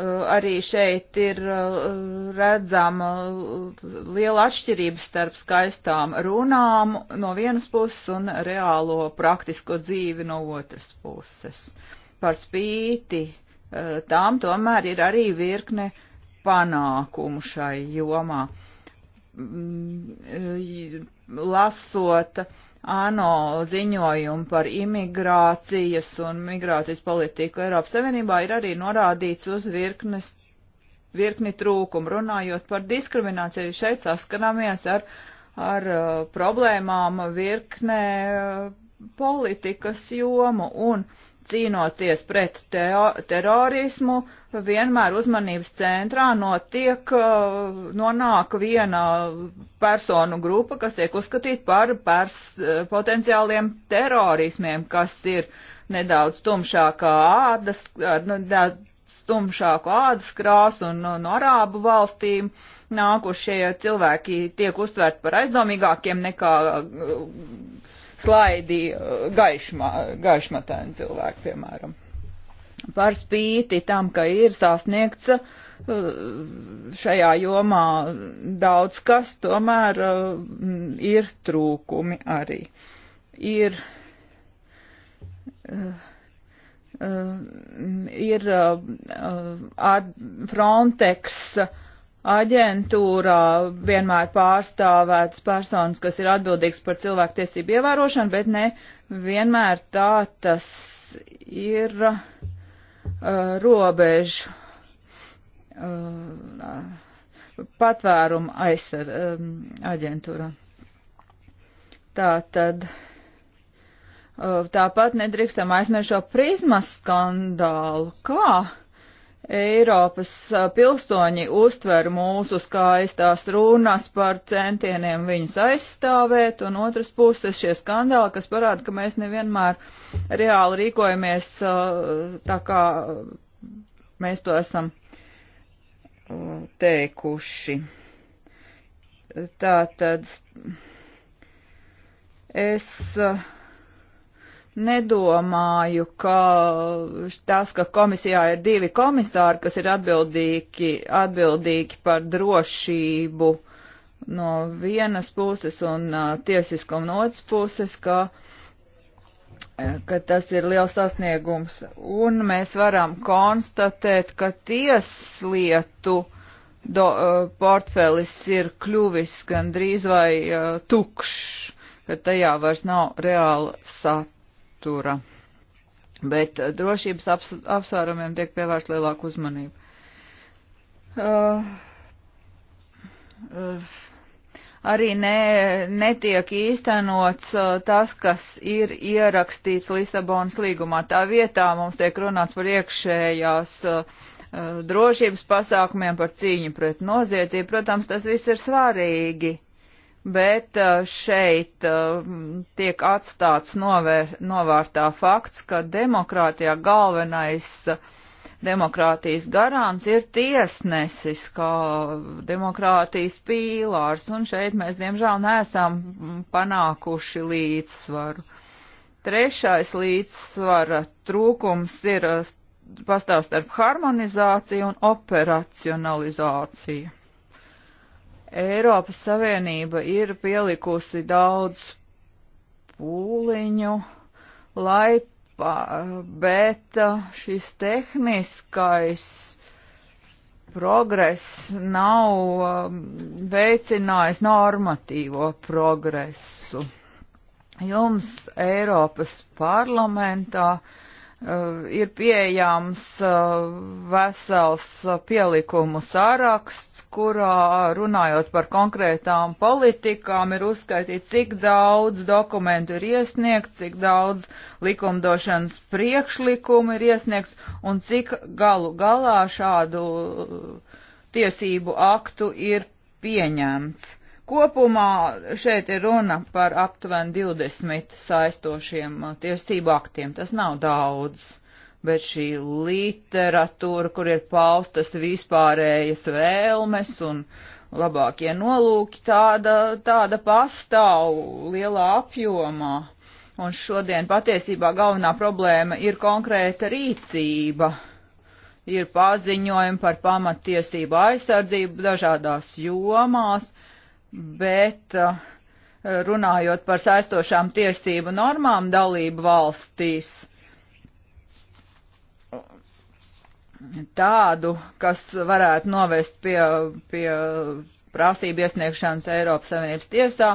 arī šeit ir eh, redzama eh, liela atšķirība starp skaistām runām no vienas puses un reālo praktisko dzīvi no otras puses. Par spīti eh, tām tomēr ir arī virkne panākumu šai jomā. Mm, lasot ANO ziņojumu par imigrācijas un migrācijas politiku Eiropas Savienībā ir arī norādīts uz virknes, virkni trūkumu. Runājot par diskrimināciju, šeit saskaramies ar, ar uh, problēmām virknē uh, politikas jomu un cīnoties pret terorismu, vienmēr uzmanības centrā notiek, uh, nonāk viena personu grupa, kas tiek uzskatīta par pers, uh, potenciāliem terorismiem, kas ir nedaudz tumšākā ādas, nedaudz tumšāku ādas krāsu un no, no arābu valstīm nākušie cilvēki tiek uztverti par aizdomīgākiem nekā uh, slaidī gaišmā, gaišmatēni cilvēki, piemēram. Par spīti tam, ka ir sasniegts uh, šajā jomā daudz kas, tomēr uh, ir trūkumi arī. Ir, uh, ir at Frontex aģentūrā vienmēr pārstāvētas personas, kas ir atbildīgs par cilvēktiesību ievērošanu, bet ne vienmēr tā tas ir uh, robežu uh, patvērumu aizsar um, aģentūrā. Tā tad. Uh, tāpat nedrīkstam aizmirst šo prizmas skandālu. Kā? Eiropas pilsoņi uztver mūsu skaistās runas par centieniem viņus aizstāvēt, un otras puses šie skandāli, kas parāda, ka mēs nevienmēr reāli rīkojamies tā, kā mēs to esam teikuši. Tā tad es. Uh, nedomāju, ka tas, ka komisijā ir divi komisāri, kas ir atbildīgi, atbildīgi par drošību no vienas puses un uh, tiesiskumu no otras puses, ka, ka tas ir liels sasniegums. Un mēs varam konstatēt, ka tieslietu do, uh, portfelis ir kļuvis gandrīz vai uh, tukšs, ka tajā vairs nav reāla sat satura, bet eh, drošības aps, apsvērumiem tiek pievērst lielāku uzmanību. Uh, eh, uh, eh, arī ne, netiek īstenots tas, kas ir ierakstīts Lisabonas līgumā. Tā vietā mums tiek runāts par iekšējās drošības pasākumiem, par cīņu pret noziedzību. Protams, tas viss ir svarīgi, bet uh, šeit uh, tiek atstāts novēr, novārtā fakts, ka demokrātijā galvenais uh, demokrātijas garants ir tiesnesis, kā demokrātijas pīlārs, un šeit mēs diemžēl neesam panākuši līdzsvaru. Trešais līdzsvara trūkums ir pastāv starp harmonizāciju un operacionalizāciju Eiropas Savienība ir pielikusi daudz pūliņu, lai, bet uh, šis tehniskais progress nav um, veicinājis normatīvo progresu. Jums Eiropas parlamentā uh, Eh, ir pieejams eh, vesels eh, pielikumu sāraksts, kurā runājot par konkrētām politikām ir uzskaitīts, cik daudz dokumentu ir iesniegts, cik daudz likumdošanas priekšlikumu ir iesniegts un cik galu galā šādu tiesību aktu ir pieņemts Kopumā šeit ir runa par aptuveni 20 saistošiem uh, tiesību aktiem. Tas nav daudz, bet šī literatūra, kur ir paustas vispārējas vēlmes un labākie nolūki, tāda, tāda pastāv lielā apjomā. Un šodien patiesībā galvenā problēma ir konkrēta rīcība ir paziņojumi par pamatiesību aizsardzību dažādās jomās, bet uh, runājot par saistošām tiesību normām dalību valstīs, tādu, kas varētu novest pie, pie prasību iesniegšanas Eiropas Savienības tiesā,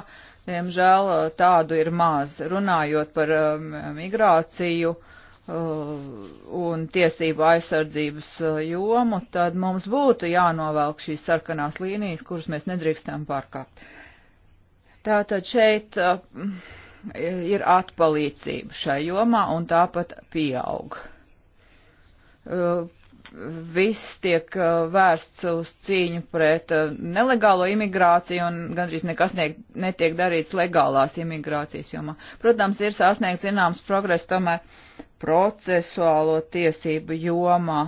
diemžēl uh, tādu ir maz. Runājot par um, migrāciju, uh, Uh, un tiesību aizsardzības uh, jomu, tad mums būtu jānovelk šīs sarkanās līnijas, kuras mēs nedrīkstam pārkāpt. Tātad šeit uh, ir atpalīdzība šai jomā un tāpat pieaug. Viss tiek vērsts uz cīņu pret nelegālo imigrāciju un gandrīz nekas netiek darīts legālās imigrācijas jomā. Protams, ir sasniegts zināms progress, tomēr procesuālo tiesību jomā,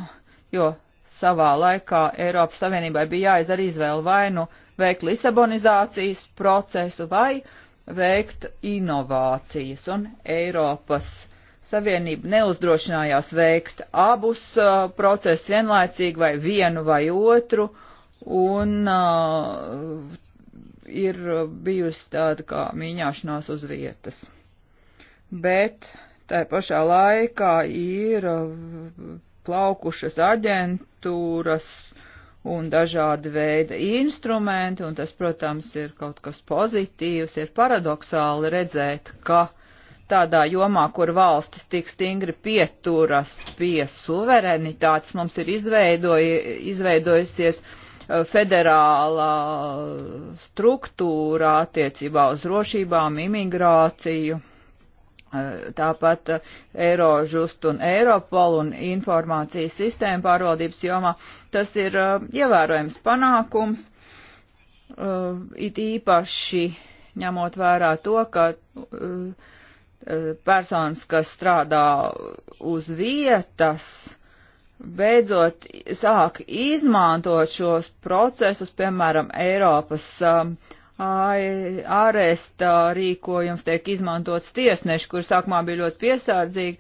jo savā laikā Eiropas Savienībai bija jāizdara izvēle vai nu veikt Lisabonizācijas procesu vai veikt inovācijas, un Eiropas Savienība neuzdrošinājās veikt abus uh, procesus vienlaicīgi vai vienu vai otru, un uh, ir bijusi tāda kā mīņāšanās uz vietas. Bet Tā pašā laikā ir uh, plaukušas aģentūras un dažādi veidi instrumenti, un tas, protams, ir kaut kas pozitīvs, ir paradoxāli redzēt, ka tādā jomā, kur valstis tik stingri pieturas pie suverenitātes, mums ir izveidoji, izveidojusies uh, federālā struktūra attiecībā uz drošībām, imigrāciju Eh, tāpat eh, Eirožust un Eiropol un informācijas sistēma pārvaldības jomā tas ir eh, ievērojams panākums, it īpaši ņemot vērā to, ka personas, kas strādā uz vietas, beidzot sāk izmantot šos procesus, piemēram, Eiropas uh, arestā rīkojums tiek izmantots tiesneši, kur sākumā bija ļoti piesardzīgi,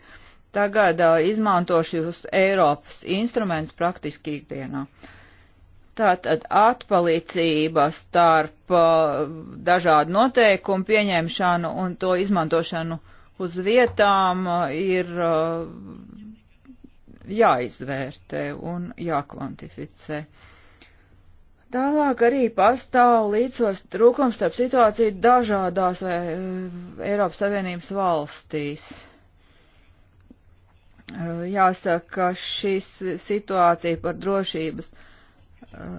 tagad izmantošus Eiropas instrumentus praktiski ikdienā. Tātad atpalicība starp dažādu noteikumu pieņemšanu un to izmantošanu uz vietām ir jāizvērtē un jākvantificē. Tālāk arī pastāv līdzsvars trūkums starp situāciju dažādās vai, eh, Eiropas Savienības valstīs. Eh, jāsaka, ka šī situācija par drošības eh,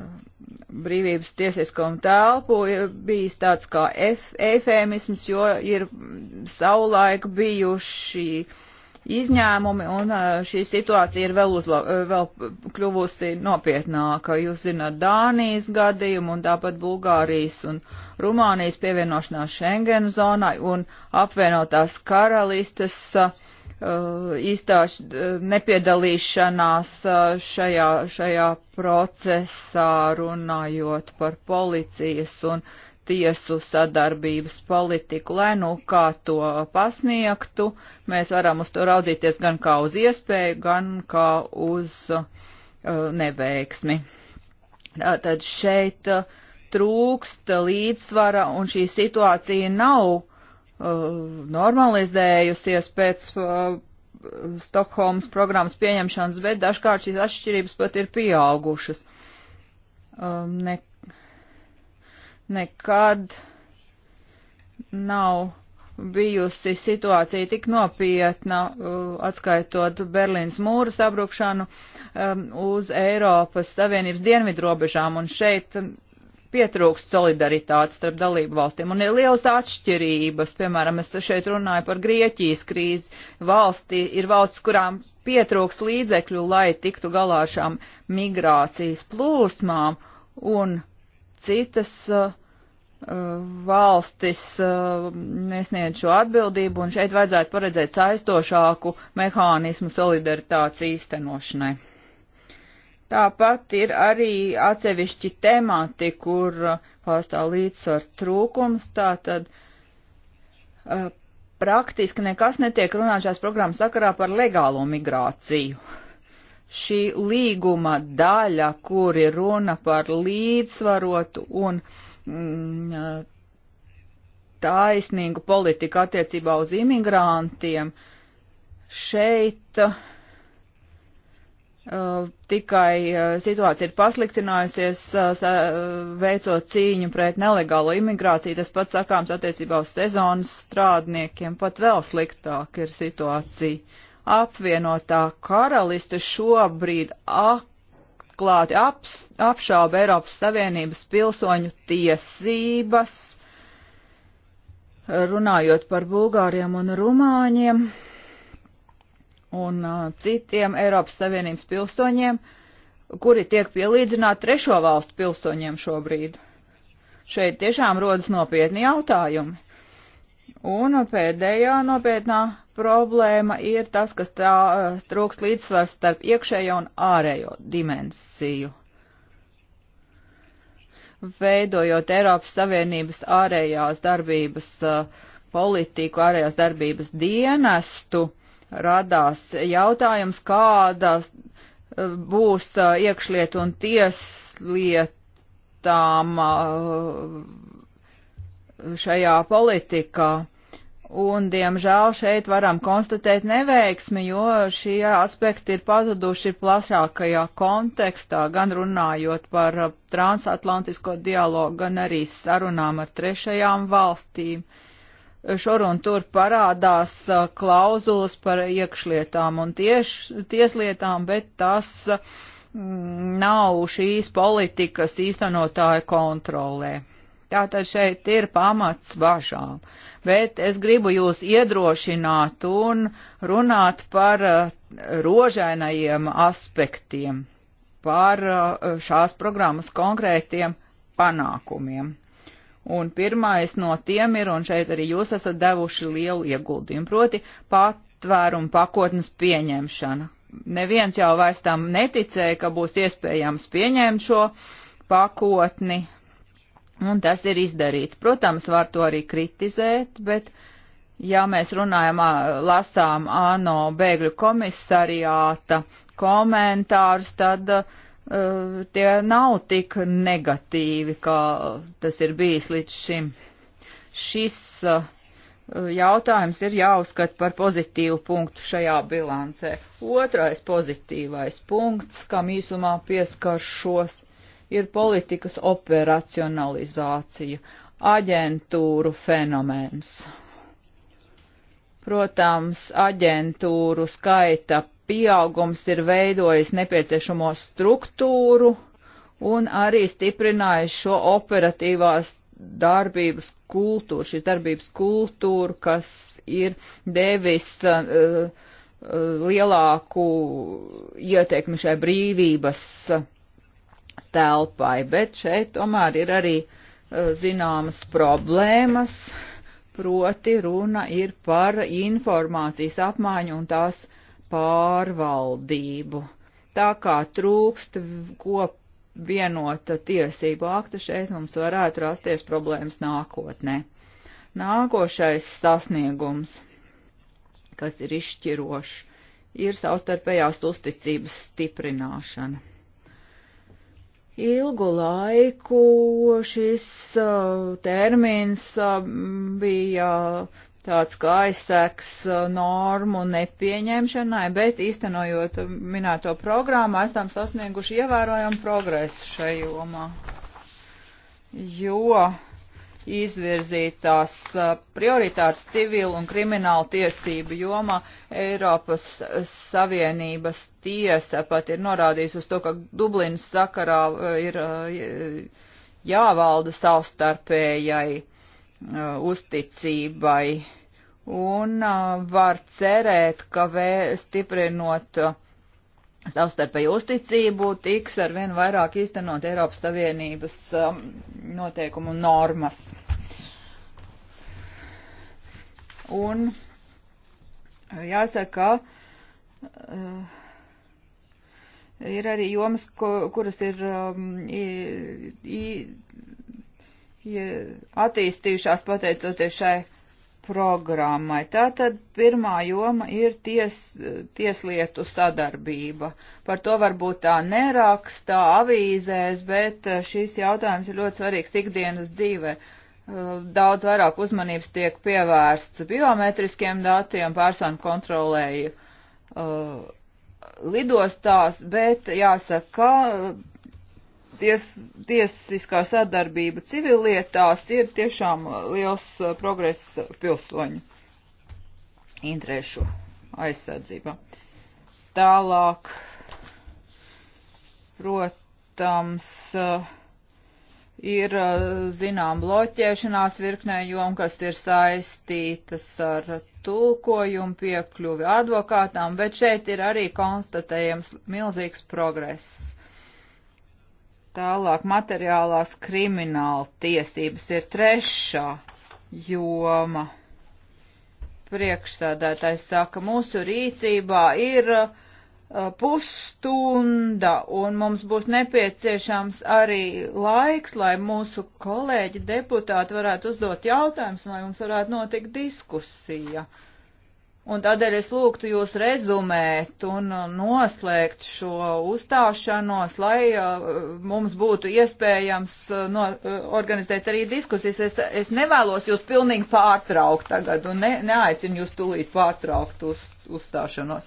brīvības tiesiskumu telpu bijis tāds kā eifēmisms, jo ir savulaik bijuši uh, izņēmumi, un šī situācija ir vēl, uzla, vēl kļuvusi nopietnāka. Jūs zināt Dānijas gadījumu, un tāpat Bulgārijas un Rumānijas pievienošanās Schengen zonai un apvienotās karalistes īstāš nepiedalīšanās šajā, šajā procesā runājot par policijas un tiesu sadarbības politiku, lai nu kā to pasniegtu, mēs varam uz to raudzīties gan kā uz iespēju, gan kā uz uh, neveiksmi. Tātad šeit uh, trūkst līdzsvara un šī situācija nav uh, normalizējusies pēc uh, Stokholmas programmas pieņemšanas, bet dažkārt šīs atšķirības pat ir pieaugušas. Um, ne, nekad nav bijusi situācija tik nopietna, uh, atskaitot Berlīnas mūra sabrukšanu um, uz Eiropas Savienības dienvidu robežām, un šeit um, pietrūkst solidaritātes starp dalību valstīm, un ir lielas atšķirības, piemēram, es šeit runāju par Grieķijas krīzi, valsti ir valsts, kurām pietrūkst līdzekļu, lai tiktu galā šām migrācijas plūsmām, un citas uh, Eh, valstis eh, nesniedz šo atbildību, un šeit vajadzētu paredzēt saistošāku mehānismu solidaritātes īstenošanai. Tāpat ir arī atsevišķi temati, kur eh, pastāv līdzsvar trūkums, tātad praktiski nekas netiek runāts šās programmas sakarā par legālo migrāciju. Šī līguma daļa, kur ir runa par līdzsvarotu un uh, Mm, taisnīgu politiku attiecībā uz imigrantiem. Šeit Uh, tikai uh, situācija ir pasliktinājusies, uh, uh, veicot cīņu pret nelegālo imigrāciju, tas pats sakāms attiecībā uz sezonas strādniekiem, pat vēl sliktāk ir situācija. Apvienotā karaliste šobrīd ak atklāti aps, apšauba Eiropas Savienības pilsoņu tiesības, runājot par bulgāriem un rumāņiem un uh, citiem Eiropas Savienības pilsoņiem, kuri tiek pielīdzināti trešo valstu pilsoņiem šobrīd. Šeit tiešām rodas nopietni jautājumi. Un pēdējā nopietnā problēma ir tas, kas tā eh, trūks līdzsvars starp iekšējo un ārējo dimensiju. Veidojot Eiropas Savienības ārējās darbības eh, politiku, ārējās darbības dienestu, radās jautājums, kādas eh, būs iekšliet un tieslietām šajā politikā Un, diemžēl, šeit varam konstatēt neveiksmi, jo šie aspekti ir pazuduši plašākajā kontekstā, gan runājot par uh, transatlantisko dialogu, gan arī sarunām ar trešajām valstīm. Šur un tur parādās uh, klauzulas par iekšlietām un tieš, tieslietām, bet tas mm, nav šīs politikas īstenotāja kontrolē. Tātad šeit ir pamats bažām. Bet es gribu jūs iedrošināt un runāt par eh, rožainajiem aspektiem, par eh, šās programmas konkrētiem panākumiem. Un pirmais no tiem ir, un šeit arī jūs esat devuši lielu ieguldījumu, proti patvērumu pakotnes pieņemšana. Neviens jau vairs tam neticēja, ka būs iespējams pieņemt šo pakotni, Un tas ir izdarīts. Protams, var to arī kritizēt, bet, ja mēs runājam, lasām ANO bēgļu komisariāta komentārus, tad uh, tie nav tik negatīvi, kā tas ir bijis līdz šim. Šis uh, jautājums ir jāuzskata par pozitīvu punktu šajā bilancē. Otrais pozitīvais punkts, kam īsumā pieskaršos ir politikas operacionalizācija, aģentūru fenomens. Protams, aģentūru skaita pieaugums ir veidojis nepieciešamo struktūru un arī stiprinājis šo operatīvās darbības kultūru, šīs darbības kultūru, kas ir devis uh, uh lielāku ietekmi šai brīvības uh, telpai, bet šeit tomēr ir arī e, zināmas problēmas, proti runa ir par informācijas apmaiņu un tās pārvaldību. Tā kā trūkst kop vienota tiesību akta šeit mums varētu rasties problēmas nākotnē. Nākošais sasniegums, kas ir izšķirošs, ir savstarpējās uzticības stiprināšana. Ilgu laiku šis uh, termins uh, bija tāds kā aizseks uh, normu nepieņemšanai, bet īstenojot uh, minēto programmu, esam sasnieguši ievērojumu progresu šajomā. Jo izvirzītās prioritātes civilu un kriminālu tiesību jomā Eiropas Savienības tiesa pat ir norādījusi uz to, ka Dublinas sakarā ir jāvalda savstarpējai uzticībai un var cerēt, ka vē, stiprinot uh, savstarpēju uzticību tiks ar vien vairāk īstenot Eiropas Savienības um, noteikumu normas. Un uh, jāsaka, ka uh, ir arī jomas, ko, kuras ir um, i, i, i, attīstījušās pateicoties šai programmai. Tātad pirmā joma ir ties, tieslietu sadarbība. Par to varbūt tā nerakstā avīzēs, bet eh, šis jautājums ir ļoti svarīgs ikdienas dzīvē. Eh, daudz vairāk uzmanības tiek pievērsts biometriskiem datiem, personu kontrolēju uh, lidostās, bet jāsaka, ka ties, tiesiskā sadarbība civilietās ir tiešām liels uh, progress pilsoņu interešu aizsardzībā. Tālāk, protams, uh, ir uh, zinām bloķēšanās virknē jom, kas ir saistītas ar tulkojumu piekļuvi advokātām, bet šeit ir arī konstatējams milzīgs progress Tālāk materiālās krimināla tiesības ir trešā joma. Priekšsādātājs saka, mūsu rīcībā ir uh, pusstunda, un mums būs nepieciešams arī laiks, lai mūsu kolēģi deputāti varētu uzdot jautājumus, un lai mums varētu notikt diskusija. Uh, Un tādēļ es lūgtu jūs rezumēt un uh, noslēgt šo uzstāšanos, lai uh, mums būtu iespējams uh, no, organizēt arī diskusijas. Es, es nevēlos jūs pilnīgi pārtraukt tagad un ne, neaicinu jūs tūlīt pārtraukt uz, uzstāšanos.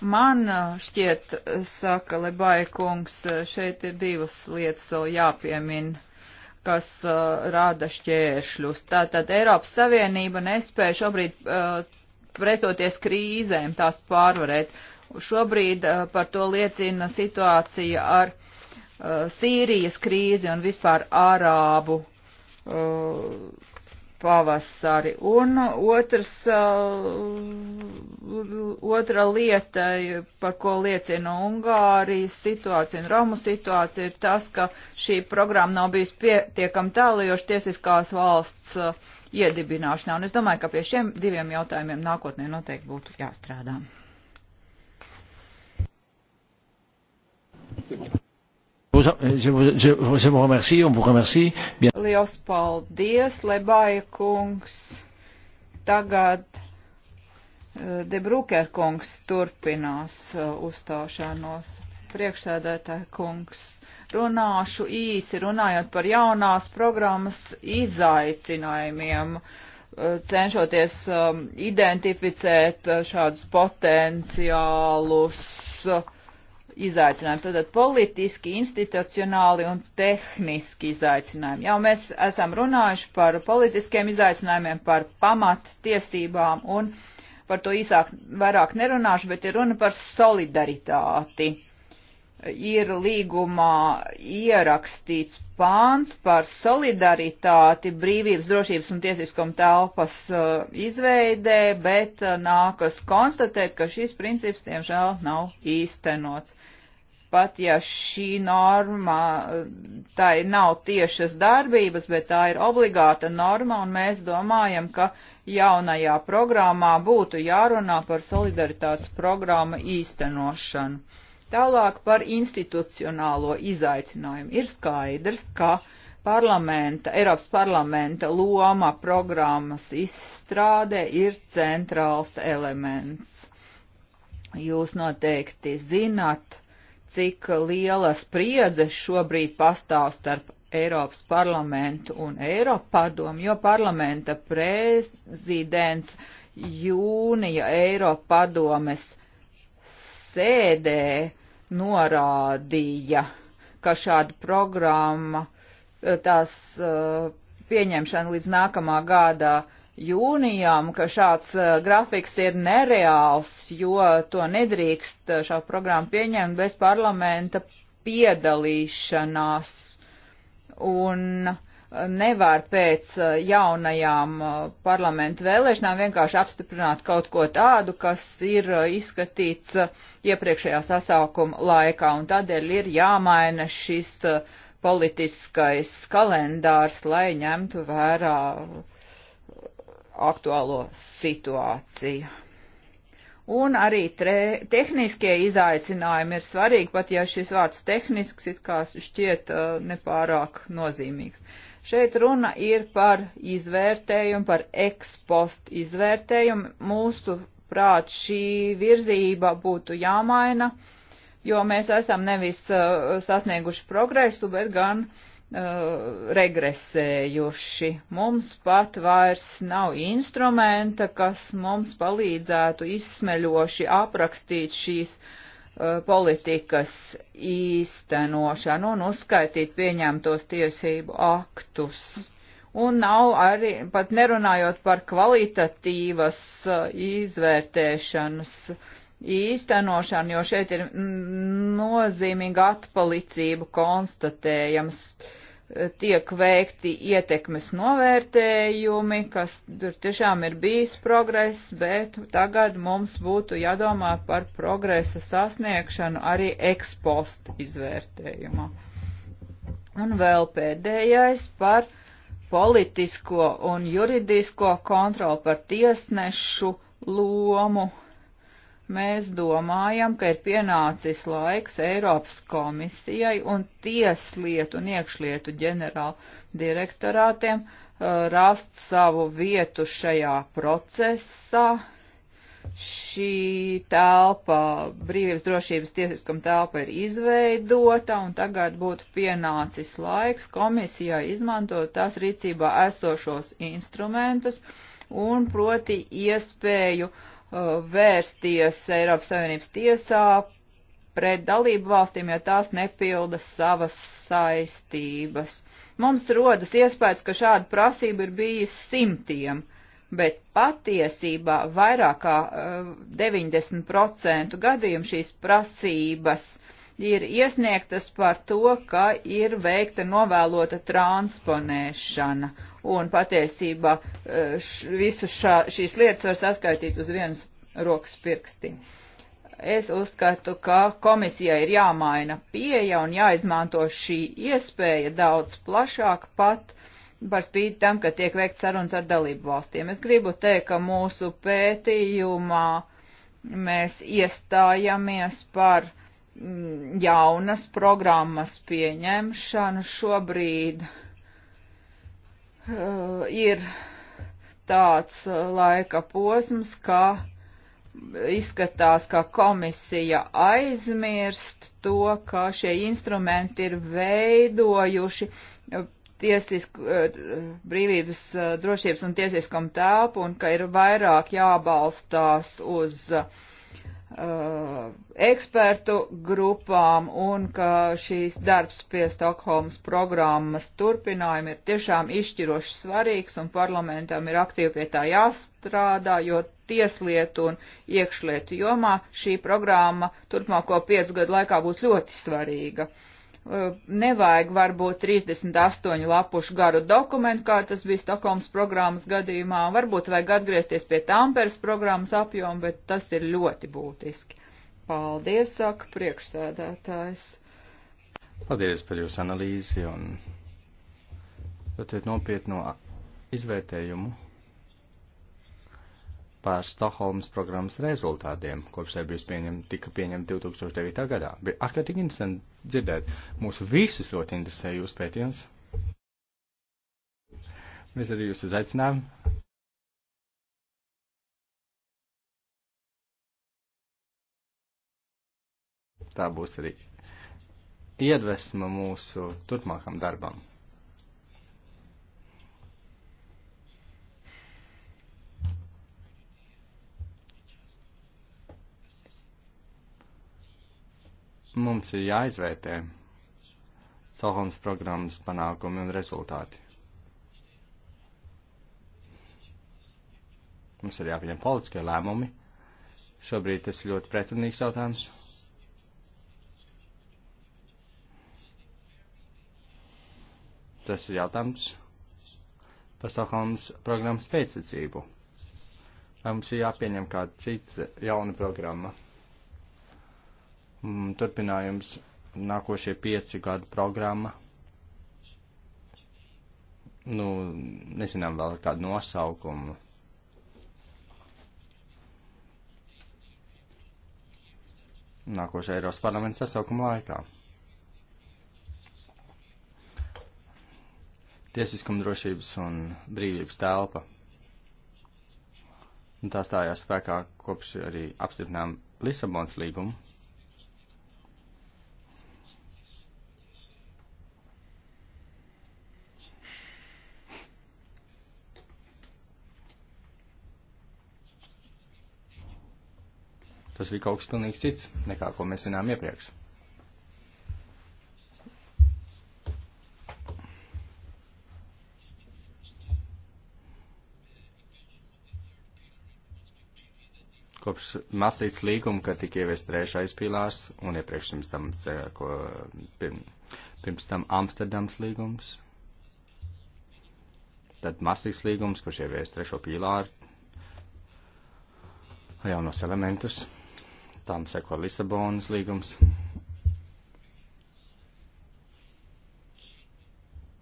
Man šķiet, saka Lebai kungs, šeit ir divas lietas vēl jāpiemina kas uh, rada šķēršļus. Tātad Eiropas Savienība nespēja šobrīd uh, pretoties krīzēm, tās pārvarēt. Šobrīd uh, par to liecina situācija ar uh, Sīrijas krīzi un vispār ārābu uh, pavasari. Un otrs, uh, otra lieta, par ko liecina Ungārijas situācija un Romu situācija, ir tas, ka šī programma nav bijusi pietiekam tālajoši tiesiskās valsts uh, iedibināšanā. Un es domāju, ka pie šiem diviem jautājumiem nākotnē noteikti būtu jāstrādā. Vous, je, je, je vous remercie, on vous remercie. Bien. Liels paldies, Lebaja kungs. Tagad eh, De Bruker kungs turpinās eh, uzstāšanos. Priekšsēdētāja kungs, runāšu īsi, runājot par jaunās programmas izaicinājumiem, eh, cenšoties identificēt šādus potenciālus uh, izaicinājums. Tātad politiski, institucionāli un tehniski izaicinājumi. Jau mēs esam runājuši par politiskiem izaicinājumiem, par pamat tiesībām un par to īsāk vairāk nerunāšu, bet ir runa par solidaritāti ir līgumā ierakstīts pāns par solidaritāti brīvības, drošības un tiesiskuma telpas uh, izveidē, bet uh, nākas konstatēt, ka šis princips, diemžēl, nav īstenots. Pat ja šī norma, uh, tā nav tiešas darbības, bet tā ir obligāta norma, un mēs domājam, ka jaunajā programmā būtu jārunā par solidaritātes programmu īstenošanu Tālāk par institucionālo izaicinājumu. Ir skaidrs, ka parlamenta, Eiropas parlamenta loma programmas izstrādē ir centrāls elements. Jūs noteikti zināt, cik liela spriedze šobrīd pastāv starp Eiropas parlamentu un Eiropa padomu, jo parlamenta prezidents jūnija Eiropa padomes sēdē norādīja, ka šāda programma eh, tās eh, pieņemšana līdz nākamā gada jūnijam, ka šāds eh, grafiks ir nereāls, jo to nedrīkst šā programma pieņemt bez parlamenta piedalīšanās. Un uh, nevar pēc uh, jaunajām uh, parlamentu vēlēšanām vienkārši apstiprināt kaut ko tādu, kas ir uh, izskatīts iepriekšējā sasaukuma laikā, un tādēļ ir jāmaina šis politiskais kalendārs, lai ņemtu vērā aktuālo situāciju. Un arī tre, tehniskie izaicinājumi ir svarīgi, pat ja šis vārds tehnisks it kā šķiet uh, nepārāk nozīmīgs. Uh, Šeit runa ir par izvērtējumu, par ekspost izvērtējumu. Mūsu prāt šī virzība būtu jāmaina, jo mēs esam nevis uh, sasnieguši progresu, bet gan uh, regresējuši. Mums pat vairs nav instrumenta, kas mums palīdzētu izsmeļoši aprakstīt šīs uh, Uh, politikas īstenošanu un uzskaitīt pieņemtos tiesību aktus. Un nav arī, pat nerunājot par kvalitatīvas uh, izvērtēšanas īstenošanu, jo šeit ir nozīmīga atpalicība konstatējams. Uh, tiek veikti ietekmes novērtējumi, kas tur tiešām ir bijis progress, bet tagad mums būtu jādomā par progresa sasniegšanu arī ekspost izvērtējumā. Un vēl pēdējais par politisko un juridisko kontroli par tiesnešu lomu mēs domājam, ka ir pienācis laiks Eiropas komisijai un tieslietu un iekšlietu ģenerāla direktorātiem uh, rast savu vietu šajā procesā. Šī telpa, brīvības drošības tiesiskam telpa ir izveidota un tagad būtu pienācis laiks komisijai izmantot tās rīcībā esošos instrumentus un proti iespēju uh, vērsties Eiropas Savienības tiesā pret dalību valstīm, ja tās nepilda savas saistības. Mums rodas iespējas, ka šāda prasība ir bijis simtiem, bet patiesībā vairāk kā 90% eh, gadījumu šīs prasības uh, ir iesniegtas par to, ka ir veikta novēlota transponēšana. Un patiesībā e, š, visu šā, šīs lietas var saskaitīt uz vienas rokas pirksti. Es uzskatu, ka komisijai ir jāmaina pieeja un jāizmanto šī iespēja daudz plašāk pat par spīti tam, ka tiek veikt sarunas ar dalību valstīm. Es gribu teikt, ka mūsu pētījumā mēs iestājamies par uh, Mm, jaunas programmas pieņemšanu. Šobrīd uh, ir tāds uh, laika posms, ka izskatās, ka komisija aizmirst to, ka šie instrumenti ir veidojuši uh, tiesisku, uh, brīvības, drošības un tiesiskam tēlpu un ka ir vairāk jābalstās uz uh, Uh, ekspertu grupām un ka šīs darbs pie Stokholmas programmas turpinājuma ir tiešām izšķiroši svarīgs un parlamentam ir aktīvi pie tā jāstrādā, jo tieslietu un iekšlietu jomā šī programma turpmāko piecu gadu laikā būs ļoti svarīga. Uh, Eh, nevajag varbūt 38 lapušu garu dokumentu, kā tas bija Stokholmas programmas gadījumā, varbūt vajag atgriezties pie Tamperes programmas apjoma, bet tas ir ļoti būtiski. Paldies, saka priekšsēdētājs. Paldies par jūsu analīzi un ļoti nopietno izvērtējumu par Stokholmas programmas rezultātiem, kopš tai bija pieņemta, tika pieņemta 2009. gadā. Bija ārkārtīgi interesanti dzirdēt. Mūsu visus ļoti interesē jūsu pētījums. Mēs arī jūs izaicinām. Tā būs arī iedvesma mūsu turpmākam darbam. mums ir jāizvērtē Stokholmas programmas panākumi un rezultāti. Mums ir jāpieņem politiskie lēmumi. Šobrīd tas ir ļoti pretrunīgs jautājums. Tas ir jautājums par Stokholmas programmas pēcticību. Vai mums ir jāpieņem kāda cita jauna programma? Mm, turpinājums nākošie pieci gadu programma. Nu, nezinām vēl kādu nosaukumu. Nākošais Eiropas parlaments sasaukuma laikā. Tiesiskuma drošības un brīvības telpa. Un tā stājās spēkā kopš arī apstiprinām Lisabons līgumu Tas bija kaut kas pilnīgi cits, nekā ko mēs zinām iepriekš. Kopš masīvas līguma, kad tika ieviest trešais pilārs un iepriekš pirms tam, eh, ko, pirm, pirms tam Amsterdams līgums, tad masīvs līgums, kurš ievies trešo pīlāru, jaunos elementus tām seko Lisabonas līgums,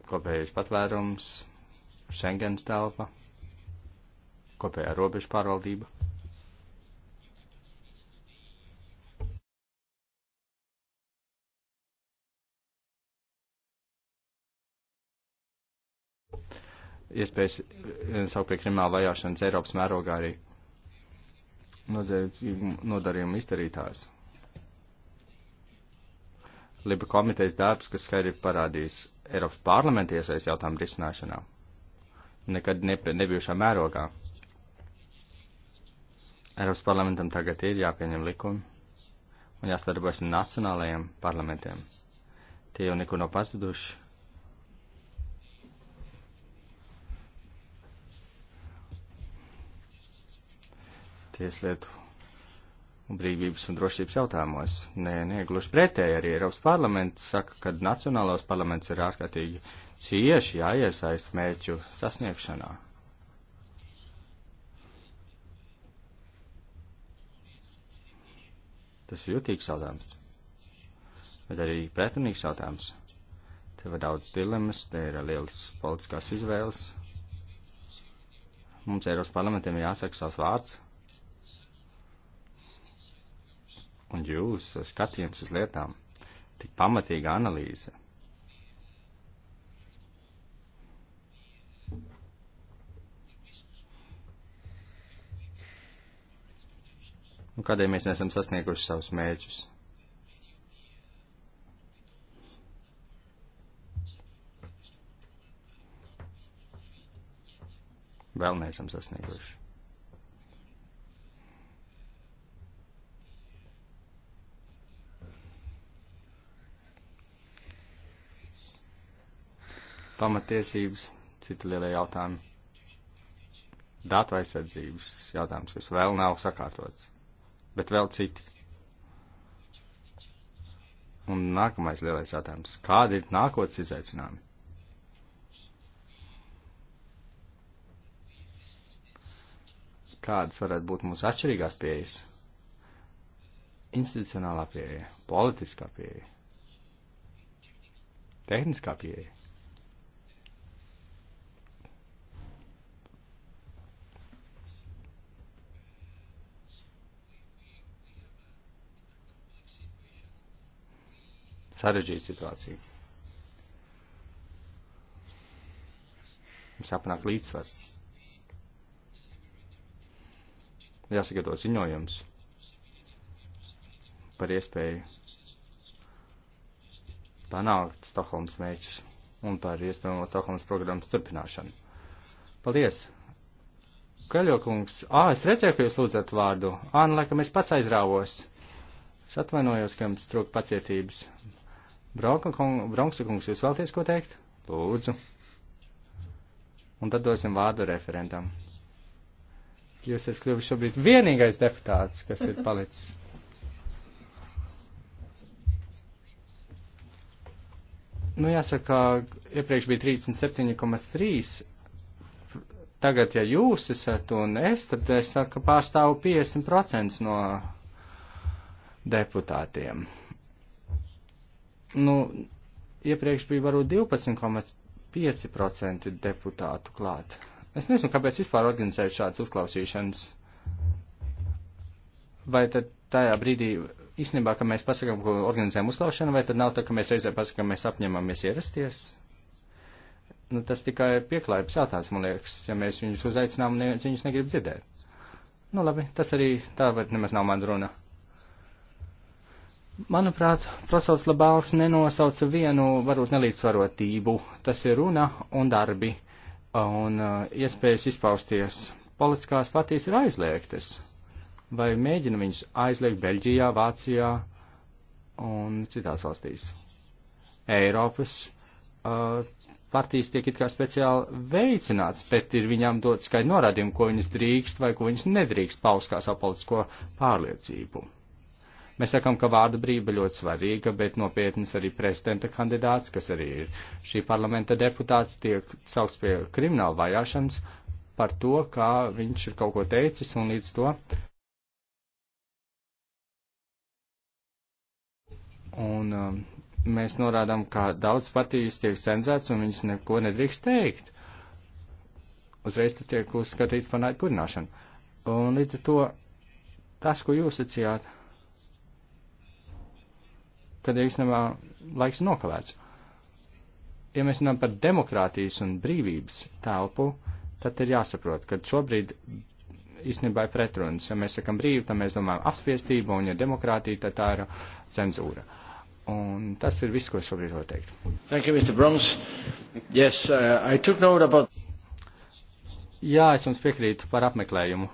kopējais patvērums, Schengens telpa, kopējā robežu pārvaldība. iespējas saukt pie krimināla vajāšanas Eiropas mērogā arī noziedzīgu nodarījumu izdarītājs. Liba komitejas darbs, kas skaidri parādīs Eiropas parlamenta iesaist jautājumu risināšanā, nekad ne, nebijušā mērogā. Eiropas parlamentam tagad ir jāpieņem likumi un jāsadarbojas nacionālajiem parlamentiem. Tie jau nekur nav pazuduši tieslietu un brīvības un drošības jautājumos. Nē, nē, gluži pretēji arī Eiropas parlaments saka, ka nacionālos parlaments ir ārkārtīgi cieši jāiesaist mērķu sasniegšanā. Tas ir jutīgs jautājums, bet arī pretrunīgs jautājums. Tev ir daudz dilemmas, te ir liels politiskās izvēles. Mums Eiropas parlamentam ir jāsaka savs vārds un jūsu eh, skatījums uz lietām, tik pamatīga analīze. Un kādēļ mēs nesam sasnieguši savus mēģus? Vēl neesam sasnieguši. pamatiesības, citi lielie jautājumi. Datu aizsardzības jautājums, kas vēl nav sakārtots, bet vēl citi. Un nākamais lielais jautājums - kādi ir nākotnes izaicinājumi? Kādas varētu būt mūsu atšķirīgās pieejas? Institucionālā pieeja, politiskā pieeja, tehniskā pieeja. sarežģīta situācija. Mums jāpanāk līdzsvars. Jāsagatavo ziņojums par iespēju panākt Stokholmas mērķus un par iespējamo Stokholmas programmas turpināšanu. Paldies! Kaļokungs, ā, es redzēju, ka jūs lūdzat vārdu. Ā, nu, laikam es pats aizrāvos. Es atvainojos, ka jums trūk pacietības. Bronksa kungs, jūs vēlties ko teikt? Lūdzu. Un tad dosim vārdu referentam. Jūs esat kļuvis šobrīd vienīgais deputāts, kas ir palicis. Nu, jāsaka, iepriekš bija 37,3. Tagad, ja jūs esat un es, tad es saku, pārstāvu 50% no deputātiem. Nu, iepriekš bija varbūt 12,5% deputātu klāt. Es nezinu, kāpēc vispār organizēju šādas uzklausīšanas. Vai tad tajā brīdī īstenībā, ka mēs pasakām, ka organizējam uzklaušanu, vai tad nav tā, ka mēs reizē pasakām, ka mēs apņemamies ierasties? Nu, tas tikai pieklājības jautājums, man liekas, ja mēs viņus uzaicinām un neviens viņus negrib dzirdēt. Nu, labi, tas arī tā, bet nemaz nav man runa. Manuprāt, profesors Labāls nenosauca vienu, varbūt nelīdzsvarotību. Tas ir runa un darbi, un uh, iespējas izpausties. Politiskās partijas ir aizliegtas, vai mēģina viņus aizliegt Beļģijā, Vācijā un citās valstīs. Eiropas uh, partijas tiek it kā speciāli veicināts, bet ir viņām dot skaidri norādījumi, ko viņas drīkst vai ko viņas nedrīkst paust kā savu politisko pārliecību. Mēs sakam, ka vārda brība ļoti svarīga, bet nopietnas arī prezidenta kandidāts, kas arī ir šī parlamenta deputāts, tiek saukts pie krimināla vajāšanas par to, kā viņš ir kaut ko teicis un līdz to. Un um, mēs norādām, ka daudz patīs tiek cenzēts un viņas neko nedrīkst teikt. Uzreiz tas tiek uzskatīts par naidkurināšanu. Un līdz ar to tas, ko jūs sacījāt, kad īstenībā laiks nokavēts. Ja mēs runājam par demokrātijas un brīvības telpu, tad ir jāsaprot, ka šobrīd īstenībā ir pretrunas. Ja mēs sakam brīvi, tad mēs domājam apspiestību, un ja demokrātija, tad tā ir cenzūra. Un tas ir viss, ko es šobrīd varu teikt. Thank you, Mr. Brons. Yes, uh, I took note about. Jā, es jums piekrītu par apmeklējumu.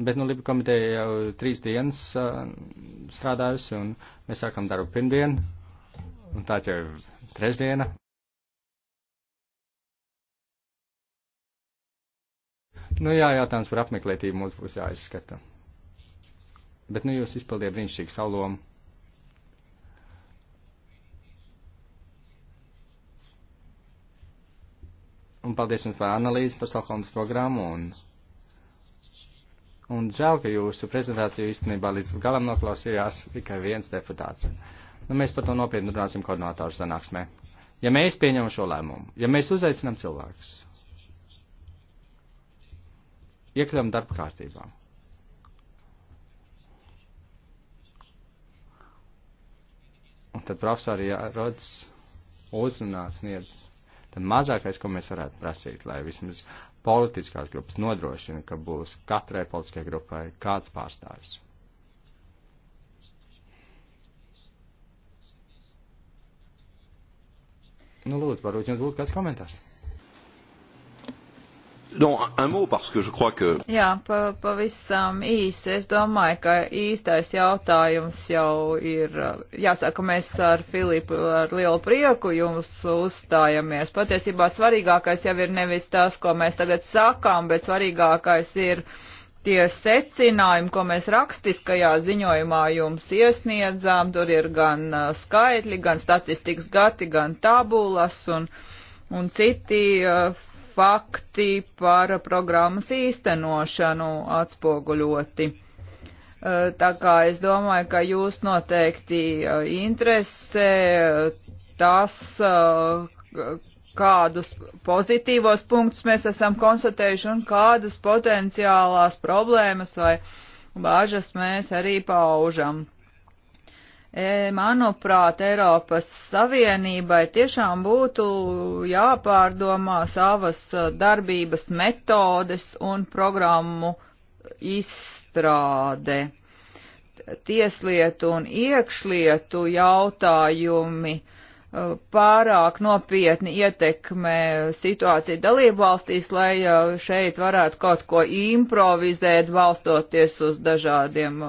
Bet, nu, Liba komiteja jau trīs dienas uh, strādājusi, un mēs sākam darbu pirmdien, un tā jau ir trešdiena. Nu, jā, jautājums par apmeklētību mums būs jāizskata. Bet, nu, jūs izpildījāt brīnišķīgu savu lomu. Un paldies jums par analīzi, par Stokholmas programmu un Un žēl, ka jūsu prezentāciju īstenībā līdz galam noklausījās tikai viens deputāts. Nu, mēs par to nopietni runāsim koordinātoru sanāksmē. Ja mēs pieņemam šo lēmumu, ja mēs uzaicinām cilvēkus, iekļam darba kārtībā. Un tad profesori jārodas uzrunāt sniedz. Tad mazākais, ko mēs varētu prasīt, lai vismaz politiskās grupas nodrošina, ka būs katrai politiskajai grupai kāds pārstāvis. Nu, lūdzu, varbūt jums būtu kāds komentārs. No, mot, crois, ka... Jā, pa, pavisam īsi. Es domāju, ka īstais jautājums jau ir, jāsaka, mēs ar Filipu ar lielu prieku jums uzstājamies. Patiesībā svarīgākais jau ir nevis tas, ko mēs tagad sakām, bet svarīgākais ir tie secinājumi, ko mēs rakstiskajā ziņojumā jums iesniedzām. Tur ir gan uh, skaitļi, gan statistikas gati, gan tabulas un, un citi. Uh, fakti par programmas īstenošanu atspoguļoti. E, tā kā es domāju, ka jūs noteikti e, interesē e, tas, kādus pozitīvos punktus mēs esam konstatējuši un kādas potenciālās problēmas vai bāžas mēs arī paužam. E, manuprāt, Eiropas Savienībai tiešām būtu jāpārdomā savas e, darbības metodes un programmu izstrāde. Tieslietu un iekšlietu jautājumi e, pārāk nopietni ietekmē situāciju dalību valstīs, lai šeit varētu kaut ko improvizēt, balstoties uz dažādiem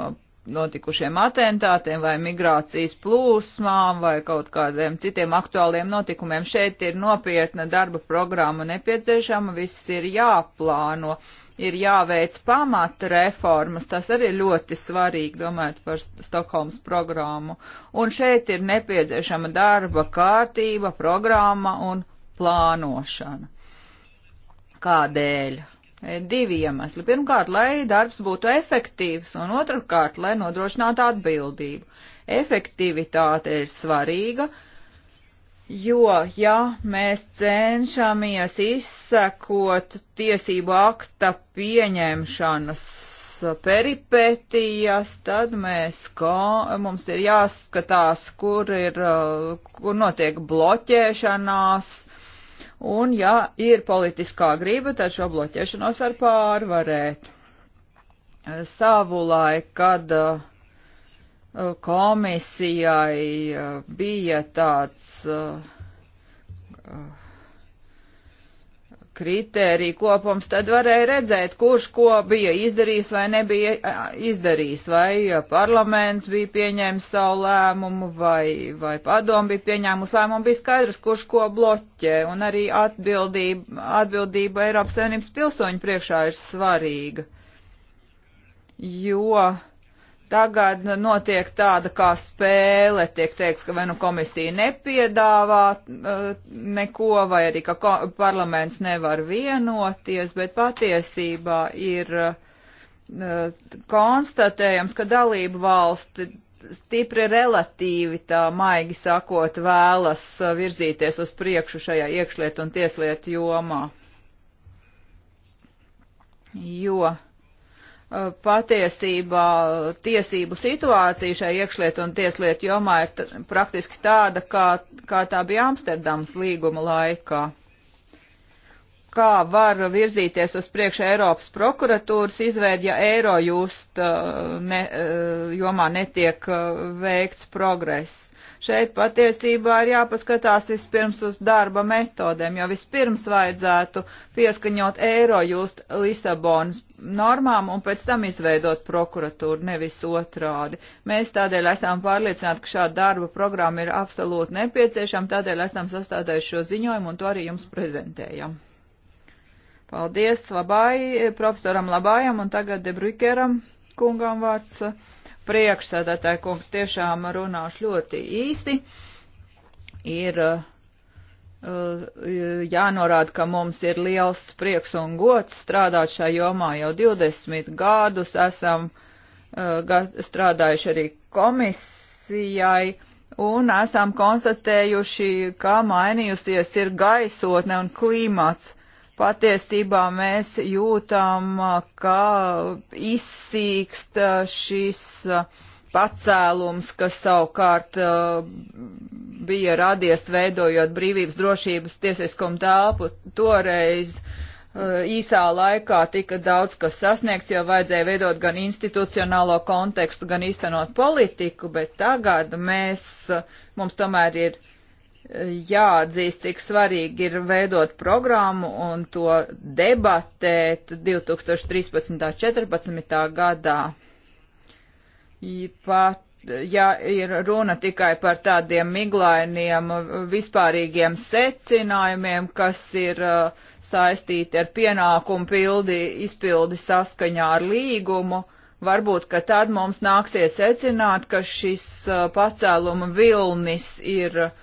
notikušiem atentātiem vai migrācijas plūsmām vai kaut kādiem citiem aktuāliem notikumiem. Šeit ir nopietna darba programma nepieciešama, viss ir jāplāno, ir jāveic pamata reformas, tas arī ir ļoti svarīgi, domājot par Stokholmas programmu. Un šeit ir nepieciešama darba kārtība, programma un plānošana. Kādēļ? E, divi iemesli. Pirmkārt, lai darbs būtu efektīvs, un otrkārt, lai nodrošinātu atbildību. Efektivitāte ir svarīga, jo, ja mēs cenšamies izsekot tiesību akta pieņemšanas peripētijas, tad mēs, kā, mums ir jāskatās, kur ir, kur notiek bloķēšanās, un ja ir politiskā grība, tad šo bloķēšanos var pārvarēt. Savulaik, kad uh, komisijai uh, bija tāds uh, uh kritēriju kopums, tad varēja redzēt, kurš ko bija izdarījis vai nebija izdarījis, vai parlaments bija pieņēmis savu lēmumu, vai, vai padomu bija pieņēmusi lēmumu, bija skaidrs, kurš ko bloķē, un arī atbildība, atbildība Eiropas Savienības pilsoņu priekšā ir svarīga, jo Tagad notiek tāda kā spēle, tiek teiks, ka vai nu komisija nepiedāvā uh, neko, vai arī ka parlaments nevar vienoties, bet patiesībā ir uh, konstatējams, ka dalību valsti stipri relatīvi, tā maigi sakot, vēlas uh, virzīties uz priekšu šajā iekšlietu un tieslietu jomā. Jo patiesībā tiesību situācija šai iekšlietu un tieslietu jomā ir praktiski tāda, kā, kā tā bija Amsterdams līguma laikā. Kā var virzīties uz priekšu Eiropas prokuratūras izveid, ja eiro just uh, ne, uh, jomā netiek uh, veikts progress? šeit patiesībā ir jāpaskatās vispirms uz darba metodēm, jo vispirms vajadzētu pieskaņot eiro just Lisabonas normām un pēc tam izveidot prokuratūru, nevis otrādi. Mēs tādēļ esam pārliecināti, ka šāda darba programma ir absolūti nepieciešama, tādēļ esam sastādējuši šo ziņojumu un to arī jums prezentējam. Paldies labai, profesoram Labājam un tagad Debrukeram kungam vārds priekšsēdētāji kungs, tiešām runāšu ļoti īsi. Ir uh, uh, jānorāda, ka mums ir liels prieks un gods strādāt šajā jomā jau 20 gadus. Esam uh, strādājuši arī komisijai un esam konstatējuši, kā mainījusies ir gaisotne un klimats patiesībā mēs jūtam, ka izsīkst šis pacēlums, kas savukārt bija radies veidojot brīvības drošības tiesiskumu telpu toreiz. Īsā laikā tika daudz kas sasniegts, jo vajadzēja veidot gan institucionālo kontekstu, gan īstenot politiku, bet tagad mēs, mums tomēr ir jāatzīst, cik svarīgi ir veidot programmu un to debatēt 2013. 14. gadā. Pat, ja ir runa tikai par tādiem miglainiem vispārīgiem secinājumiem, kas ir uh, saistīti ar pienākumu pildi, izpildi saskaņā ar līgumu, varbūt, ka tad mums nāksies secināt, ka šis uh, pacēluma vilnis ir uh,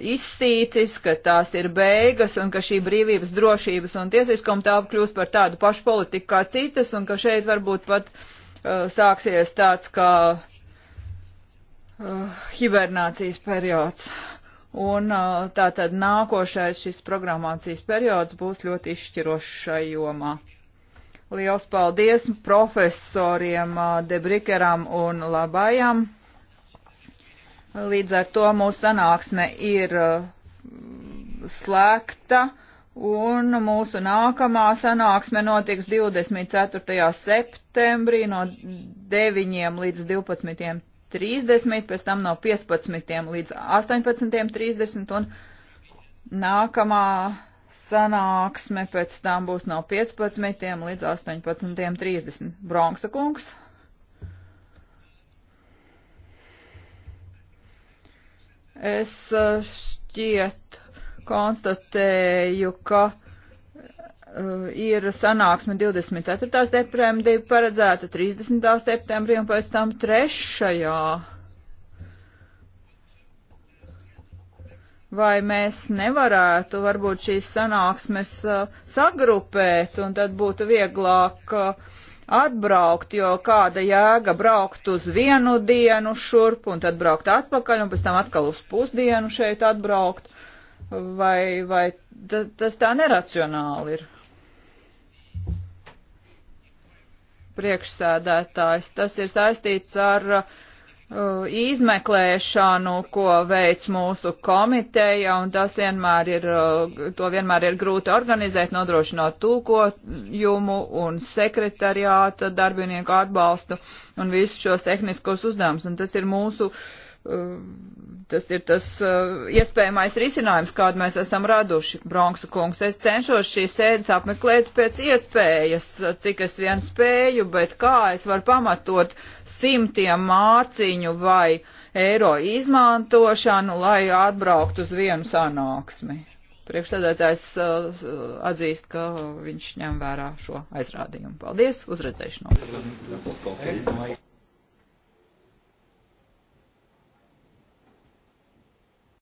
izsīcis, ka tās ir beigas un ka šī brīvības, drošības un tiesiskuma tāpa kļūst par tādu pašu politiku kā citas un ka šeit varbūt pat uh, sāksies tāds kā uh, hibernācijas periods. Un uh, tā tad nākošais šis programmācijas periods būs ļoti izšķirošs šai jomā. Liels paldies profesoriem uh, Debrikeram un Labajam! Līdz ar to mūsu sanāksme ir uh, slēgta un mūsu nākamā sanāksme notiks 24. septembrī no 9 līdz 12.30, pēc tam no 15 līdz 18.30 un nākamā sanāksme pēc tam būs no 15 līdz 18.30. Bronksa kungs. Es eh, šķiet konstatēju, ka eh, ir sanāksme 24. septembrī paredzēta 30. septembrī un pēc tam 3. Vai mēs nevarētu varbūt šīs sanāksmes eh, sagrupēt un tad būtu vieglāk uh, atbraukt, jo kāda jēga braukt uz vienu dienu šurp un tad braukt atpakaļ un pēc tam atkal uz pusdienu šeit atbraukt, vai, vai tas, tas tā neracionāli ir. Priekšsēdētājs, tas ir saistīts ar uh, Uh, izmeklēšanu, ko veic mūsu komiteja, un tas vienmēr ir, uh, to vienmēr ir grūti organizēt, nodrošinot tulkojumu un sekretariāta darbinieku atbalstu un visus šos tehniskos uzdevumus, un tas ir mūsu uh, Tas ir tas iespējamais risinājums, kādu mēs esam raduši, Bronksu kungs. Es cenšos šīs sēdes apmeklēt pēc iespējas, cik es vien spēju, bet kā es varu pamatot uh, simtiem mārciņu vai eiro izmantošanu, lai atbrauktu uz vienu sanāksmi. Priekšsēdētājs uh, atzīst, ka viņš ņem vērā šo aizrādījumu. Paldies, uzredzēšanos!